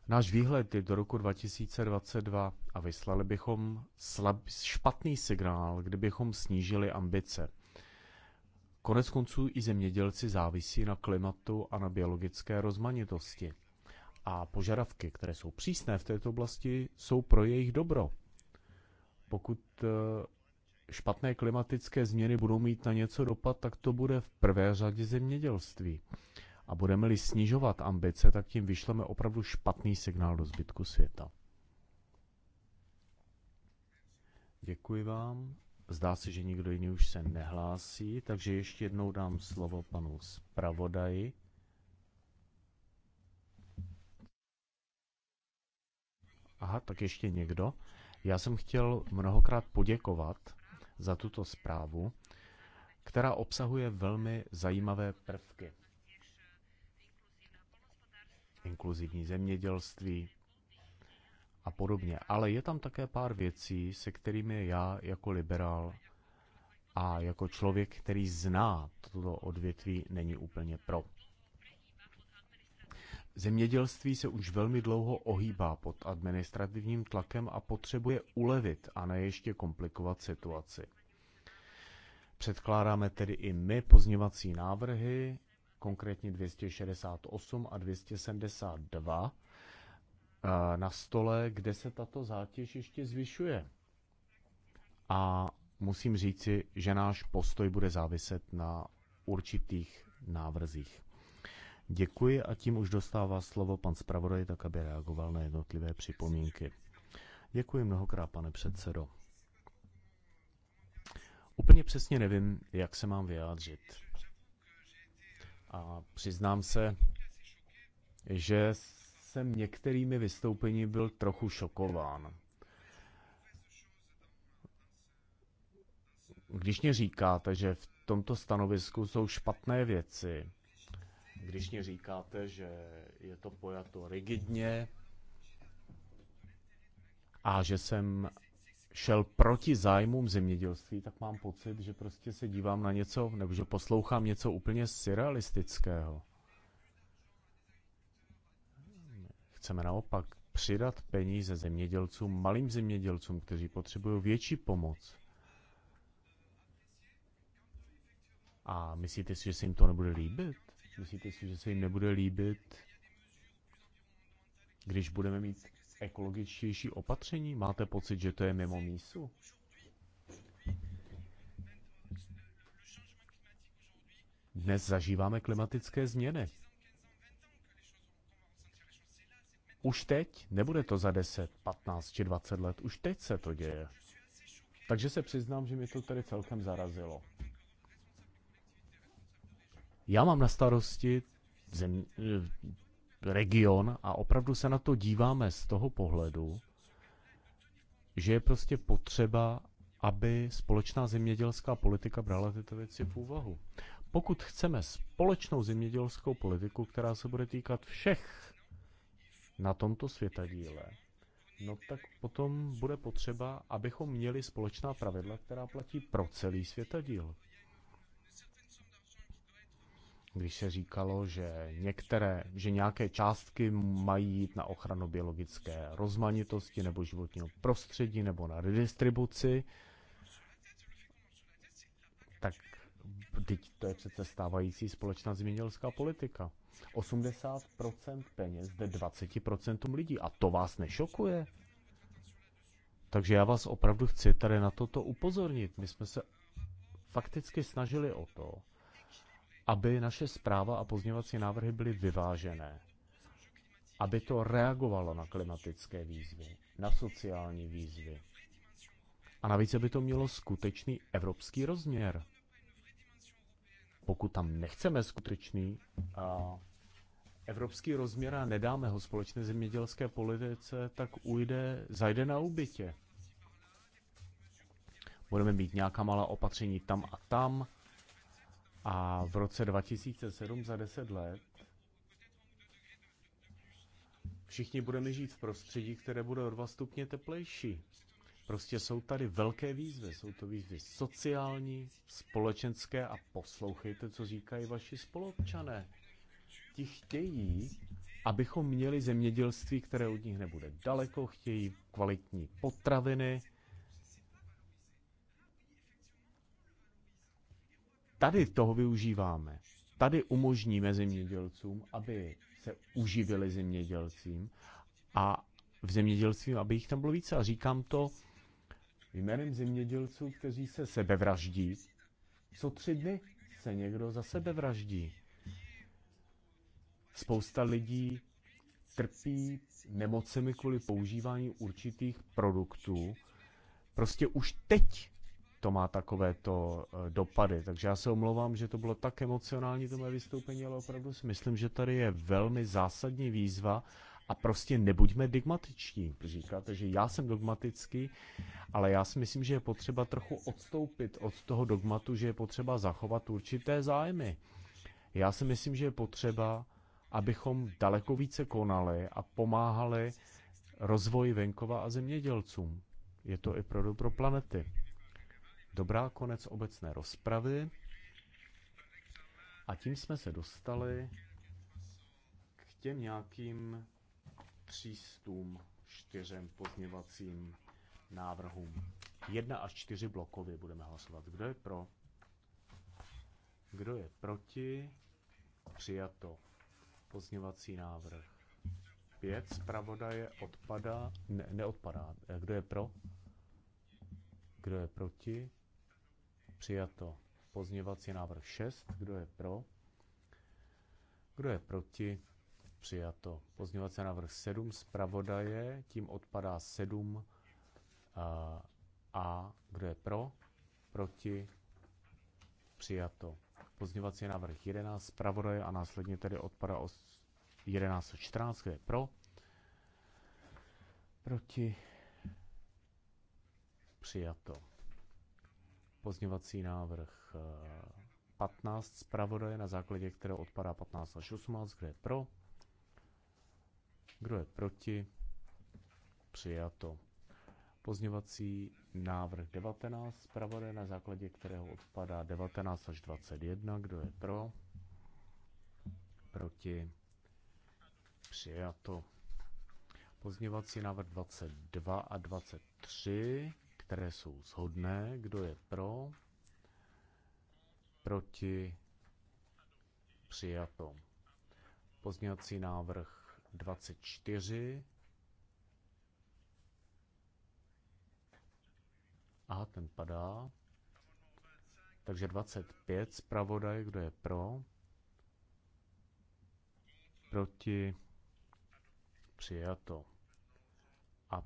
Náš výhled je do roku 2022 a vyslali bychom slab, špatný signál, kdybychom snížili ambice. Konec konců i zemědělci závisí na klimatu a na biologické rozmanitosti. A požadavky, které jsou přísné v této oblasti, jsou pro jejich dobro. Pokud eh, špatné klimatické změny budou mít na něco dopad, tak to bude v prvé řadě zemědělství. A budeme-li snižovat ambice, tak tím vyšleme opravdu špatný signál do zbytku světa. Děkuji vám. Zdá se, že nikdo jiný už se nehlásí, takže ještě jednou dám slovo panu zpravodaji. Aha, tak ještě někdo. Já jsem chtěl mnohokrát poděkovat za tuto zprávu, která obsahuje velmi zajímavé prvky. Inkluzivní zemědělství, a podobně. Ale je tam také pár věcí, se kterými já jako liberál a jako člověk, který zná toto odvětví, není úplně pro. Zemědělství se už velmi dlouho ohýbá pod administrativním tlakem a potřebuje ulevit a ne ještě komplikovat situaci. Předkládáme tedy i my pozněvací návrhy, konkrétně 268 a 272, Eh, na stole, kde se tato zátěž ještě zvyšuje. A musím říci, že náš postoj bude záviset na určitých návrzích. Děkuji a tím už dostává slovo pan zpravodaj, tak aby reagoval na jednotlivé připomínky. Děkuji mnohokrát, pane předsedo. Úplně přesně nevím, jak se mám vyjádřit. A přiznám se, že jsem některými vystoupení byl trochu šokován. Když mě říkáte, že v tomto stanovisku jsou špatné věci, když mě říkáte, že je to pojato rigidně a že jsem šel proti zájmům zemědělství, tak mám pocit, že prostě se dívám na něco, nebo že poslouchám něco úplně surrealistického. Chceme naopak přidat peníze zemědělcům, malým zemědělcům, kteří potřebují větší pomoc. A myslíte si, že se jim to nebude líbit? Myslíte si, že se jim nebude líbit, když budeme mít ekologičtější opatření? Máte pocit, že to je mimo mísu? Dnes zažíváme klimatické změny. Už teď, nebude to za 10, 15 či 20 let, už teď se to děje. Takže se přiznám, že mě to tady celkem zarazilo. Já mám na starosti zem, eh, region a opravdu se na to díváme z toho pohledu, že je prostě potřeba, aby společná zemědělská politika brala tyto věci v úvahu. Pokud chceme společnou zemědělskou politiku, která se bude týkat všech na tomto světadíle, no tak potom bude potřeba, abychom měli společná pravidla, která platí pro celý světadíl. Když se říkalo, že některé, že nějaké částky mají jít na ochranu biologické rozmanitosti nebo životního prostředí nebo na redistribuci, tak teď to je přece stávající společná zemědělská politika. 80% peněz jde 20% lidí a to vás nešokuje? Takže já vás opravdu chci tady na toto upozornit. My jsme se fakticky snažili o to, aby naše zpráva a pozněvací návrhy byly vyvážené. Aby to reagovalo na klimatické výzvy, na sociální výzvy. A navíc, aby to mělo skutečný evropský rozměr pokud tam nechceme skutečný a evropský rozměr a nedáme ho společné zemědělské politice, tak ujde, zajde na ubytě. Budeme mít nějaká malá opatření tam a tam a v roce 2007 za 10 let všichni budeme žít v prostředí, které bude o 2 stupně teplejší. Prostě jsou tady velké výzvy. Jsou to výzvy sociální, společenské a poslouchejte, co říkají vaši spolupčané. Ti chtějí, abychom měli zemědělství, které od nich nebude daleko, chtějí kvalitní potraviny. Tady toho využíváme. Tady umožníme zemědělcům, aby se uživili zemědělcím a v zemědělství, aby jich tam bylo více. A říkám to jménem zemědělců, kteří se sebevraždí. Co tři dny se někdo za sebevraždí. Spousta lidí trpí nemocemi kvůli používání určitých produktů. Prostě už teď to má takovéto eh, dopady. Takže já se omlouvám, že to bylo tak emocionální, to moje vystoupení, ale opravdu si myslím, že tady je velmi zásadní výzva a prostě nebuďme dogmatičtí. Říkáte, že já jsem dogmatický, ale já si myslím, že je potřeba trochu odstoupit od toho dogmatu, že je potřeba zachovat určité zájmy. Já si myslím, že je potřeba, abychom daleko více konali a pomáhali rozvoji venkova a zemědělcům. Je to i pro dobro planety. Dobrá, konec obecné rozpravy. A tím jsme se dostali k těm nějakým třístům čtyřem pozměvacím návrhům. Jedna až čtyři blokově budeme hlasovat. Kdo je pro? Kdo je proti? Přijato. Pozměvací návrh. Pět zpravodaje odpadá, ne, neodpadá. Kdo je pro? Kdo je proti? Přijato. Pozměvací návrh 6. Kdo je pro? Kdo je proti? Přijato. Pozměňovací návrh 7 zpravodaje, tím odpadá 7 a, a kdo je pro, proti, přijato. Pozměňovací návrh 11 zpravodaje a následně tedy odpadá 11 a 14, kdo je pro, proti, přijato. Pozměňovací návrh 15 e, zpravodaje, na základě kterého odpadá 15 až 18, kde je pro, kdo je proti? Přijato. Pozněvací návrh 19, zpravodaj na základě kterého odpadá 19 až 21. Kdo je pro? Proti? Přijato. Pozněvací návrh 22 a 23, které jsou shodné. Kdo je pro? Proti? Přijato. Pozněvací návrh 24. A ten padá. Takže 25 zpravodaj, kdo je pro? Proti? Přijato. A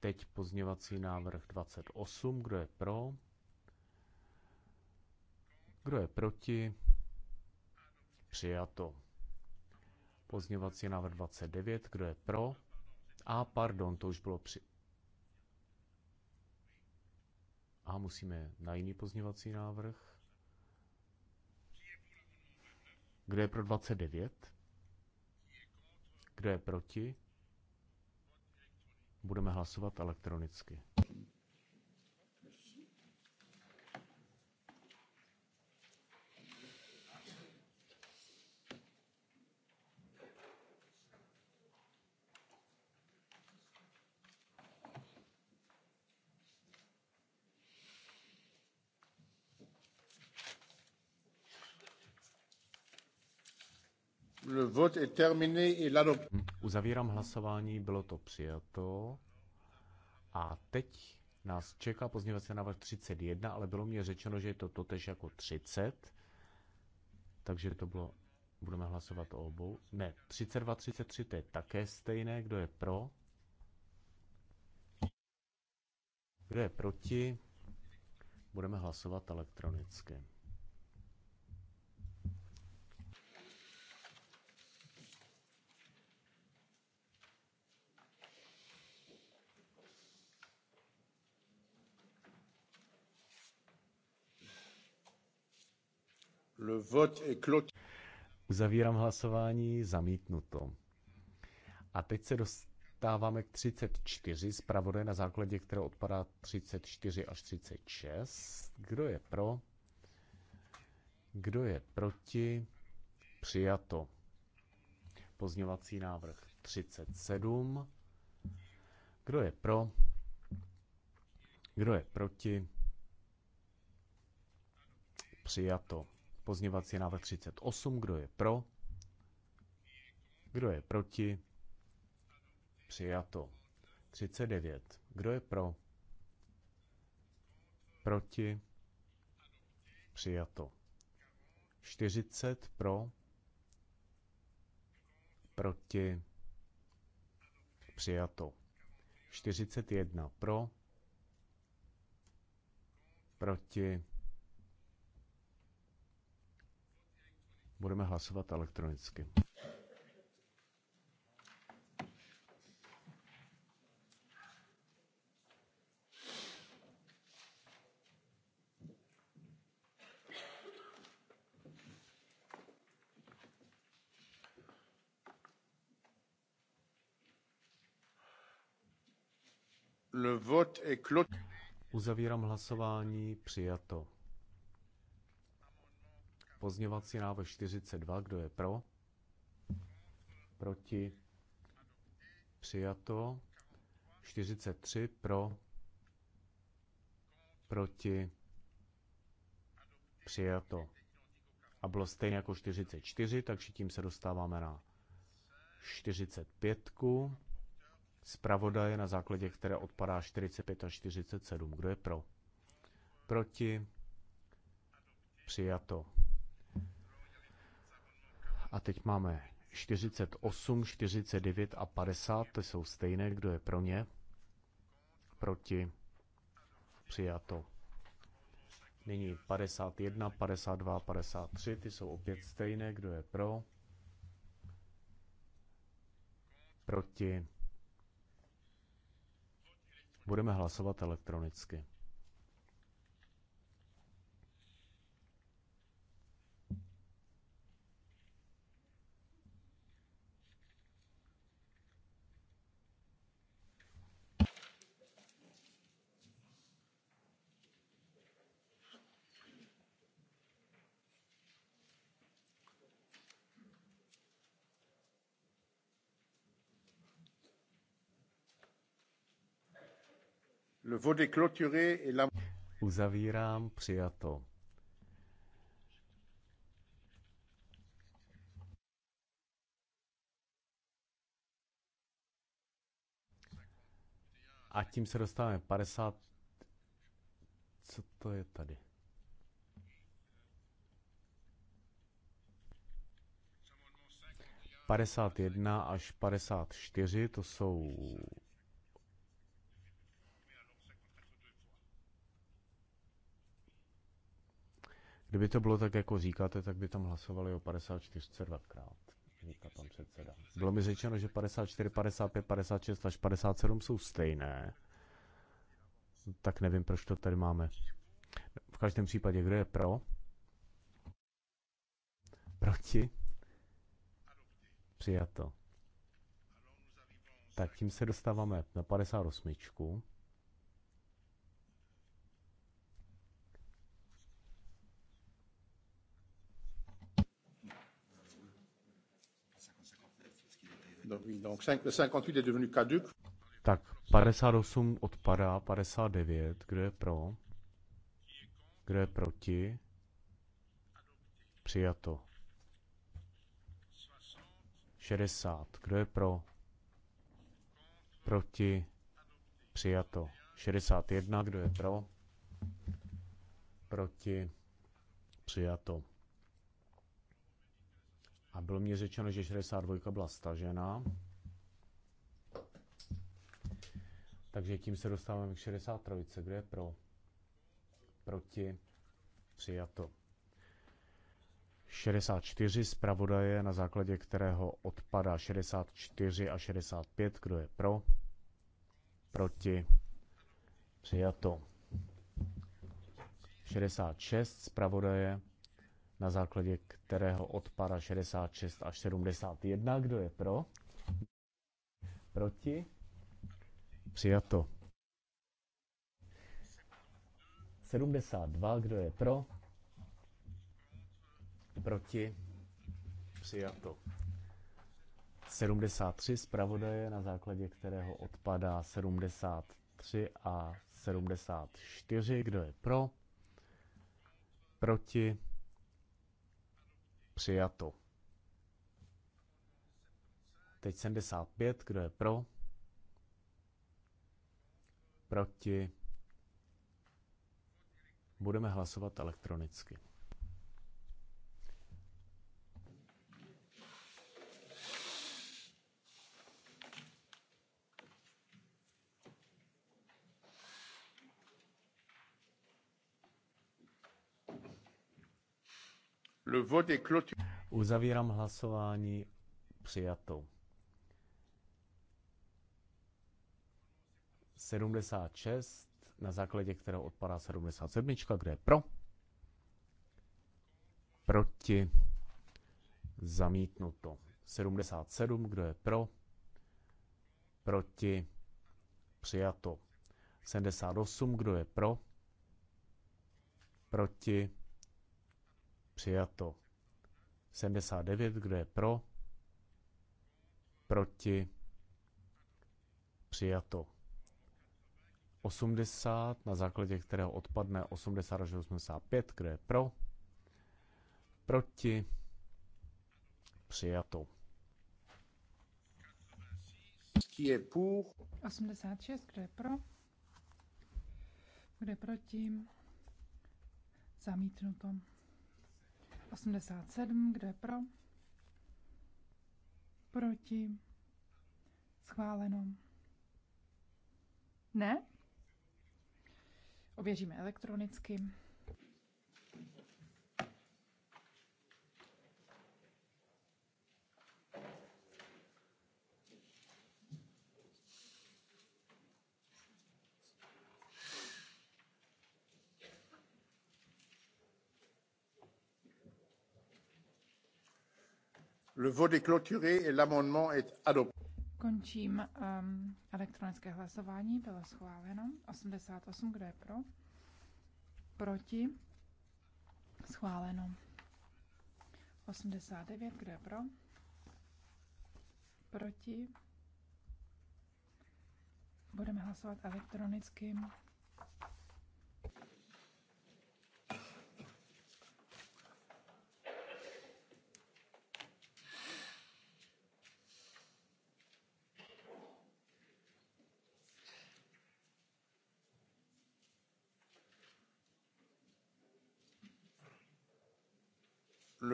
teď pozněvací návrh 28, kdo je pro? Kdo je proti? Přijato. Pozněvací návrh 29, kdo je pro? A pardon, to už bylo při... A musíme na jiný pozněvací návrh. Kdo je pro 29? Kdo je proti? Budeme hlasovat elektronicky. Hm, uzavírám hlasování, bylo to přijato. A teď nás čeká pozměňovací návrh 31, ale bylo mě řečeno, že je to totež jako 30. Takže to bylo, budeme hlasovat o obou. Ne, 32, 33 to je také stejné. Kdo je pro? Kdo je proti? Budeme hlasovat elektronicky. Le vote est clos. Uzavírám hlasování, zamítnuto. A teď se dostáváme k 34, zpravodaj na základě které odpadá 34 až 36. Kdo je pro? Kdo je proti? Přijato. Pozněvací návrh 37. Kdo je pro? Kdo je proti? Přijato. Pozněvací návrh 38. Kdo je pro? Kdo je proti? Přijato. 39. Kdo je pro? Proti? Přijato. 40 pro? Proti? Přijato. 41 pro? Proti? Budeme hlasovat elektronicky. Uzavírám hlasování. Přijato. Pozněvací návrh 42, kdo je pro? Proti? Přijato. 43 pro? Proti? Přijato. A bylo stejně jako 44, takže tím se dostáváme na 45. Zpravodaje na základě, které odpadá 45 a 47. Kdo je pro? Proti? Přijato. A teď máme 48, 49 a 50, to jsou stejné, kdo je pro ně, proti, přijato. Nyní 51, 52, 53, ty jsou opět stejné, kdo je pro, proti. Budeme hlasovat elektronicky. Uzavírám přijato. A tím se dostáváme 50... Co to je tady? Padesát jedna až padesát čtyři, to jsou Kdyby to bylo tak, jako říkáte, tak by tam hlasovali o 54 dvakrát, říká pan předseda. Bylo mi řečeno, že 54, 55, 56 až 57 jsou stejné. Tak nevím, proč to tady máme. V každém případě, kdo je pro? Proti? Přijato. Tak tím se dostáváme na 58. Tak 58 odpadá, 59, kdo je pro? Kdo je proti? Přijato. 60, kdo je pro? Proti? Přijato. 61, kdo je pro? Proti? Přijato. A bylo mi řečeno, že 62 byla stažena. Takže tím se dostáváme k 63. kde je pro? Proti? Přijato. 64 zpravodaje, na základě kterého odpadá 64 a 65. Kdo je pro? Proti? Přijato. 66 zpravodaje, na základě kterého odpada 66 až 71. Kdo je pro? Proti? Přijato. 72. Kdo je pro? Proti? Přijato. 73 zpravodaje, na základě kterého odpadá 73 a 74. Kdo je pro? Proti? Přijato. Teď 75, kdo je pro? Proti? Budeme hlasovat elektronicky. Le vote est Uzavírám hlasování přijatou. 76, na základě kterého odpadá 77, kde je pro, proti, zamítnuto. 77, kdo je pro, proti, přijato. 78, kdo je pro, proti, Přijato. 79, kdo je pro? Proti? Přijato. 80, na základě kterého odpadne 80 až 85, kdo je pro? Proti? Přijato. 86, kdo je pro? Kdo je proti? Zamítnuto. 87, kdo je pro? Proti? Schváleno. Ne? Ověříme elektronicky. Le vote est clôturé et l'amendement est adopté. Končím um, elektronické hlasování, bylo schváleno. 88, kdo je pro? Proti? Schváleno. 89, kdo je pro? Proti? Budeme hlasovat elektronicky.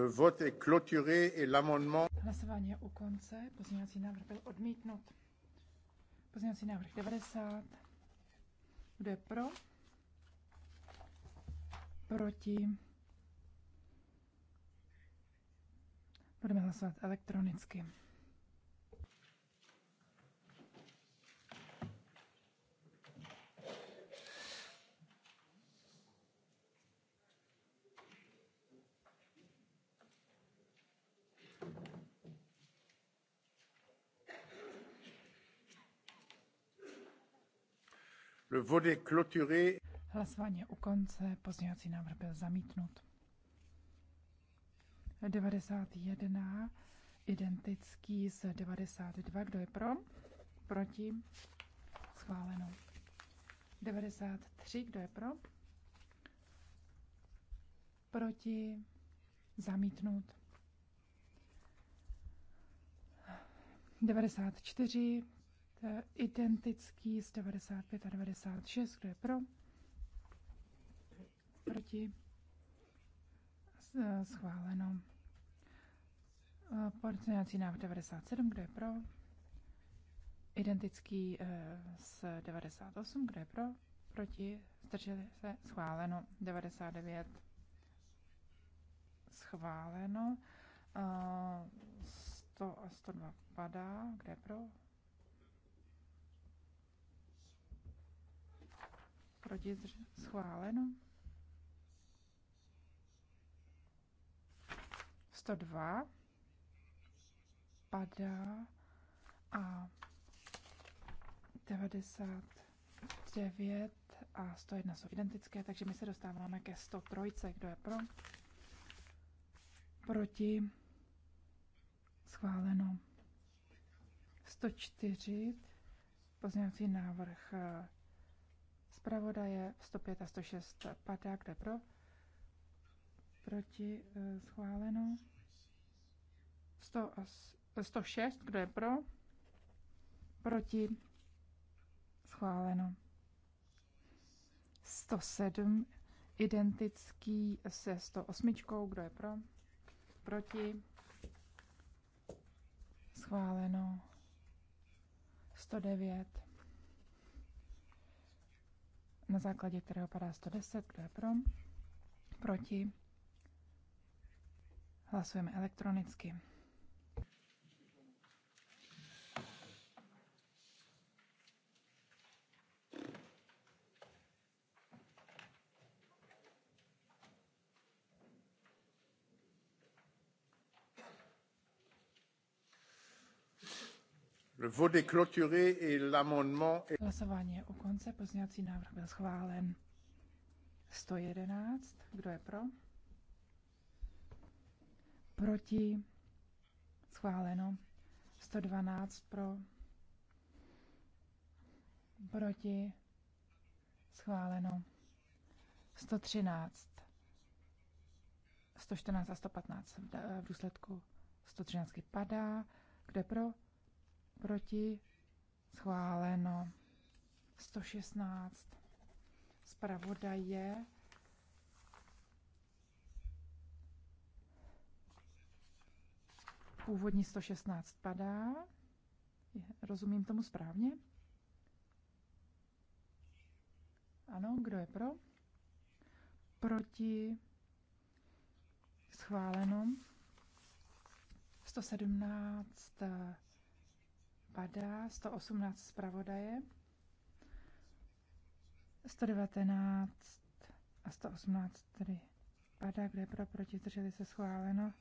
vote est clôturé et l'amendement... Hlasování je u konce. Pozměňovací návrh byl odmítnut. Pozměňovací návrh 90. Kdo je pro? Proti? Budeme hlasovat elektronicky. vody klotury. Hlasování je u konce, pozměňovací návrh byl zamítnut. 91 identický s 92. Kdo je pro? Proti? Schváleno. 93. Kdo je pro? Proti? Zamítnut. 94. To je identický z 95 a 96. Kdo je pro? Proti? Eh, schváleno. Eh, pozměňovací návrh 97. Kdo je pro? Identický z eh, 98. Kdo je pro? Proti? Zdrželi se? Schváleno. 99. Schváleno. 100 a 102 padá. Kde je pro? proti schváleno. 102 padá a 99 a 101 jsou identické, takže my se dostáváme ke 103. Kdo je pro? Proti schváleno. 104 pozměňovací návrh eh, zpravodaje 105 a 106 padá, kde pro, proti eh, schváleno. 100 a 106, kdo je pro, proti schváleno. 107 identický se 108, kdo je pro, proti schváleno. 109 na základě kterého padá 110, kdo je pro, proti. Hlasujeme elektronicky. Hlasování je u konce, pozněvací návrh byl schválen. 111, kdo je pro? Proti? Schváleno. 112 pro? Proti? Schváleno. 113. 114 a 115 eh, v důsledku 113 padá. Kdo je pro? proti, schváleno. 116 zpravodaje. Původní 116 padá. Rozumím tomu správně? Ano, kdo je pro? Proti schváleno. 117 padá, 118 zpravodaje, 119 a 118 tedy padá, kde je pro, proti, drželi se schváleno.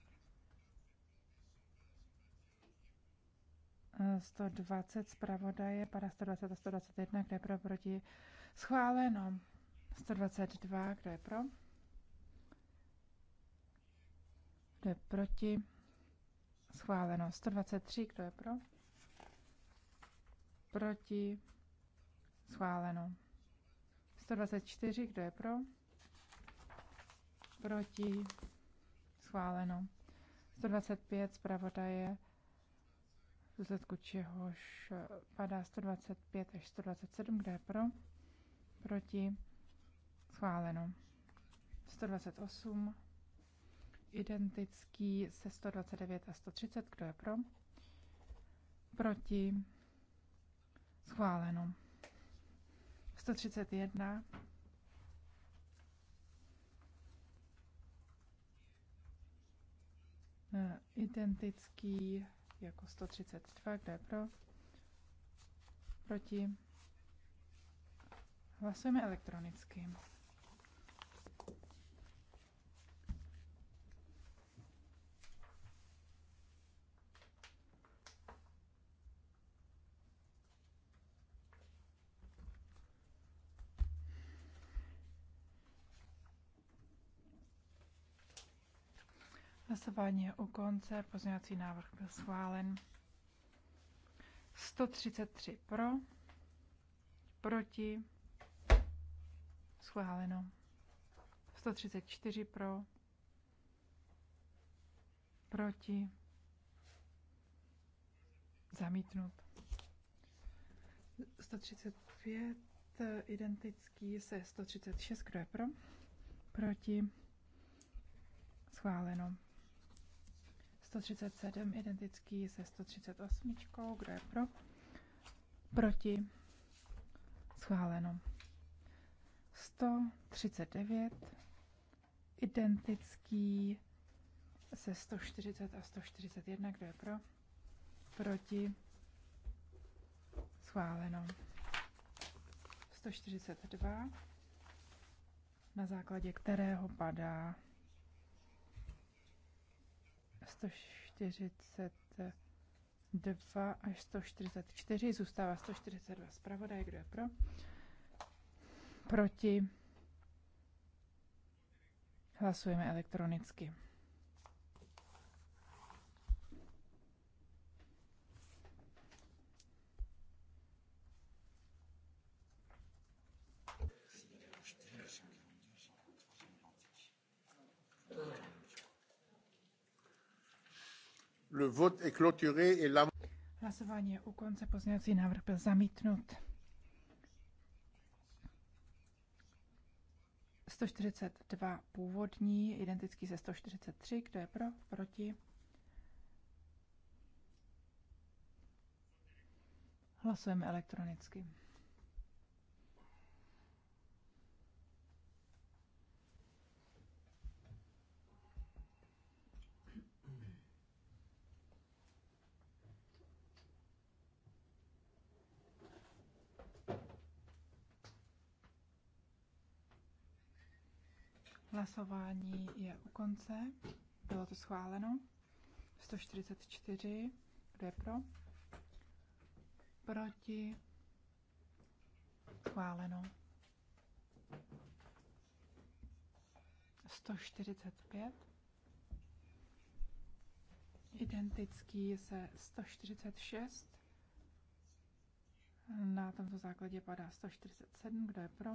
120 zpravodaje, padá 120 a 121, kde je pro, proti, schváleno. 122, kde je pro, kde je proti, schváleno. 123, kdo je pro? proti, schváleno. 124, kdo je pro, proti, schváleno. 125 zpravodaje, v důsledku čehož eh, padá 125 až 127, kdo je pro, proti, schváleno. 128, identický se 129 a 130, kdo je pro, proti, Schváleno. 131. E, identický jako 132, kde je pro, proti. Hlasujeme elektronicky. Hlasování je u konce, pozměňovací návrh byl schválen. 133 pro, proti, schváleno. 134 pro, proti, zamítnut. 135 eh, identický se 136, kdo je pro, proti, schváleno. 137 identický se 138. Kdo je pro? Proti? Schváleno. 139 identický se 140 a 141. Kdo je pro? Proti? Schváleno. 142 na základě kterého padá 142 až 144, zůstává 142 zpravodaj, kdo je pro? Proti. Hlasujeme elektronicky. vote est clôturé et la... Hlasování je u konce, pozměňovací návrh byl zamítnut. 142 původní, identický se 143, kdo je pro, proti. Hlasujeme elektronicky. Hlasování je u konce. Bylo to schváleno. 144. Kdo je pro? Proti? Schváleno. 145. Identický se 146. Na tomto základě padá 147. Kdo je pro?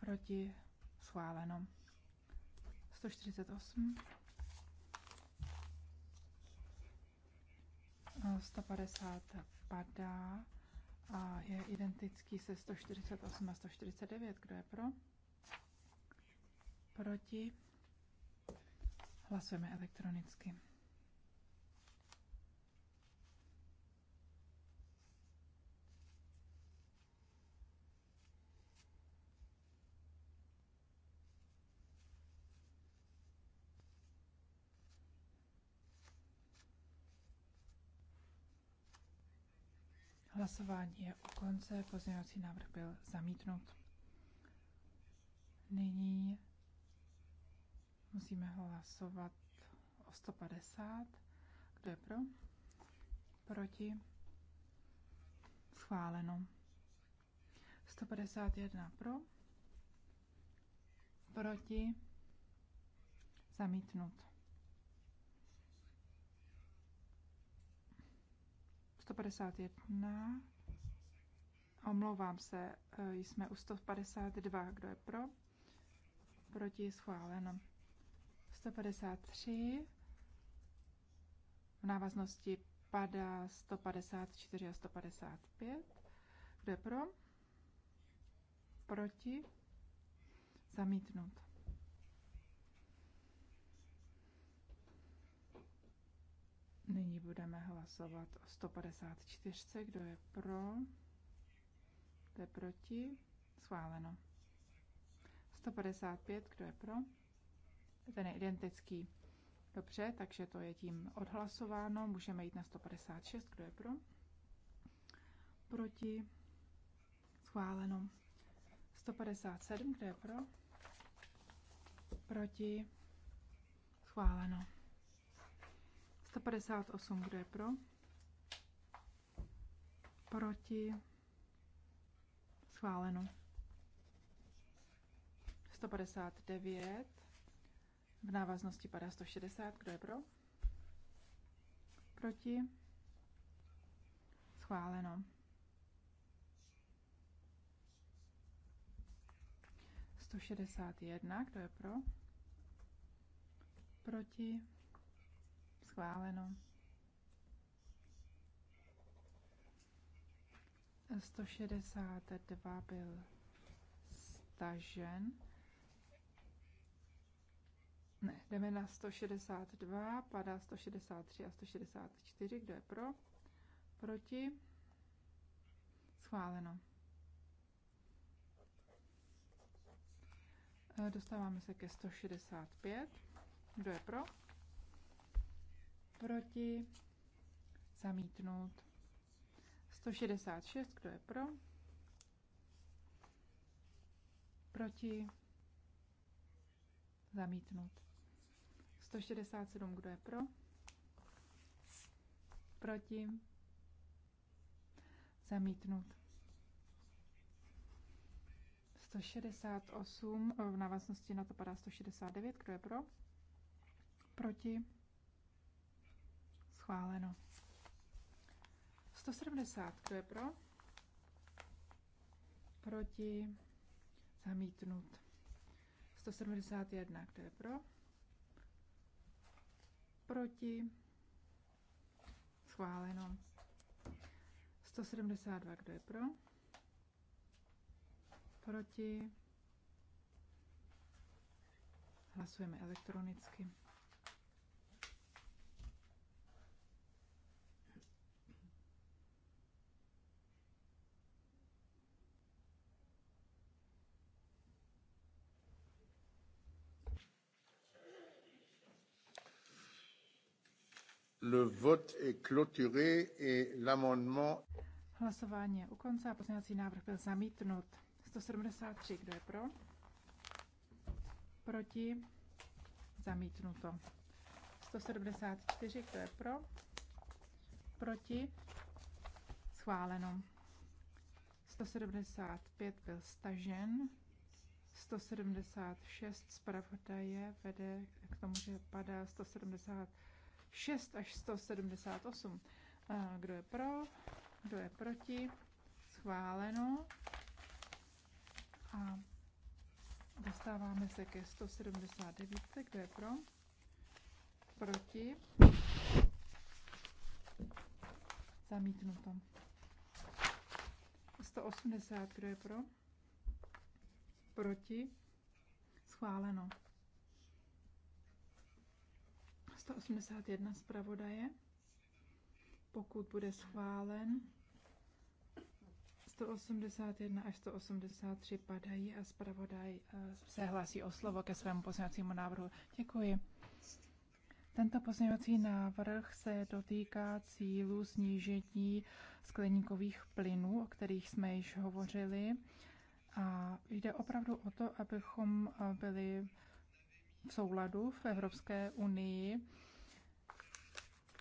Proti? Schváleno. 148. 150 padá a je identický se 148 a 149. Kdo je pro? Proti? Hlasujeme elektronicky. Hlasování je u konce, pozměňovací návrh byl zamítnut. Nyní musíme hlasovat o 150. Kdo je pro? Proti? Schváleno. 151 pro? Proti? Zamítnut. 151. Omlouvám se, e, jsme u 152. Kdo je pro? Proti schváleno. 153. V návaznosti padá 154 a 155. Kdo je pro? Proti? Zamítnut. Nyní budeme hlasovat o 154. Kdo je pro? Kdo je proti? Schváleno. 155. Kdo je pro? Ten je identický. Dobře, takže to je tím odhlasováno. Můžeme jít na 156. Kdo je pro? Proti? Schváleno. 157. Kdo je pro? Proti? Schváleno. 158, kdo je pro? Proti? Schváleno. 159. V návaznosti padá 160. Kdo je pro? Proti? Schváleno. 161. Kdo je pro? Proti? schváleno. 162 byl stažen. Ne, jdeme na 162, padá 163 a 164. Kdo je pro? Proti? Schváleno. Dostáváme se ke 165. Kdo je pro? proti, zamítnout. 166, kdo je pro, proti, zamítnout. 167, kdo je pro, proti, zamítnout. 168, v návaznosti na to padá 169, kdo je pro, proti, Schváleno. 170, kdo je pro? Proti? Zamítnut. 171, kdo je pro? Proti? Schváleno. 172, kdo je pro? Proti? Hlasujeme elektronicky. Le vote est clôturé et l'amendement... Hlasování je u konce a pozměňovací návrh byl zamítnut. 173, kdo je pro? Proti? Zamítnuto. 174, kdo je pro? Proti? Schváleno. 175 byl stažen. 176 zpravodaje vede k tomu, že padá 170 6 až 178. Eh, kdo je pro? Kdo je proti? Schváleno. A dostáváme se ke 179. Kdo je pro? Proti? Zamítnuto. 180. Kdo je pro? Proti? Schváleno. 181 zpravodaje. Pokud bude schválen, 181 až 183 padají a zpravodaj eh, se hlásí o slovo ke svému pozměňovacímu návrhu. Děkuji. Tento pozměňovací návrh se dotýká cílu snížení skleníkových plynů, o kterých jsme již hovořili. A jde opravdu o to, abychom eh, byli v souladu v Evropské unii.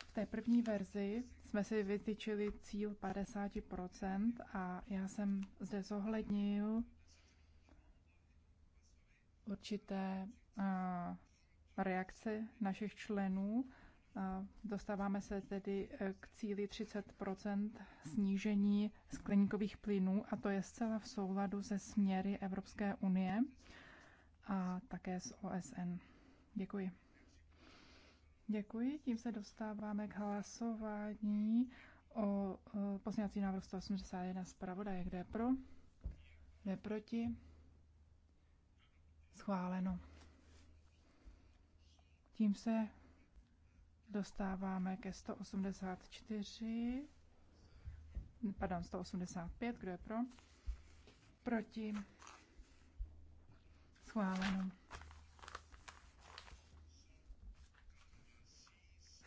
V té první verzi jsme si vytyčili cíl 50% a já jsem zde zohlednil určité reakce našich členů. Dostáváme se tedy e, k cíli 30 snížení skleníkových plynů a to je zcela v souladu se směry Evropské unie a také s OSN. Děkuji. Děkuji, tím se dostáváme k hlasování o pozměňovací návrh 181 zpravodaje. Kde je pro? Kde je proti? Schváleno. Tím se dostáváme ke 184, pardon, 185, kdo je pro? Proti? schváleno.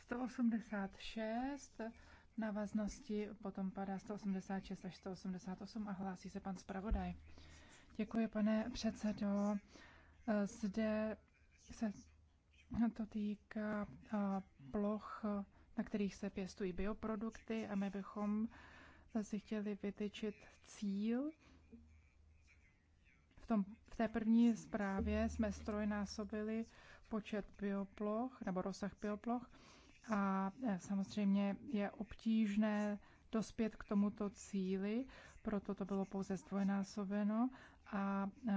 186, návaznosti potom padá 186 až 188 a hlásí se pan zpravodaj. Děkuji, pane předsedo. Zde se to týká ploch, na kterých se pěstují bioprodukty a my bychom si chtěli vytyčit cíl tom, v té první zprávě jsme strojnásobili počet bioploch nebo rozsah bioploch a e, samozřejmě je obtížné dospět k tomuto cíli, proto to bylo pouze zdvojnásobeno. A e,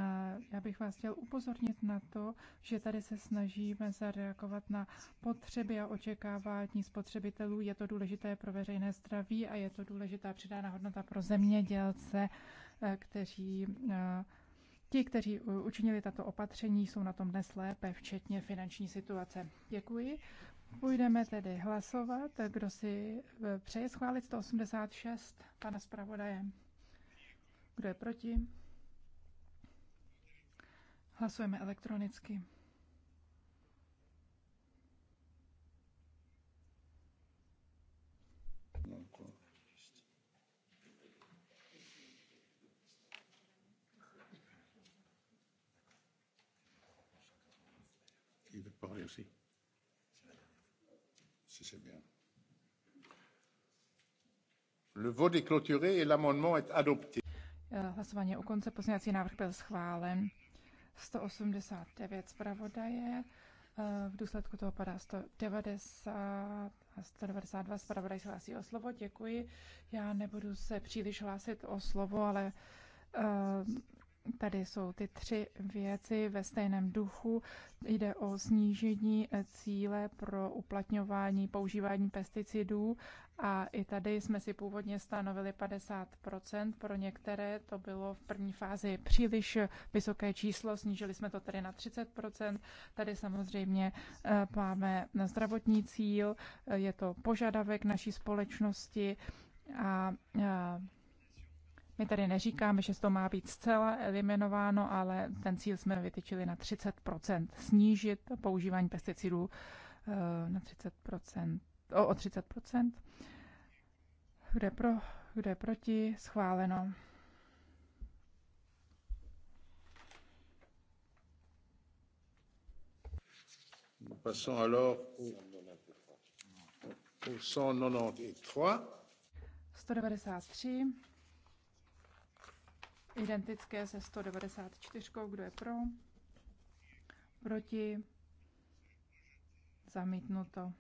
já bych vás chtěl upozornit na to, že tady se snažíme zareagovat na potřeby a očekávání spotřebitelů. Je to důležité pro veřejné zdraví a je to důležitá přidána hodnota pro zemědělce, e, kteří Ti, kteří učinili tato opatření, jsou na tom dnes lépe, včetně finanční situace. Děkuji. Půjdeme tedy hlasovat. Kdo si e, přeje schválit 186 pana zpravodaje? Kdo je proti? Hlasujeme elektronicky. Si c'est bien. Le vote est clôturé et l'amendement est adopté. Eh, hlasování o u konce, pozměňovací návrh byl schválen. 189 zpravodaje, eh, v důsledku toho padá 190 a 192 zpravodaj se hlásí o slovo. Děkuji. Já nebudu se příliš hlásit o slovo, ale eh, Tady jsou ty tři věci ve stejném duchu. Jde o snížení cíle pro uplatňování, používání pesticidů a i tady jsme si původně stanovili 50%. Pro některé to bylo v první fázi příliš vysoké číslo, snížili jsme to tedy na 30%. Tady samozřejmě eh, máme zdravotní cíl, eh, je to požadavek naší společnosti a eh, my tady neříkáme, že to má být zcela eliminováno, ale ten cíl jsme vytyčili na 30 snížit používání pesticidů eh, na 30 o, o 30 Kde pro, kde proti, schváleno. Passons alors au 193. 193 identické se 194, kdo je pro, proti, zamítnuto.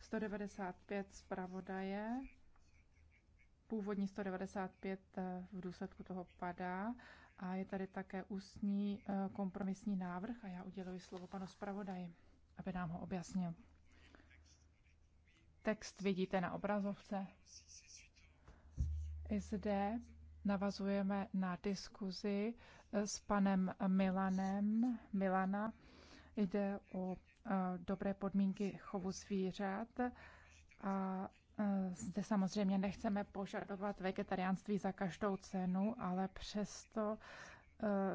195 zpravodaje, původní 195 eh, v důsledku toho padá a je tady také ústní eh, kompromisní návrh a já uděluji slovo panu zpravodaji, aby nám ho objasnil. Text vidíte na obrazovce. I zde navazujeme na diskuzi eh, s panem Milanem. Milana jde o eh, dobré podmínky chovu zvířat a eh, zde samozřejmě nechceme požadovat vegetariánství za každou cenu, ale přesto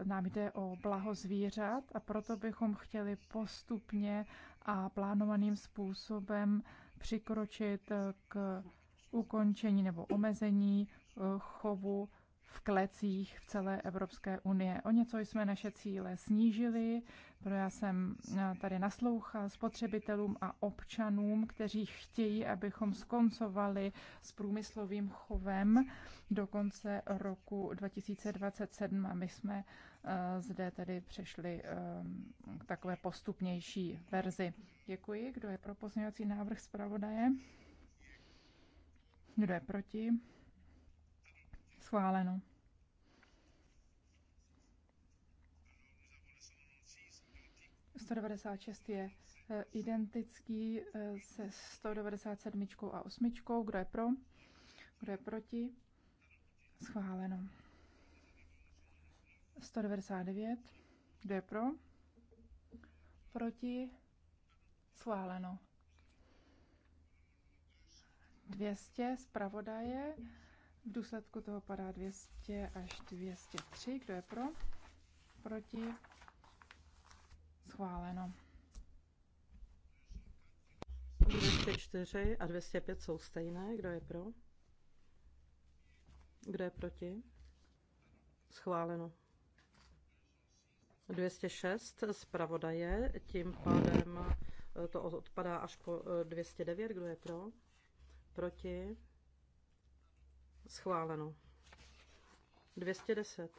nám jde o blaho zvířat a proto bychom chtěli postupně a plánovaným způsobem přikročit k ukončení nebo omezení chovu v klecích v celé Evropské unie. O něco jsme naše cíle snížili, protože já jsem eh, tady naslouchal spotřebitelům a občanům, kteří chtějí, abychom skoncovali s průmyslovým chovem do konce roku 2027 a my jsme eh, zde tedy přešli eh, k takové postupnější verzi. Děkuji. Kdo je pro pozměňovací návrh zpravodaje? Kdo je proti? Schváleno. šest je eh, identický eh, se 197 a 8. Kdo je pro? Kdo je proti? Schváleno. 199. Kdo je pro? Proti? Schváleno. 200 zpravodaje v důsledku toho padá 200 až 203. Kdo je pro? Proti? Schváleno. 204 a 205 jsou stejné. Kdo je pro? Kdo je proti? Schváleno. 206 zpravodaje, tím pádem to odpadá až po 209. Kdo je pro? Proti? Schváleno. 210.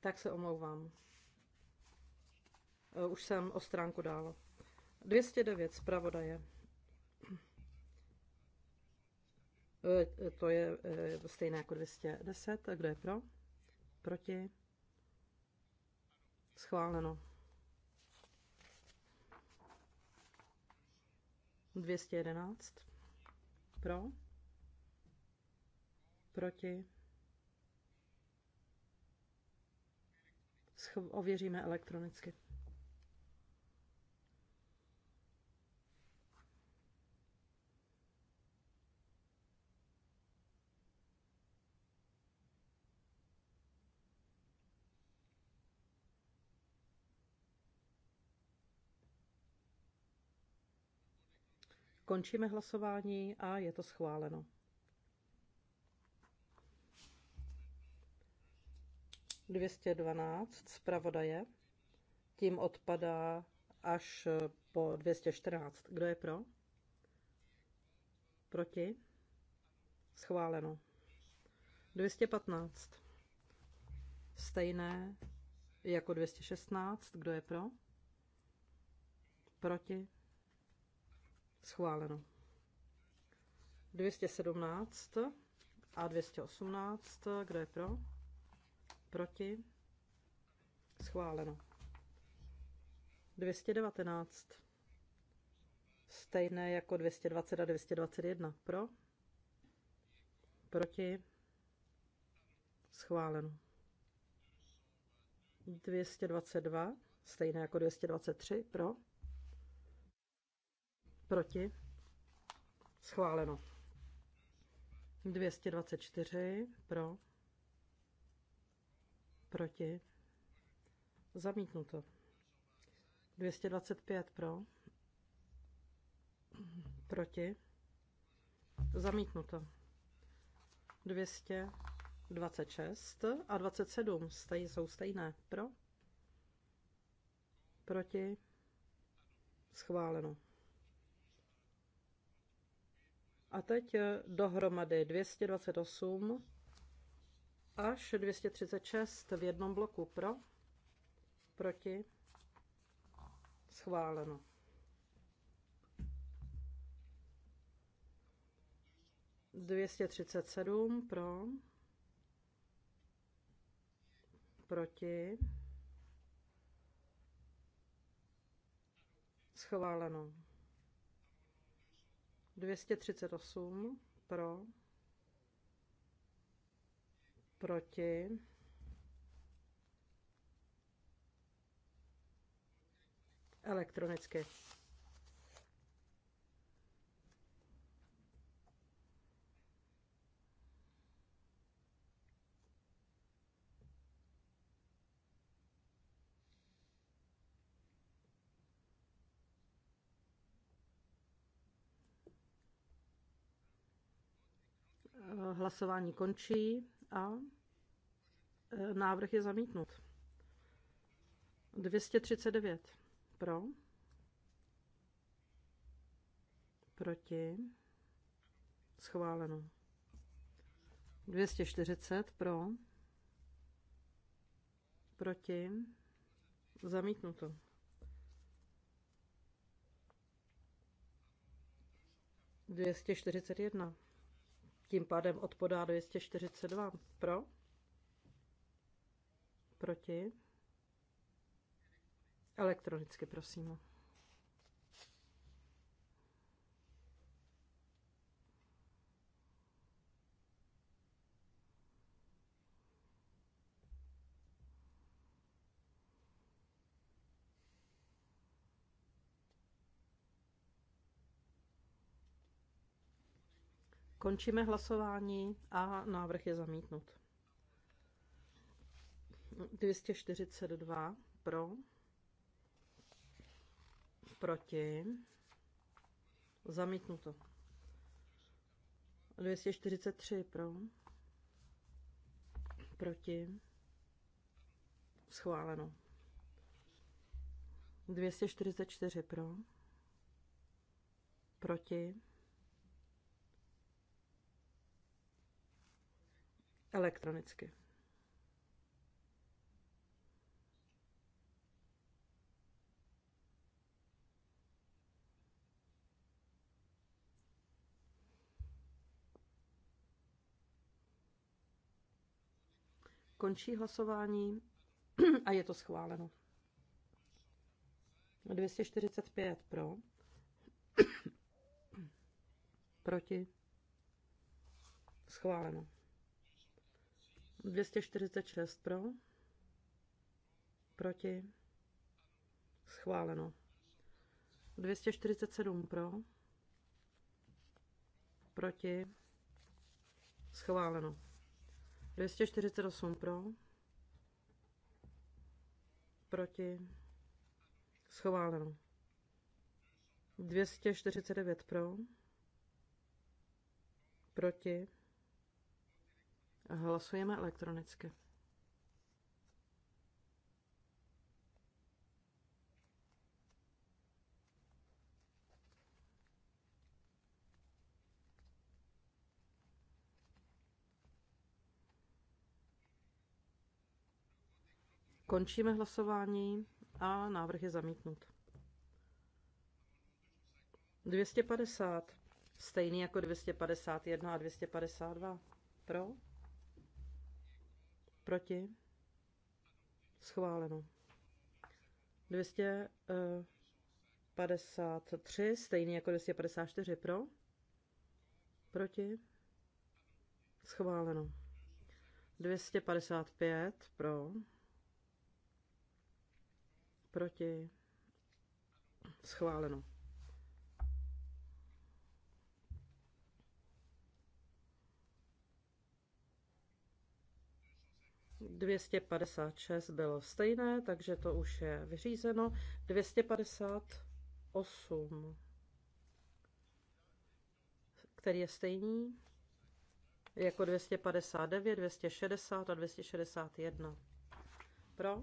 Tak se omlouvám. Eh, už jsem o stránku dál. 209 zpravodaje. Eh, to je eh, stejné jako 210. Kdo je pro? Proti? Schváleno. 211. Pro. Proti. Ověříme elektronicky. Končíme hlasování a je to schváleno. Dvěstě dvanáct zpravodaje. Tím odpadá až po 214. Kdo je pro? Proti? Schváleno. 215. Stejné jako 216. Kdo je pro? Proti? Schváleno. 217 a 218. Kdo je pro? Proti? Schváleno. 219. Stejné jako 220 a 221. Pro? Proti? Schváleno. 222. Stejné jako 223. Pro? Proti? Schváleno. 224 pro. Proti? Zamítnuto. 225 pro. Proti? Zamítnuto. 226 a 27 stej, jsou stejné. Pro? Proti? Schváleno. A teď eh, dohromady 228 až 236 v jednom bloku pro, proti, schváleno. Dvěstě třicet sedm pro, proti, schváleno. 238 pro, proti, elektronicky. Hlasování končí a e, návrh je zamítnut. 239 pro, proti, schváleno. 240 pro, proti, zamítnuto. jedna. Tím pádem odpadá 242. Pro? Proti? Elektronicky, prosím. Končíme hlasování a návrh je zamítnut. 242 pro, proti, zamítnuto. 243 pro, proti, schváleno. 244 pro, proti, elektronicky. Končí hlasování (clears throat) a je to schváleno. 245 pro. (clears throat) Proti. Schváleno. 246 pro, proti, schváleno. 247 pro, proti, schváleno. 248 pro, proti, schváleno. 249 pro, proti, Hlasujeme elektronicky. Končíme hlasování a návrh je zamítnut. 250. Stejný jako 251 a 252. Pro? Proti? Schváleno. 253, eh, stejný jako 254 pro. Proti? Schváleno. 255 pro. Proti? Schváleno. 256 bylo stejné, takže to už je vyřízeno. 258, který je stejný jako 259, 260 a 261. Pro?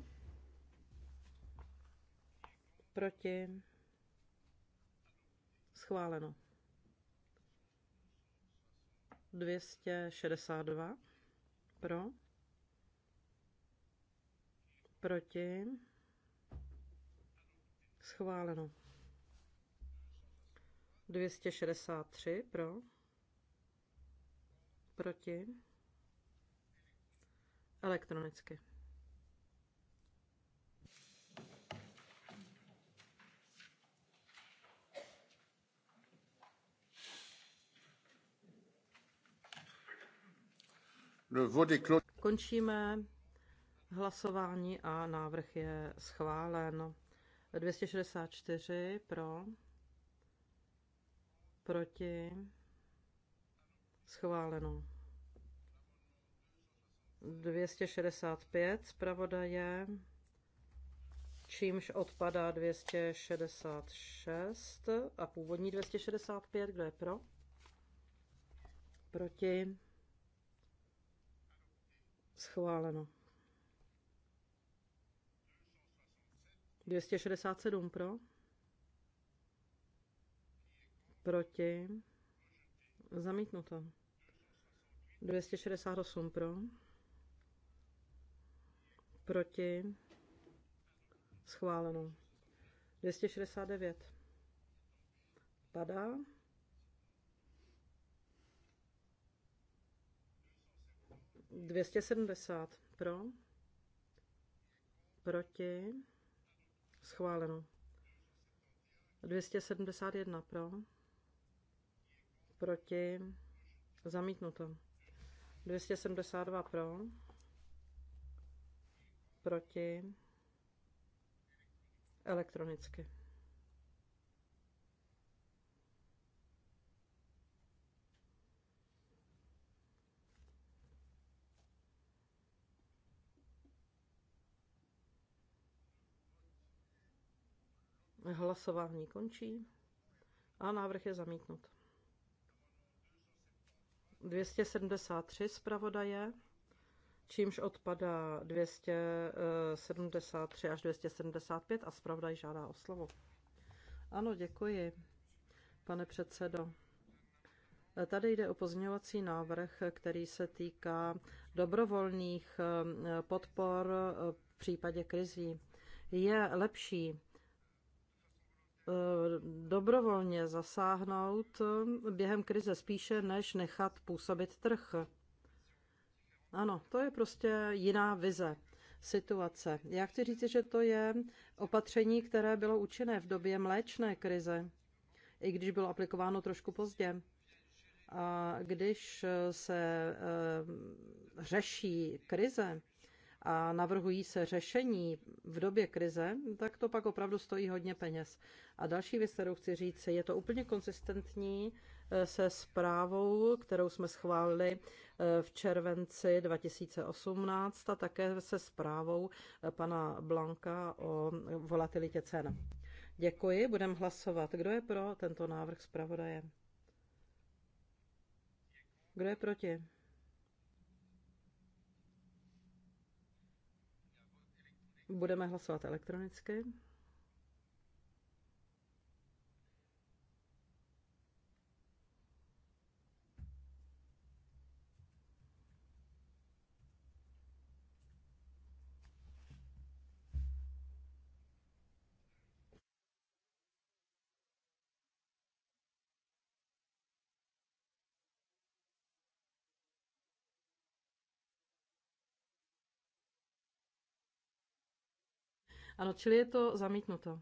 Proti? Schváleno. 262 pro Proti? Schváleno. 263 pro. Proti? Elektronicky. Končíme hlasování a návrh je schválen. 264 pro, proti, schváleno. 265 zpravodaje, čímž odpadá 266 a původní 265, kdo je pro? Proti, schváleno. 267 pro. Proti. Zamítnuto. 268 pro. Proti. Schváleno. 269. Padá. 270 pro. Proti Schváleno. 271 pro. Proti. Zamítnuto. 272 pro. Proti. Elektronicky. Hlasování končí a návrh je zamítnut. 273 zpravodaje, čímž odpadá 273 až 275 a zpravodaj žádá o slovo. Ano, děkuji, pane předsedo. Tady jde o pozměňovací návrh, který se týká dobrovolných eh, podpor eh, v případě krizí. Je lepší Eh, dobrovolně zasáhnout eh, během krize spíše, než nechat působit trh. Ano, to je prostě jiná vize situace. Já chci říct, že to je opatření, které bylo účinné v době mléčné krize, i když bylo aplikováno trošku pozdě. A když se eh, řeší krize, a navrhují se řešení v době krize, tak to pak opravdu stojí hodně peněz. A další věc, kterou chci říct, je to úplně konsistentní eh, se zprávou, kterou jsme schválili eh, v červenci 2018 a také se zprávou eh, pana Blanka o volatilitě cen. Děkuji, budeme hlasovat. Kdo je pro tento návrh zpravodaje? Kdo je proti? Budeme hlasovat elektronicky. Ano, čili je to zamítnuto.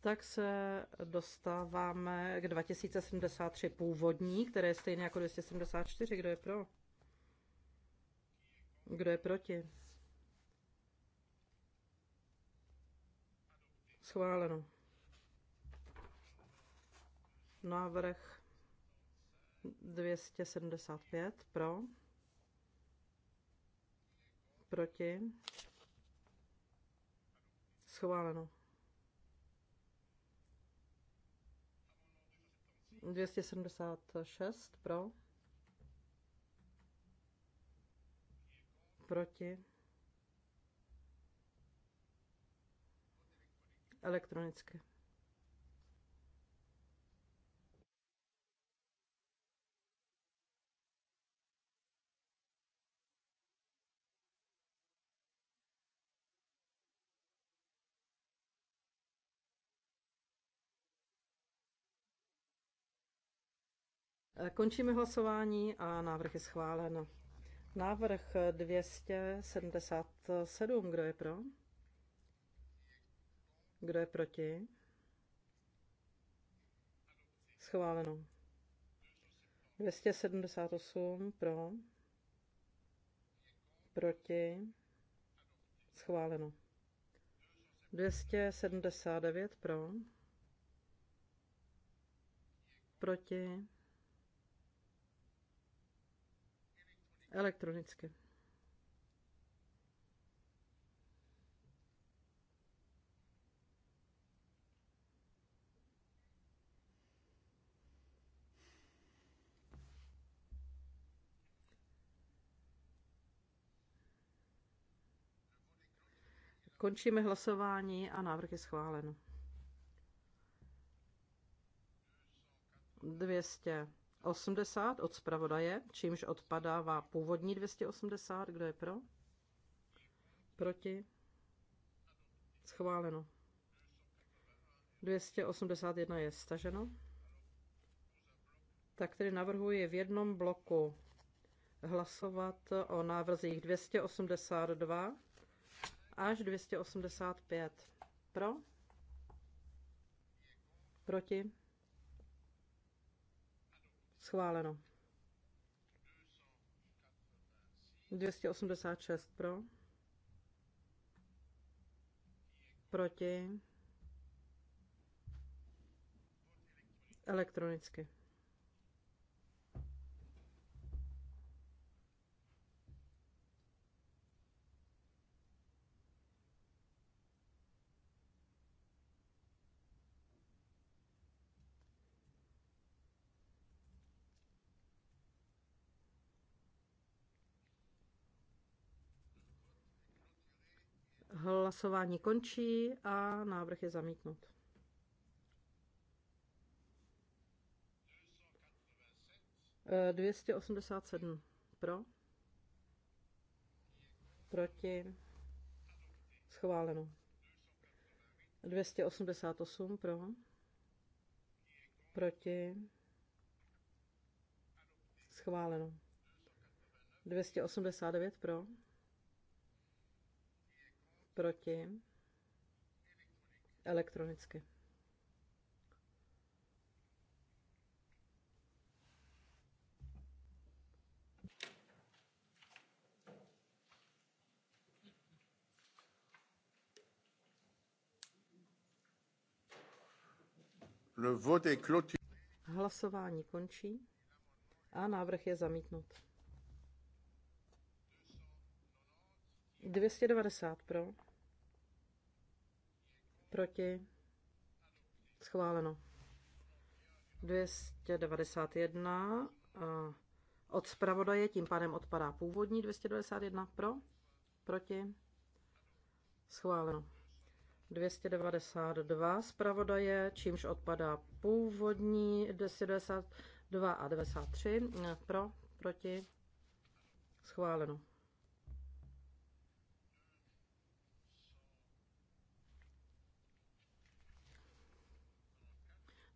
tak se dostáváme k 2073 původní, které je stejné jako 274. Kdo je pro? Kdo je proti? Schváleno. Návrh 275 pro proti, schváleno. 276 pro, proti, elektronicky. Eh, končíme hlasování a návrh je schválen. Návrh 277, kdo je pro? Kdo je proti? Schváleno. 278 pro. Proti. Schváleno. 279 pro. Proti. elektronicky. Končíme hlasování a návrh je schválen. 200. 80 od zpravodaje, čímž odpadává původní 280. Kdo je pro? Proti? Schváleno. 281 je staženo. Tak tedy navrhuji v jednom bloku hlasovat o návrzích 282 až 285. Pro? Proti? Schváleno. 286 pro. Proti. Elektronicky. Hlasování končí a návrh je zamítnut. 287 e, pro, proti, schváleno. 288 pro, proti, schváleno. 289 pro, proti elektronicky. Le vote est clôturé. Hlasování končí a návrh je zamítnut. 290 pro. Proti? Schváleno. 291 od zpravodaje, tím pádem odpadá původní 291 pro, proti, schváleno. 292 zpravodaje, čímž odpadá původní 292 a 93 pro, proti, schváleno.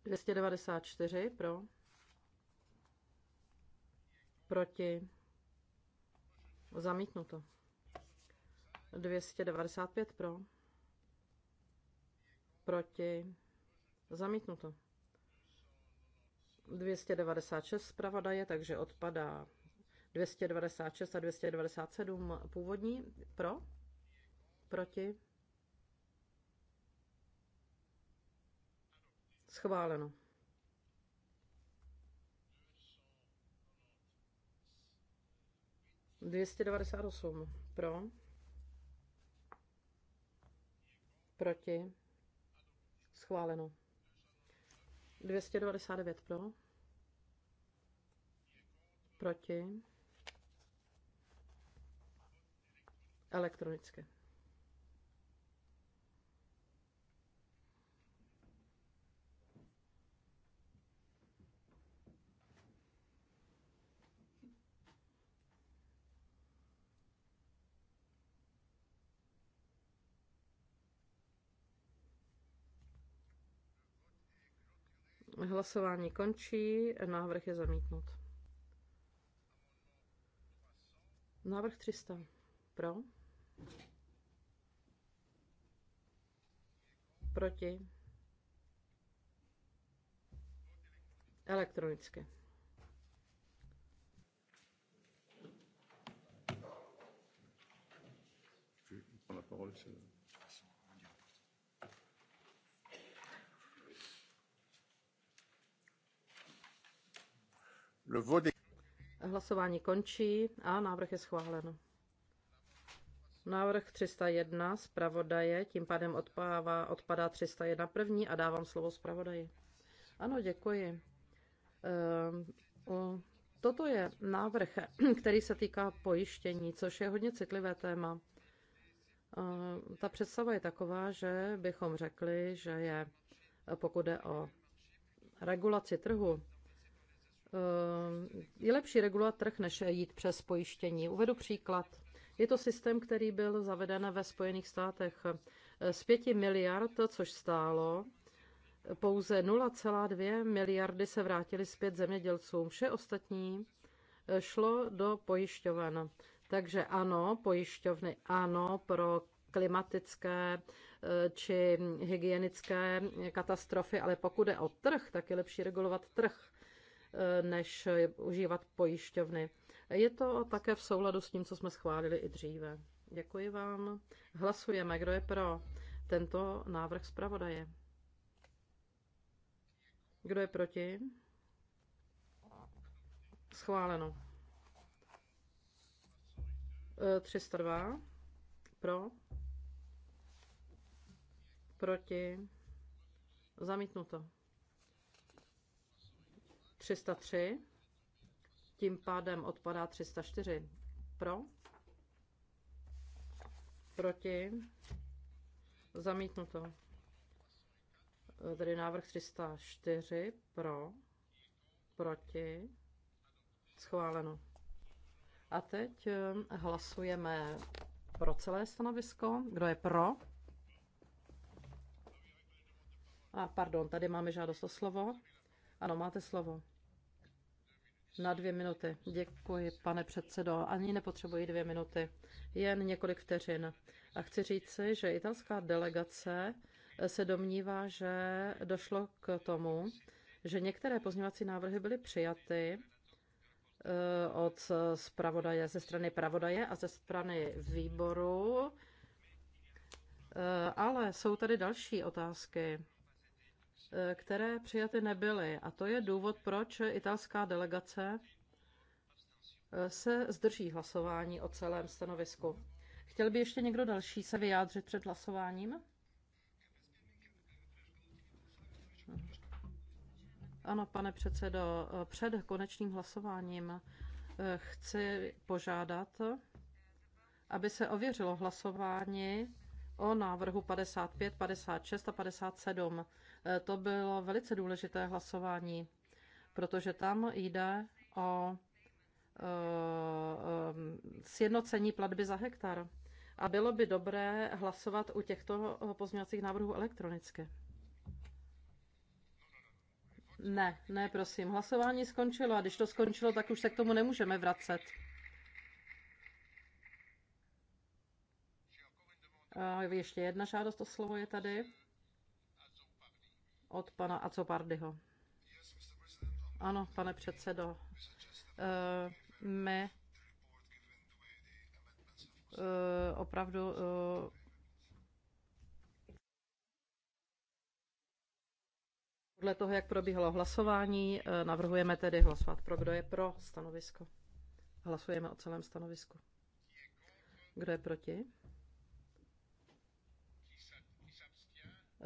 294 pro, proti, zamítnuto. 295 pro, proti, zamítnuto. 296 zpravodaje, takže odpadá 296 a 297 původní pro, proti, Schváleno. osm pro, proti, schváleno. devět. pro, proti, elektronicky. Hlasování končí, návrh je zamítnut. Návrh 300. Pro? Proti? Elektronicky. On la parole, c'est... Hlasování končí a návrh je schválen. Návrh 301 zpravodaje, tím pádem odpává, odpadá 301 první a dávám slovo zpravodaji. Ano, děkuji. Ehm, toto je návrh, (clears throat) který se týká pojištění, což je hodně citlivé téma. Ehm, ta představa je taková, že bychom řekli, že je, pokud jde o regulaci trhu, Eh, je lepší regulovat trh, než jít přes pojištění. Uvedu příklad. Je to systém, který byl zaveden ve Spojených státech eh, z 5 miliard, což stálo, eh, pouze 0,2 miliardy se vrátily zpět zemědělcům. Vše ostatní šlo do pojišťoven. Takže ano, pojišťovny, ano, pro klimatické či hygienické katastrofy, ale pokud je o trh, tak je lepší regulovat trh než užívat pojišťovny. Je to také v souladu s tím, co jsme schválili i dříve. Děkuji vám. Hlasujeme, kdo je pro tento návrh zpravodaje. Kdo je proti? Schváleno. 302. E, pro. Proti. Zamítnuto. 303, tím pádem odpadá 304. Pro? Proti? Zamítnuto. Tedy návrh 304 pro, proti, schváleno. A teď eh, hlasujeme pro celé stanovisko. Kdo je pro? A pardon, tady máme žádost o slovo. Ano, máte slovo na dvě minuty. Děkuji, pane předsedo. Ani nepotřebuji dvě minuty, jen několik vteřin. A chci říci, že italská delegace se domnívá, že došlo k tomu, že některé pozměvací návrhy byly přijaty eh, od zpravodaje, ze strany pravodaje a ze strany výboru, eh, ale jsou tady další otázky Eh, které přijaty nebyly. A to je důvod, proč italská delegace eh, se zdrží hlasování o celém stanovisku. Chtěl by ještě někdo další se vyjádřit před hlasováním? Ano, pane předsedo, eh, před konečným hlasováním chci požádat, aby se ověřilo hlasování o návrhu 55, 56 a 57. Eh, to bylo velice důležité hlasování, protože tam jde o eh, eh, sjednocení platby za hektar. A bylo by dobré hlasovat u těchto pozměňovacích návrhů elektronicky. Ne, ne, prosím. Hlasování skončilo a když to skončilo, tak už se k tomu nemůžeme vracet. Ještě jedna žádost o slovo je tady od pana Acopardyho. Ano, pane předsedo, eh, my eh, opravdu eh, podle toho, jak probíhalo hlasování, navrhujeme tedy hlasovat pro, kdo je pro stanovisko. Hlasujeme o celém stanovisku. Kdo je proti?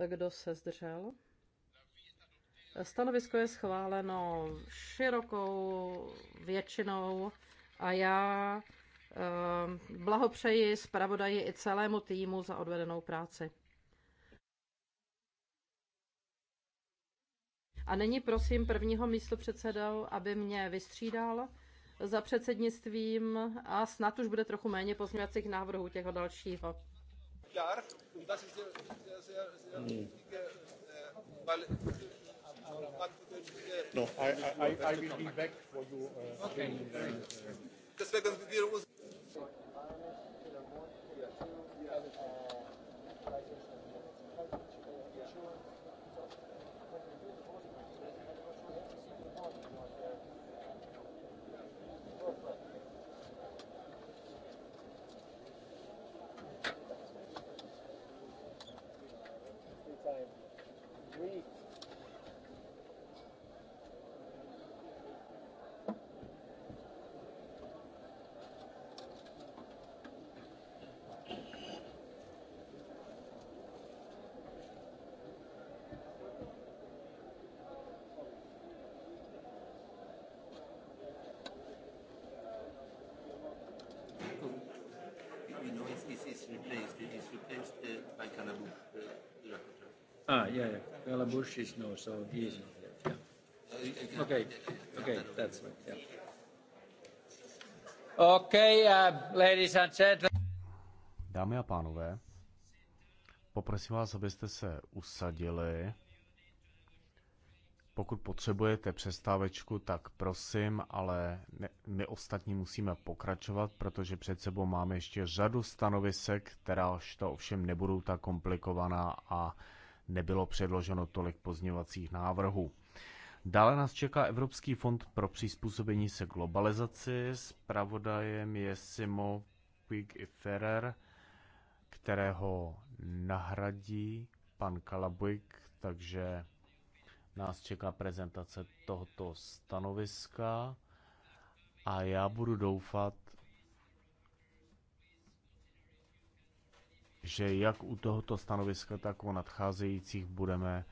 Kdo se zdržel? Stanovisko je schváleno širokou většinou a já blahopřeji zpravodaji i celému týmu za odvedenou práci. A nyní prosím prvního místopředsedu, aby mě vystřídal za předsednictvím a snad už bude trochu méně pozměňovacích návrhů těch dalšího. Klar, und das ist sehr, sehr, sehr, sehr No, I, I, I will be back for you. Uh, okay. Deswegen, uh, wir Ah, yeah, yeah. Well, Bush is no, so he is not Yeah. Okay, okay, that's right. Yeah. Okay, uh, ladies and gentlemen. Dámy a pánové, poprosím vás, abyste se usadili. Pokud potřebujete přestávečku, tak prosím, ale my ostatní musíme pokračovat, protože před sebou máme ještě řadu stanovisek, která to ovšem nebudou tak komplikovaná a nebylo předloženo tolik pozněvacích návrhů. Dále nás čeká Evropský fond pro přizpůsobení se globalizaci. Spravodajem je Simo Puig i Ferrer, kterého nahradí pan Kalabuik, takže nás čeká prezentace tohoto stanoviska a já budu doufat, že jak u tohoto stanoviska, tak u nadcházejících budeme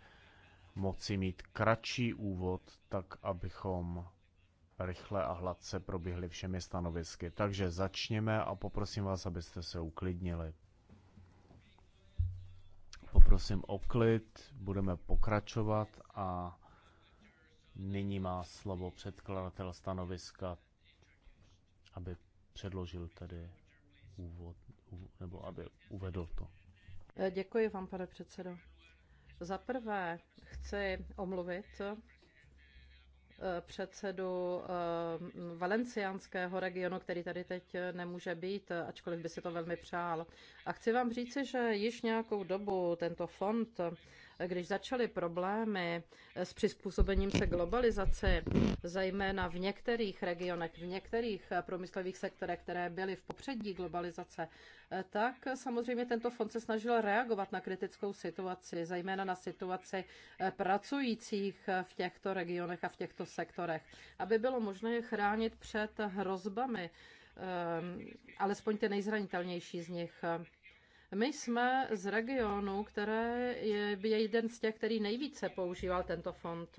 moci mít kratší úvod, tak abychom rychle a hladce proběhli všemi stanovisky. Takže začněme a poprosím vás, abyste se uklidnili. Poprosím o klid, budeme pokračovat a nyní má slovo předkladatel stanoviska, aby předložil tedy úvod nebo aby uvedl to. Eh, děkuji vám, pane předsedo. Za prvé chci omluvit eh, předsedu eh, valenciánského regionu, který tady teď nemůže být, ačkoliv by si to velmi přál. A chci vám říci, že již nějakou dobu tento fond když začaly problémy s přizpůsobením se globalizaci, zejména v některých regionech, v některých průmyslových sektorech, které byly v popředí globalizace, tak samozřejmě tento fond se snažil reagovat na kritickou situaci, zejména na situaci pracujících v těchto regionech a v těchto sektorech, aby bylo možné je chránit před hrozbami, ehm, alespoň ty nejzranitelnější z nich. My jsme z regionu, které je, je jeden z těch, který nejvíce používal tento fond.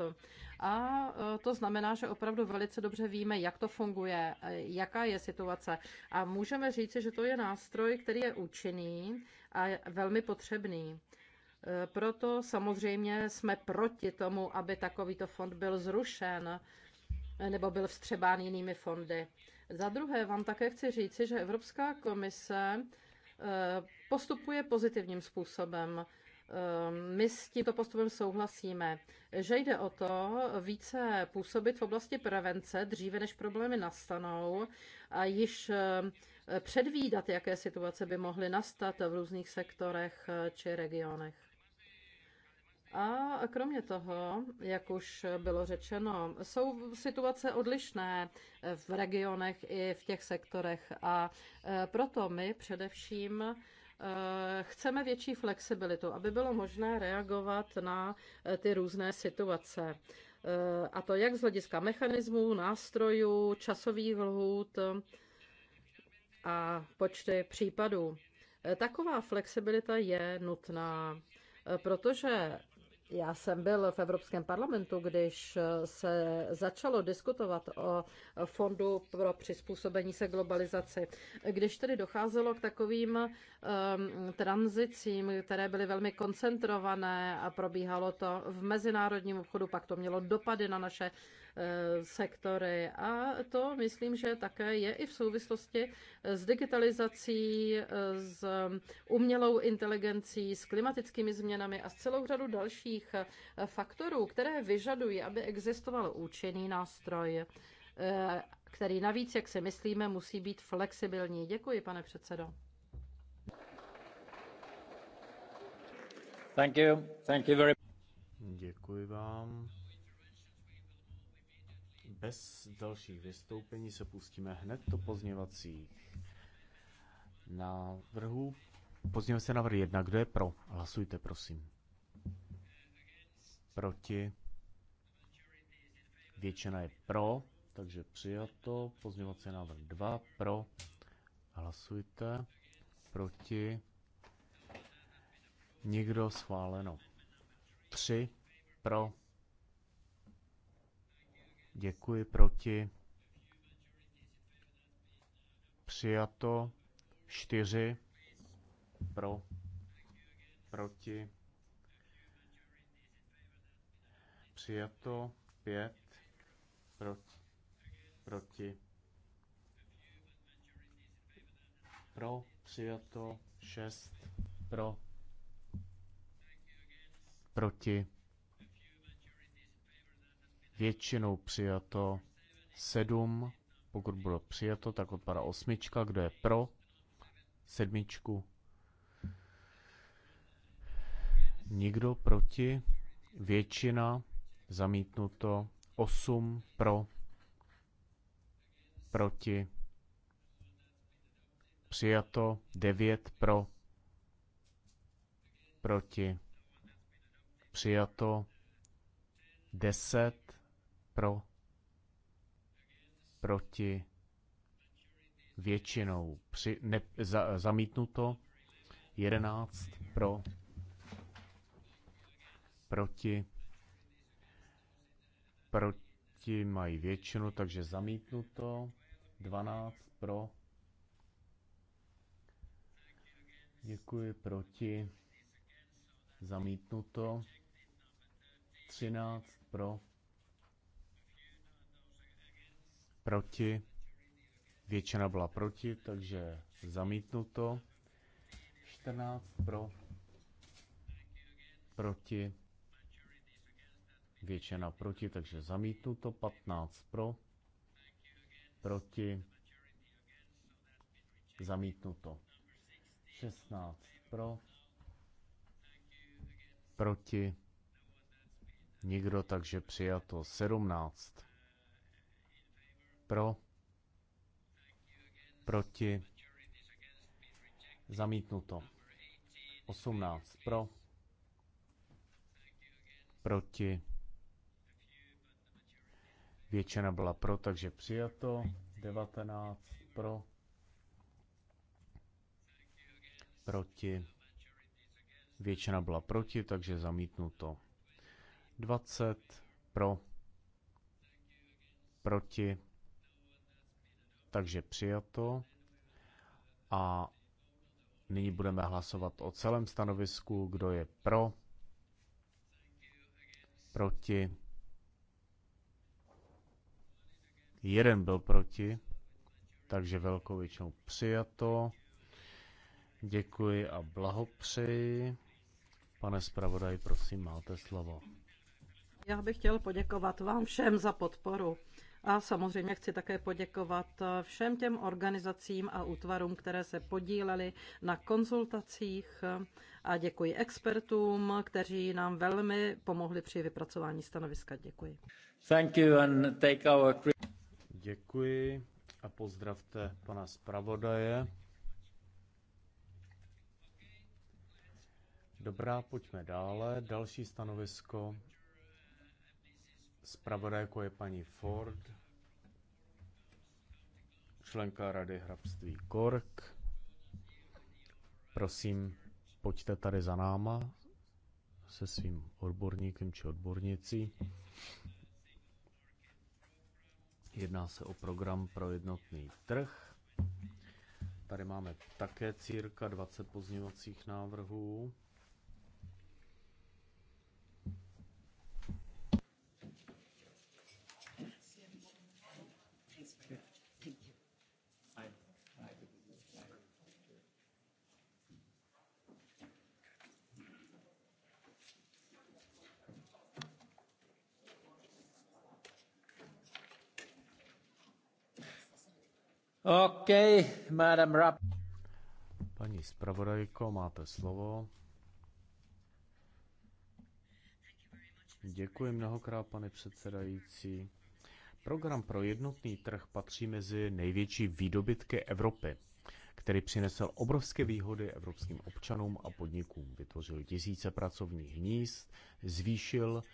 A e, to znamená, že opravdu velice dobře víme, jak to funguje, e, jaká je situace. A můžeme říci, že to je nástroj, který je účinný a je velmi potřebný. E, proto samozřejmě jsme proti tomu, aby takovýto fond byl zrušen nebo byl vstřebán jinými fondy. Za druhé vám také chci říci, že Evropská komise Eh, postupuje pozitivním způsobem. Eh, my s tímto postupem souhlasíme, že jde o to více působit v oblasti prevence dříve, než problémy nastanou a již eh, předvídat, jaké situace by mohly nastat v různých sektorech či regionech. A kromě toho, jak už bylo řečeno, jsou situace odlišné v regionech i v těch sektorech a e, proto my především e, chceme větší flexibilitu, aby bylo možné reagovat na e, ty různé situace. A to jak z hlediska mechanismů, nástrojů, časových lhůt a počty případů. Taková flexibilita je nutná, protože já jsem byl v Evropském parlamentu, když se začalo diskutovat o fondu pro přizpůsobení se globalizaci. Když tedy docházelo k takovým um, tranzicím, které byly velmi koncentrované a probíhalo to v mezinárodním obchodu, pak to mělo dopady na naše uh, sektory. A to myslím, že také je i v souvislosti s digitalizací, eh, s umělou inteligencí, s klimatickými změnami a s celou řadu dalších dalších eh, faktorů, které vyžadují, aby existoval účinný nástroj, eh, který navíc, jak si myslíme, musí být flexibilní. Děkuji, pane předsedo. Thank you. Thank you very... Děkuji vám. Bez dalších vystoupení se pustíme hned do pozněvacích návrhů. Pozněvací návrh jedna. Kdo je pro? Hlasujte, prosím proti, většina je pro, takže přijato, pozměňovací návrh 2, pro, hlasujte, proti, nikdo schváleno, 3, pro, děkuji, proti, přijato, 4, pro, proti, přijato, pět pro, proti, pro, přijato, šest pro, proti, většinou přijato, sedm, pokud bylo přijato, tak odpadá osmička, kdo je pro, sedmičku, nikdo proti, většina, zamítnuto, 8 pro, proti, přijato, 9 pro, proti, přijato, 10 pro, proti, většinou při, ne, za, zamítnuto, 11 pro, proti, proti mají většinu, takže zamítnuto. 12 pro. Děkuji, proti. Zamítnuto. 13 pro. Proti. Většina byla proti, takže zamítnuto. 14 pro. Proti většina proti, takže zamítnuto, 15 pro, proti, zamítnuto, 16 pro, proti, nikdo, takže přijato, 17 pro, proti, zamítnuto, 18 pro, proti, Většina byla pro, takže přijato. 19 pro. Proti. Většina byla proti, takže zamítnuto. 20 pro. Proti. Takže přijato. A nyní budeme hlasovat o celém stanovisku, kdo je pro, proti Jeden byl proti, takže velkou většinou přijato. Děkuji a blahopřeji. Pane zpravodaj, prosím, máte slovo. Já bych chtěl poděkovat vám všem za podporu. A samozřejmě chci také poděkovat eh, všem těm organizacím a útvarům, které se podílely na konzultacích a děkuji expertům, kteří nám velmi pomohli při vypracování stanoviska. Děkuji. Thank you and take our... Děkuji a pozdravte pana zpravodaje. Dobrá, pojďme dále. Další stanovisko. Zpravodajko jako je paní Ford, členka Rady hrabství Kork. Prosím, pojďte tady za náma se svým odborníkem či odbornicí. Jedná se o program pro jednotný trh. Tady máme také círka 20 pozměňovacích návrhů. OK, Madam Rap. Paní zpravodajko, máte slovo. Děkuji mnohokrát, pane předsedající. Program pro jednotný trh patří mezi největší výdobytky Evropy, který přinesl obrovské výhody evropským občanům a podnikům. Vytvořil tisíce pracovních míst, zvýšil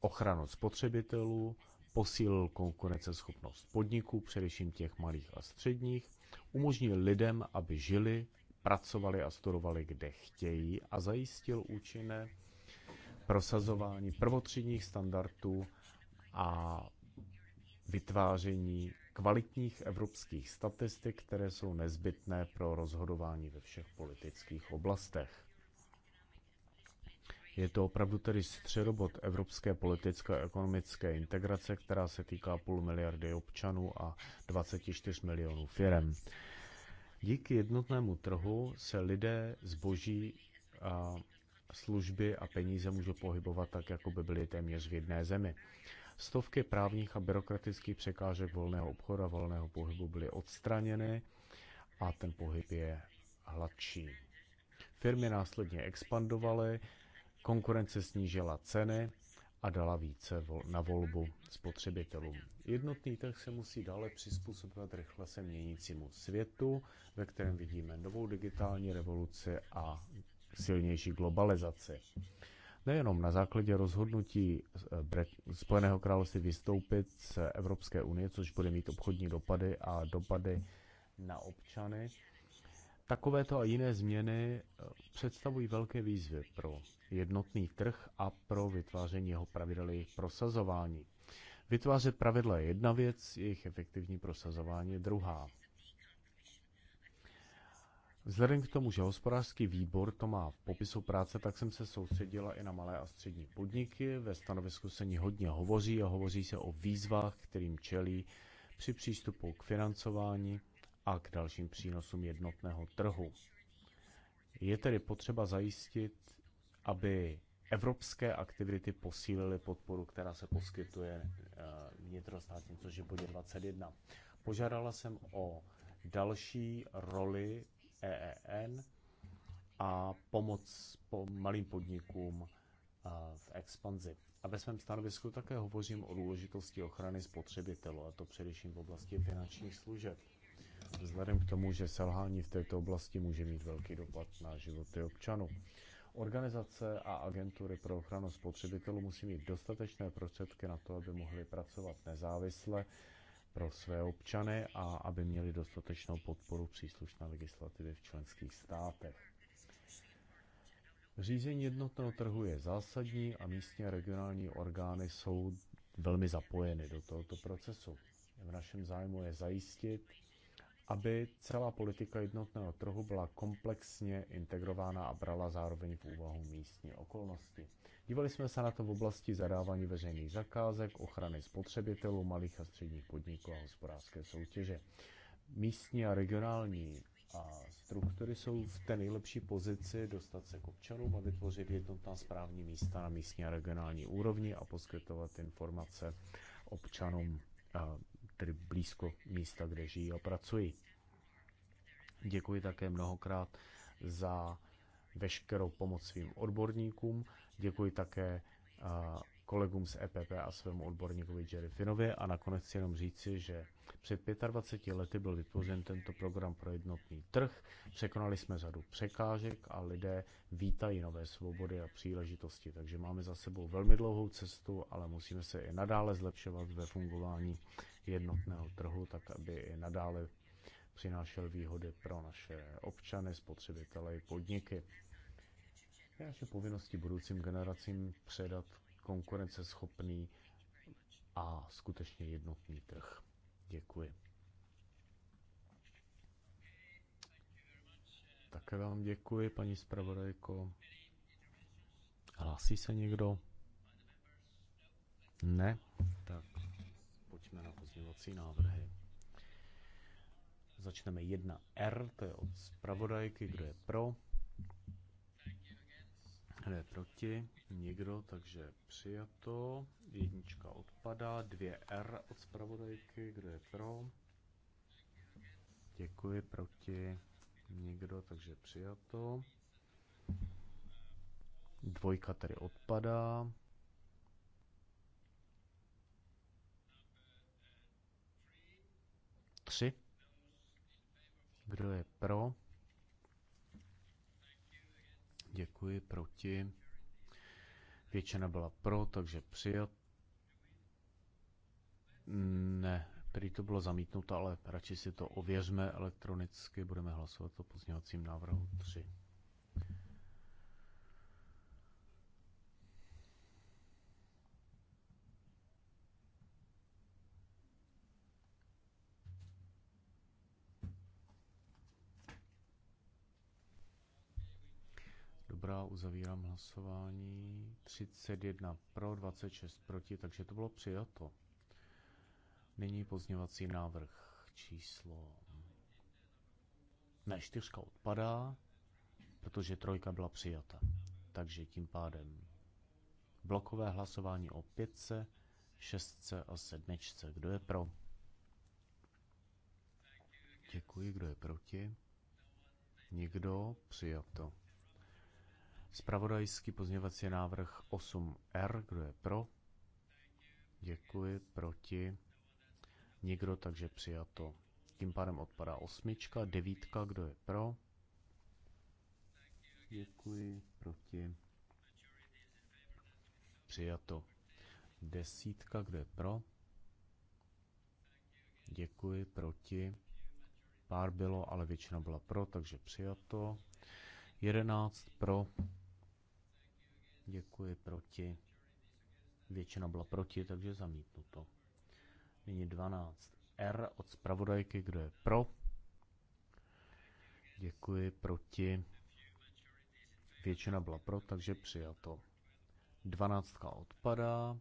ochranu spotřebitelů, posílil konkurenceschopnost podniků, především těch malých a středních, umožnil lidem, aby žili, pracovali a studovali, kde chtějí a zajistil účinné prosazování prvotřídních standardů a vytváření kvalitních evropských statistik, které jsou nezbytné pro rozhodování ve všech politických oblastech. Je to opravdu tedy středobod evropské politické a ekonomické integrace, která se týká půl miliardy občanů a 24 milionů firm. Díky jednotnému trhu se lidé, zboží, a služby a peníze můžou pohybovat tak, jako by byly téměř v jedné zemi. Stovky právních a byrokratických překážek volného obchodu a volného pohybu byly odstraněny a ten pohyb je hladší. Firmy následně expandovaly, Konkurence snížila ceny a dala více na volbu spotřebitelům. Jednotný trh se musí dále přizpůsobovat rychle se měnícímu světu, ve kterém vidíme novou digitální revoluci a silnější globalizaci. Nejenom na základě rozhodnutí eh, Spojeného království vystoupit z Evropské unie, což bude mít obchodní dopady a dopady na občany, Takovéto a jiné změny eh, představují velké výzvy pro jednotný trh a pro vytváření jeho pravidel jejich prosazování. Vytvářet pravidla je jedna věc, jejich efektivní prosazování je druhá. Vzhledem k tomu, že hospodářský výbor to má v popisu práce, tak jsem se soustředila i na malé a střední podniky. Ve stanovisku se ní hodně hovoří a hovoří se o výzvách, kterým čelí při přístupu k financování a k dalším přínosům jednotného trhu. Je tedy potřeba zajistit, aby evropské aktivity posílily podporu, která se poskytuje eh, vnitrostátním, což je bodě 21. Požádala jsem o další roli EEN a pomoc po malým podnikům eh, v expanzi. A ve svém stanovisku také hovořím o důležitosti ochrany spotřebitelů, a to především v oblasti finančních služeb vzhledem k tomu, že selhání v této oblasti může mít velký dopad na životy občanů. Organizace a agentury pro ochranu spotřebitelů musí mít dostatečné prostředky na to, aby mohly pracovat nezávisle pro své občany a aby měli dostatečnou podporu příslušné legislativy v členských státech. Řízení jednotného trhu je zásadní a místní a regionální orgány jsou velmi zapojeny do tohoto procesu. V našem zájmu je zajistit, aby celá politika jednotného trhu byla komplexně integrována a brala zároveň v úvahu místní okolnosti. Dívali jsme se na to v oblasti zadávání veřejných zakázek, ochrany spotřebitelů, malých a středních podniků a hospodářské soutěže. Místní a regionální a struktury jsou v té nejlepší pozici dostat se k občanům a vytvořit jednotná správní místa na místní a regionální úrovni a poskytovat informace občanům tedy blízko místa, kde žijí a pracují. Děkuji také mnohokrát za veškerou pomoc svým odborníkům. Děkuji také kolegům z EPP a svému odborníkovi Jerry Finovi a nakonec chci jenom říci, že před 25 lety byl vytvořen tento program pro jednotný trh, překonali jsme řadu překážek a lidé vítají nové svobody a příležitosti, takže máme za sebou velmi dlouhou cestu, ale musíme se i nadále zlepšovat ve fungování jednotného trhu, tak aby i nadále přinášel výhody pro naše občany, spotřebitele i podniky. Je naše povinnosti budoucím generacím předat konkurenceschopný a skutečně jednotný trh. Děkuji. Také vám děkuji, paní zpravodajko. Hlásí se někdo? Ne? Tak těšíme na pozměňovací návrhy. Začneme 1R, to je od zpravodajky, kdo je pro. Kdo je proti? Nikdo, takže přijato. Jednička odpadá, 2R od zpravodajky, kdo je pro. Děkuji, proti nikdo, takže přijato. Dvojka tady odpadá. 3. Kdo je pro? Děkuji, proti. Většina byla pro, takže přijat. Ne, prý to bylo zamítnuto, ale radši si to ověřme elektronicky. Budeme hlasovat o pozměňovacím návrhu 3. Uzavírám hlasování. 31 pro, 26 proti, takže to bylo přijato. Nyní pozněvací návrh číslo... Ne, čtyřka odpadá, protože trojka byla přijata. Takže tím pádem blokové hlasování o pětce, šestce a sedmičce. Kdo je pro? Děkuji, kdo je proti? Nikdo, přijato. Spravodajský pozměvací návrh 8R, kdo je pro? Děkuji, proti? Nikdo, takže přijato. Tím pádem odpadá osmička, devítka, kdo je pro? Děkuji, proti? Přijato. Desítka, kdo je pro? Děkuji, proti? Pár bylo, ale většina byla pro, takže přijato. 11 pro, Děkuji proti. Většina byla proti, takže zamítnuto. Nyní 12. R od zpravodajky, kdo je pro. Děkuji proti. Většina byla pro, takže přijato. 12 odpadá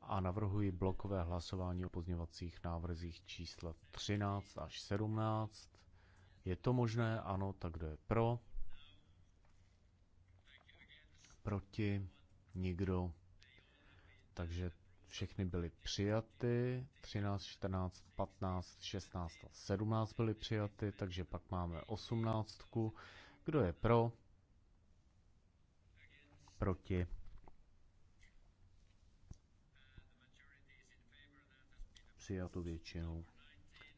a navrhuji blokové hlasování o pozněvacích návrzích čísla 13 až 17. Je to možné? Ano, tak kdo je pro? proti, nikdo. Takže všechny byly přijaty, 13, 14, 15, 16 a 17 byly přijaty, takže pak máme 18. Kdo je pro? Proti? Přijato většinou.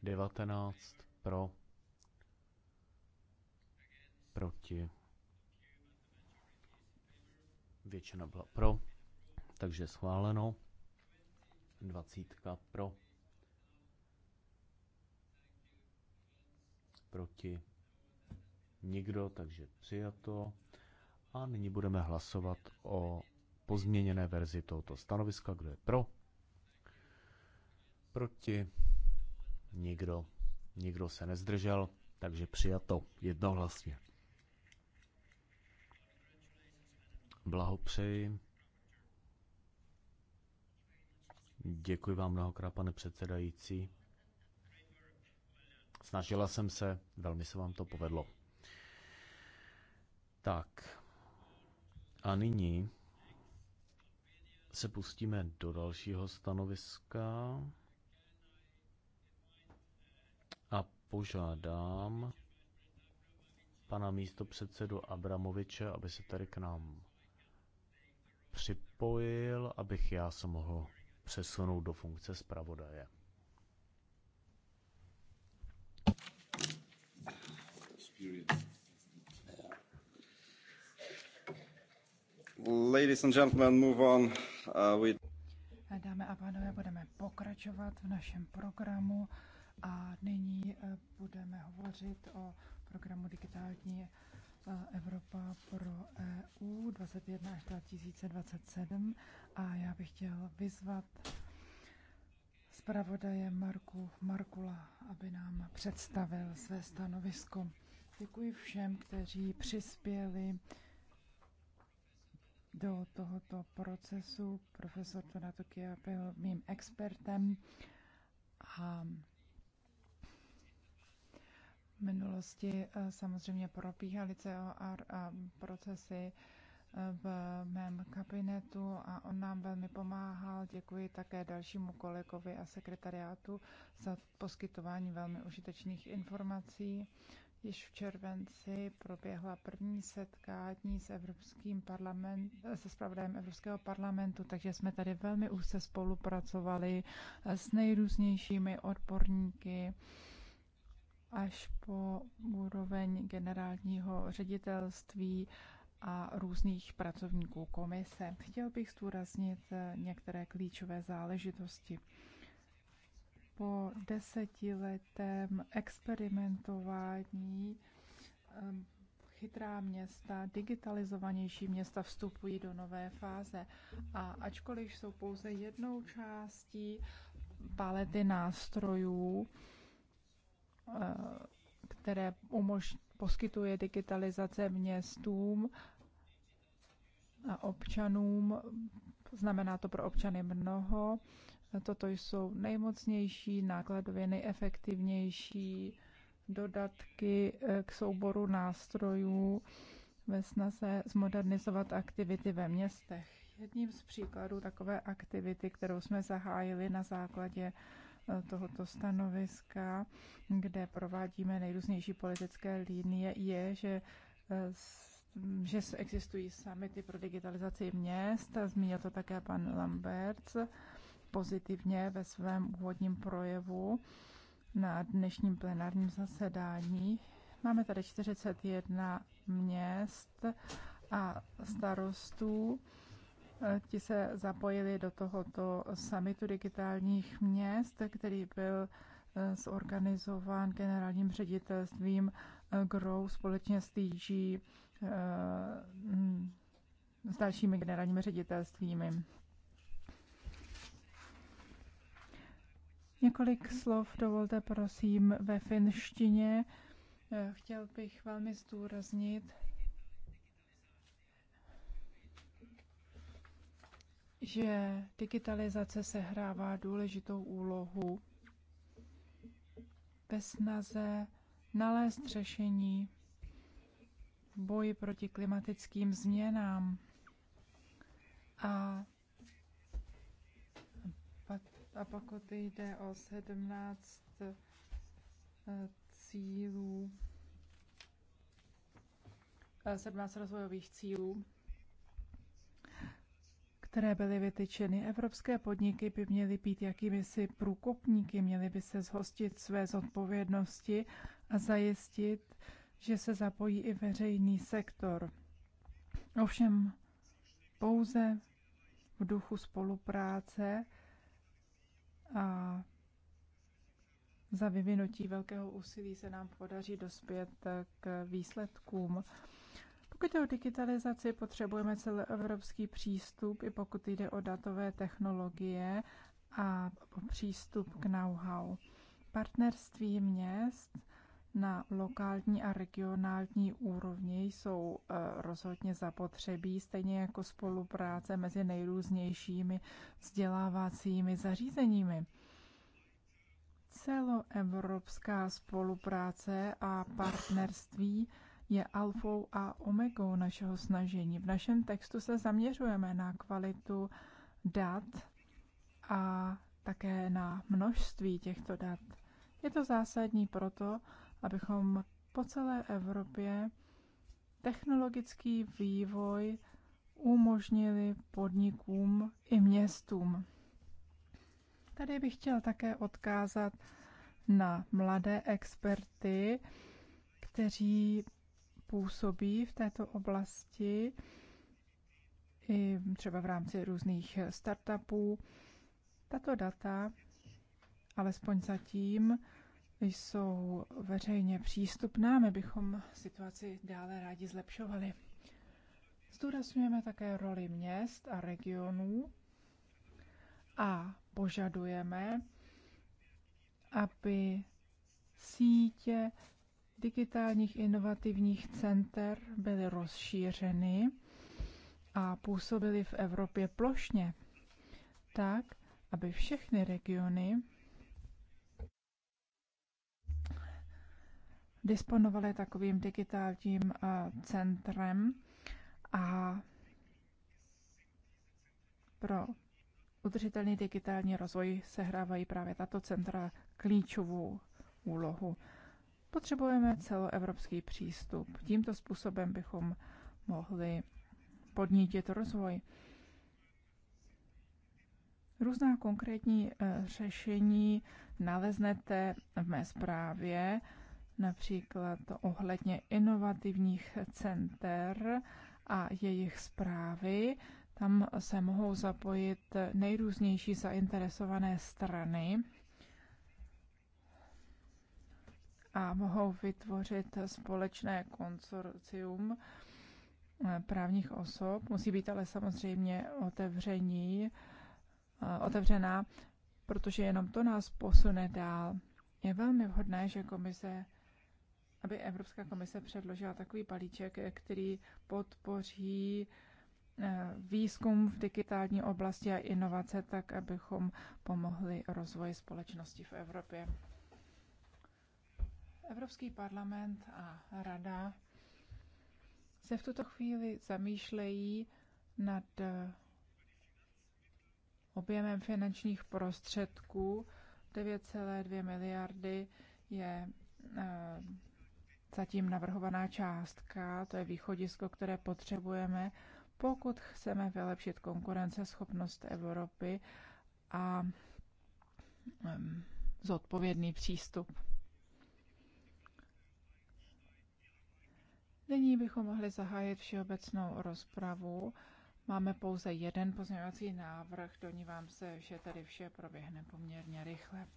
19 pro? Proti? Většina byla pro, takže schváleno. Dvacítka pro. Proti. Nikdo, takže přijato. A nyní budeme hlasovat o pozměněné verzi tohoto stanoviska. Kdo je pro? Proti? Nikdo. Nikdo se nezdržel, takže přijato jednohlasně. Blahopřeji. Děkuji vám mnohokrát, pane předsedající. Snažila jsem se, velmi se vám to povedlo. Tak. A nyní se pustíme do dalšího stanoviska a požádám pana místo předsedu Abramoviče, aby se tady k nám připojil, abych já se mohl přesunout do funkce zpravodaje. Ladies and gentlemen, move on with... Uh, Dámy a pánové, budeme pokračovat v našem programu a nyní eh, budeme hovořit o programu digitální Evropa pro EU 21 až 2027 a já bych chtěl vyzvat zpravodaje Marku Markula, aby nám představil své stanovisko. Děkuji všem, kteří přispěli do tohoto procesu. Profesor Donato je byl mým expertem a minulosti eh, samozřejmě probíhaly COR a eh, procesy eh, v mém kabinetu a on nám velmi pomáhal. Děkuji také dalšímu kolegovi a sekretariátu za poskytování velmi užitečných informací. Již v červenci proběhla první setkání s Evropským parlament, se spravodajem Evropského parlamentu, takže jsme tady velmi úzce spolupracovali s nejrůznějšími odborníky až po úroveň generálního ředitelství a různých pracovníků komise. Chtěl bych zdůraznit eh, některé klíčové záležitosti. Po desetiletém experimentování eh, chytrá města, digitalizovanější města vstupují do nové fáze. A ačkoliv jsou pouze jednou částí palety nástrojů, Eh, které umož, poskytuje digitalizace městům a občanům. Znamená to pro občany mnoho. Toto jsou nejmocnější, nákladově nejefektivnější dodatky eh, k souboru nástrojů ve snaze zmodernizovat aktivity ve městech. Jedním z příkladů takové aktivity, kterou jsme zahájili na základě tohoto stanoviska, kde provádíme nejrůznější politické linie, je, že eh, že existují samity pro digitalizaci měst, zmínil to také pan Lambert pozitivně ve svém úvodním projevu na dnešním plenárním zasedání. Máme tady 41 měst a starostů Ti se zapojili do tohoto samitu digitálních měst, který byl eh, zorganizován generálním ředitelstvím eh, GROW společně s TG eh, s dalšími generálními ředitelstvími. Několik slov dovolte prosím ve finštině. Chtěl bych velmi zdůraznit, že digitalizace sehrává důležitou úlohu ve snaze nalézt řešení v boji proti klimatickým změnám. A, a pokud jde o 17 eh, cílů, 17 eh, rozvojových cílů, které byly vytyčeny. Evropské podniky by měly být jakýmisi průkopníky, měly by se zhostit své zodpovědnosti a zajistit, že se zapojí i veřejný sektor. Ovšem pouze v duchu spolupráce a za vyvinutí velkého úsilí se nám podaří dospět k výsledkům. Pokud jde o digitalizaci, potřebujeme celoevropský přístup, i pokud jde o datové technologie a o přístup k know-how. Partnerství měst na lokální a regionální úrovni jsou eh, rozhodně zapotřebí, stejně jako spolupráce mezi nejrůznějšími vzdělávacími zařízeními. Celoevropská spolupráce a partnerství je alfou a omegou našeho snažení. V našem textu se zaměřujeme na kvalitu dat a také na množství těchto dat. Je to zásadní proto, abychom po celé Evropě technologický vývoj umožnili podnikům i městům. Tady bych chtěl také odkázat na mladé experty, kteří působí v této oblasti, i třeba v rámci různých startupů. Tato data, alespoň zatím, jsou veřejně přístupná. My bychom situaci dále rádi zlepšovali. Zdůrazňujeme také roli měst a regionů a požadujeme, aby sítě digitálních inovativních center byly rozšířeny a působily v Evropě plošně, tak, aby všechny regiony disponovaly takovým digitálním eh, centrem a pro udržitelný digitální rozvoj sehrávají právě tato centra klíčovou úlohu. Potřebujeme celoevropský přístup. Tímto způsobem bychom mohli podnítit rozvoj. Různá konkrétní eh, řešení naleznete v mé zprávě, například ohledně inovativních center a jejich zprávy. Tam se mohou zapojit nejrůznější zainteresované strany a mohou vytvořit společné konsorcium eh, právních osob. Musí být ale samozřejmě otevření, eh, otevřená, protože jenom to nás posune dál. Je velmi vhodné, že komise, aby Evropská komise předložila takový balíček, který podpoří eh, výzkum v digitální oblasti a inovace tak, abychom pomohli rozvoji společnosti v Evropě. Evropský parlament a rada se v tuto chvíli zamýšlejí nad eh, objemem finančních prostředků. 9,2 miliardy je eh, zatím navrhovaná částka, to je východisko, které potřebujeme, pokud chceme vylepšit konkurenceschopnost Evropy a zodpovědný přístup. Nyní bychom mohli zahájit všeobecnou rozpravu. Máme pouze jeden pozměňovací návrh, vám se, že tady vše proběhne poměrně rychle.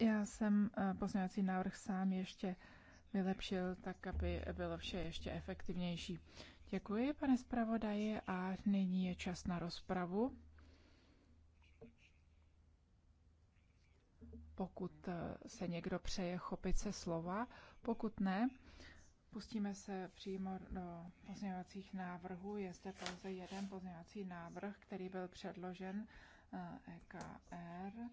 Já jsem eh, pozměňovací návrh sám ještě vylepšil, tak aby bylo vše ještě efektivnější. Děkuji, pane zpravodaji, a nyní je čas na rozpravu. pokud eh, se někdo přeje chopit se slova. Pokud ne, pustíme se přímo do pozměňovacích návrhů. Je zde pouze jeden pozměňovací návrh, který byl předložen EKR. Eh, e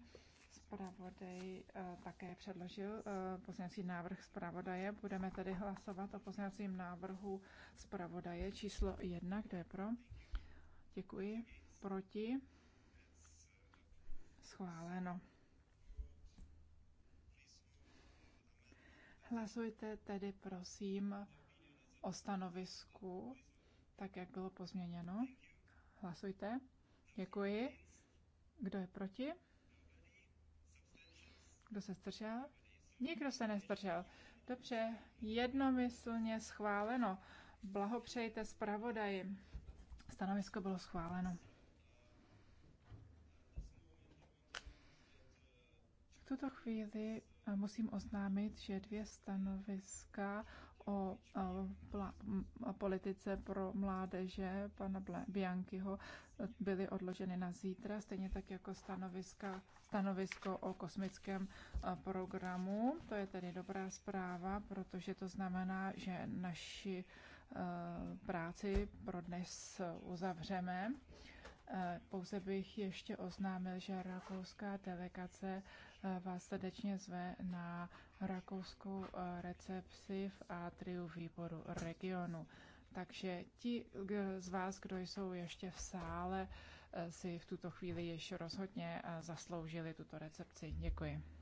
Spravodaj eh, také předložil pozměňovací návrh zpravodaje. Budeme tedy hlasovat o pozměňovacím návrhu zpravodaje číslo 1. Kdo je pro? Děkuji. Proti? Schváleno. Hlasujte tedy prosím o stanovisku, tak jak bylo pozměněno. Hlasujte. Děkuji. Kdo je proti? Kdo se zdržel? Nikdo se nezdržel. Dobře, jednomyslně schváleno. Blahopřejte zpravodaji. Stanovisko bylo schváleno. V tuto chvíli musím oznámit, že dvě stanoviska o politice pro mládeže pana Biankyho byly odloženy na zítra, stejně tak jako stanoviska, stanovisko o kosmickém programu. To je tedy dobrá zpráva, protože to znamená, že naši práci pro dnes uzavřeme. Pouze bych ještě oznámil, že rakouská delegace Eh, vás srdečně zve na rakouskou eh, recepci v atriu výboru regionu. Takže ti eh, z vás, kdo jsou ještě v sále, si v tuto chvíli již rozhodně zasloužili tuto recepci. Děkuji.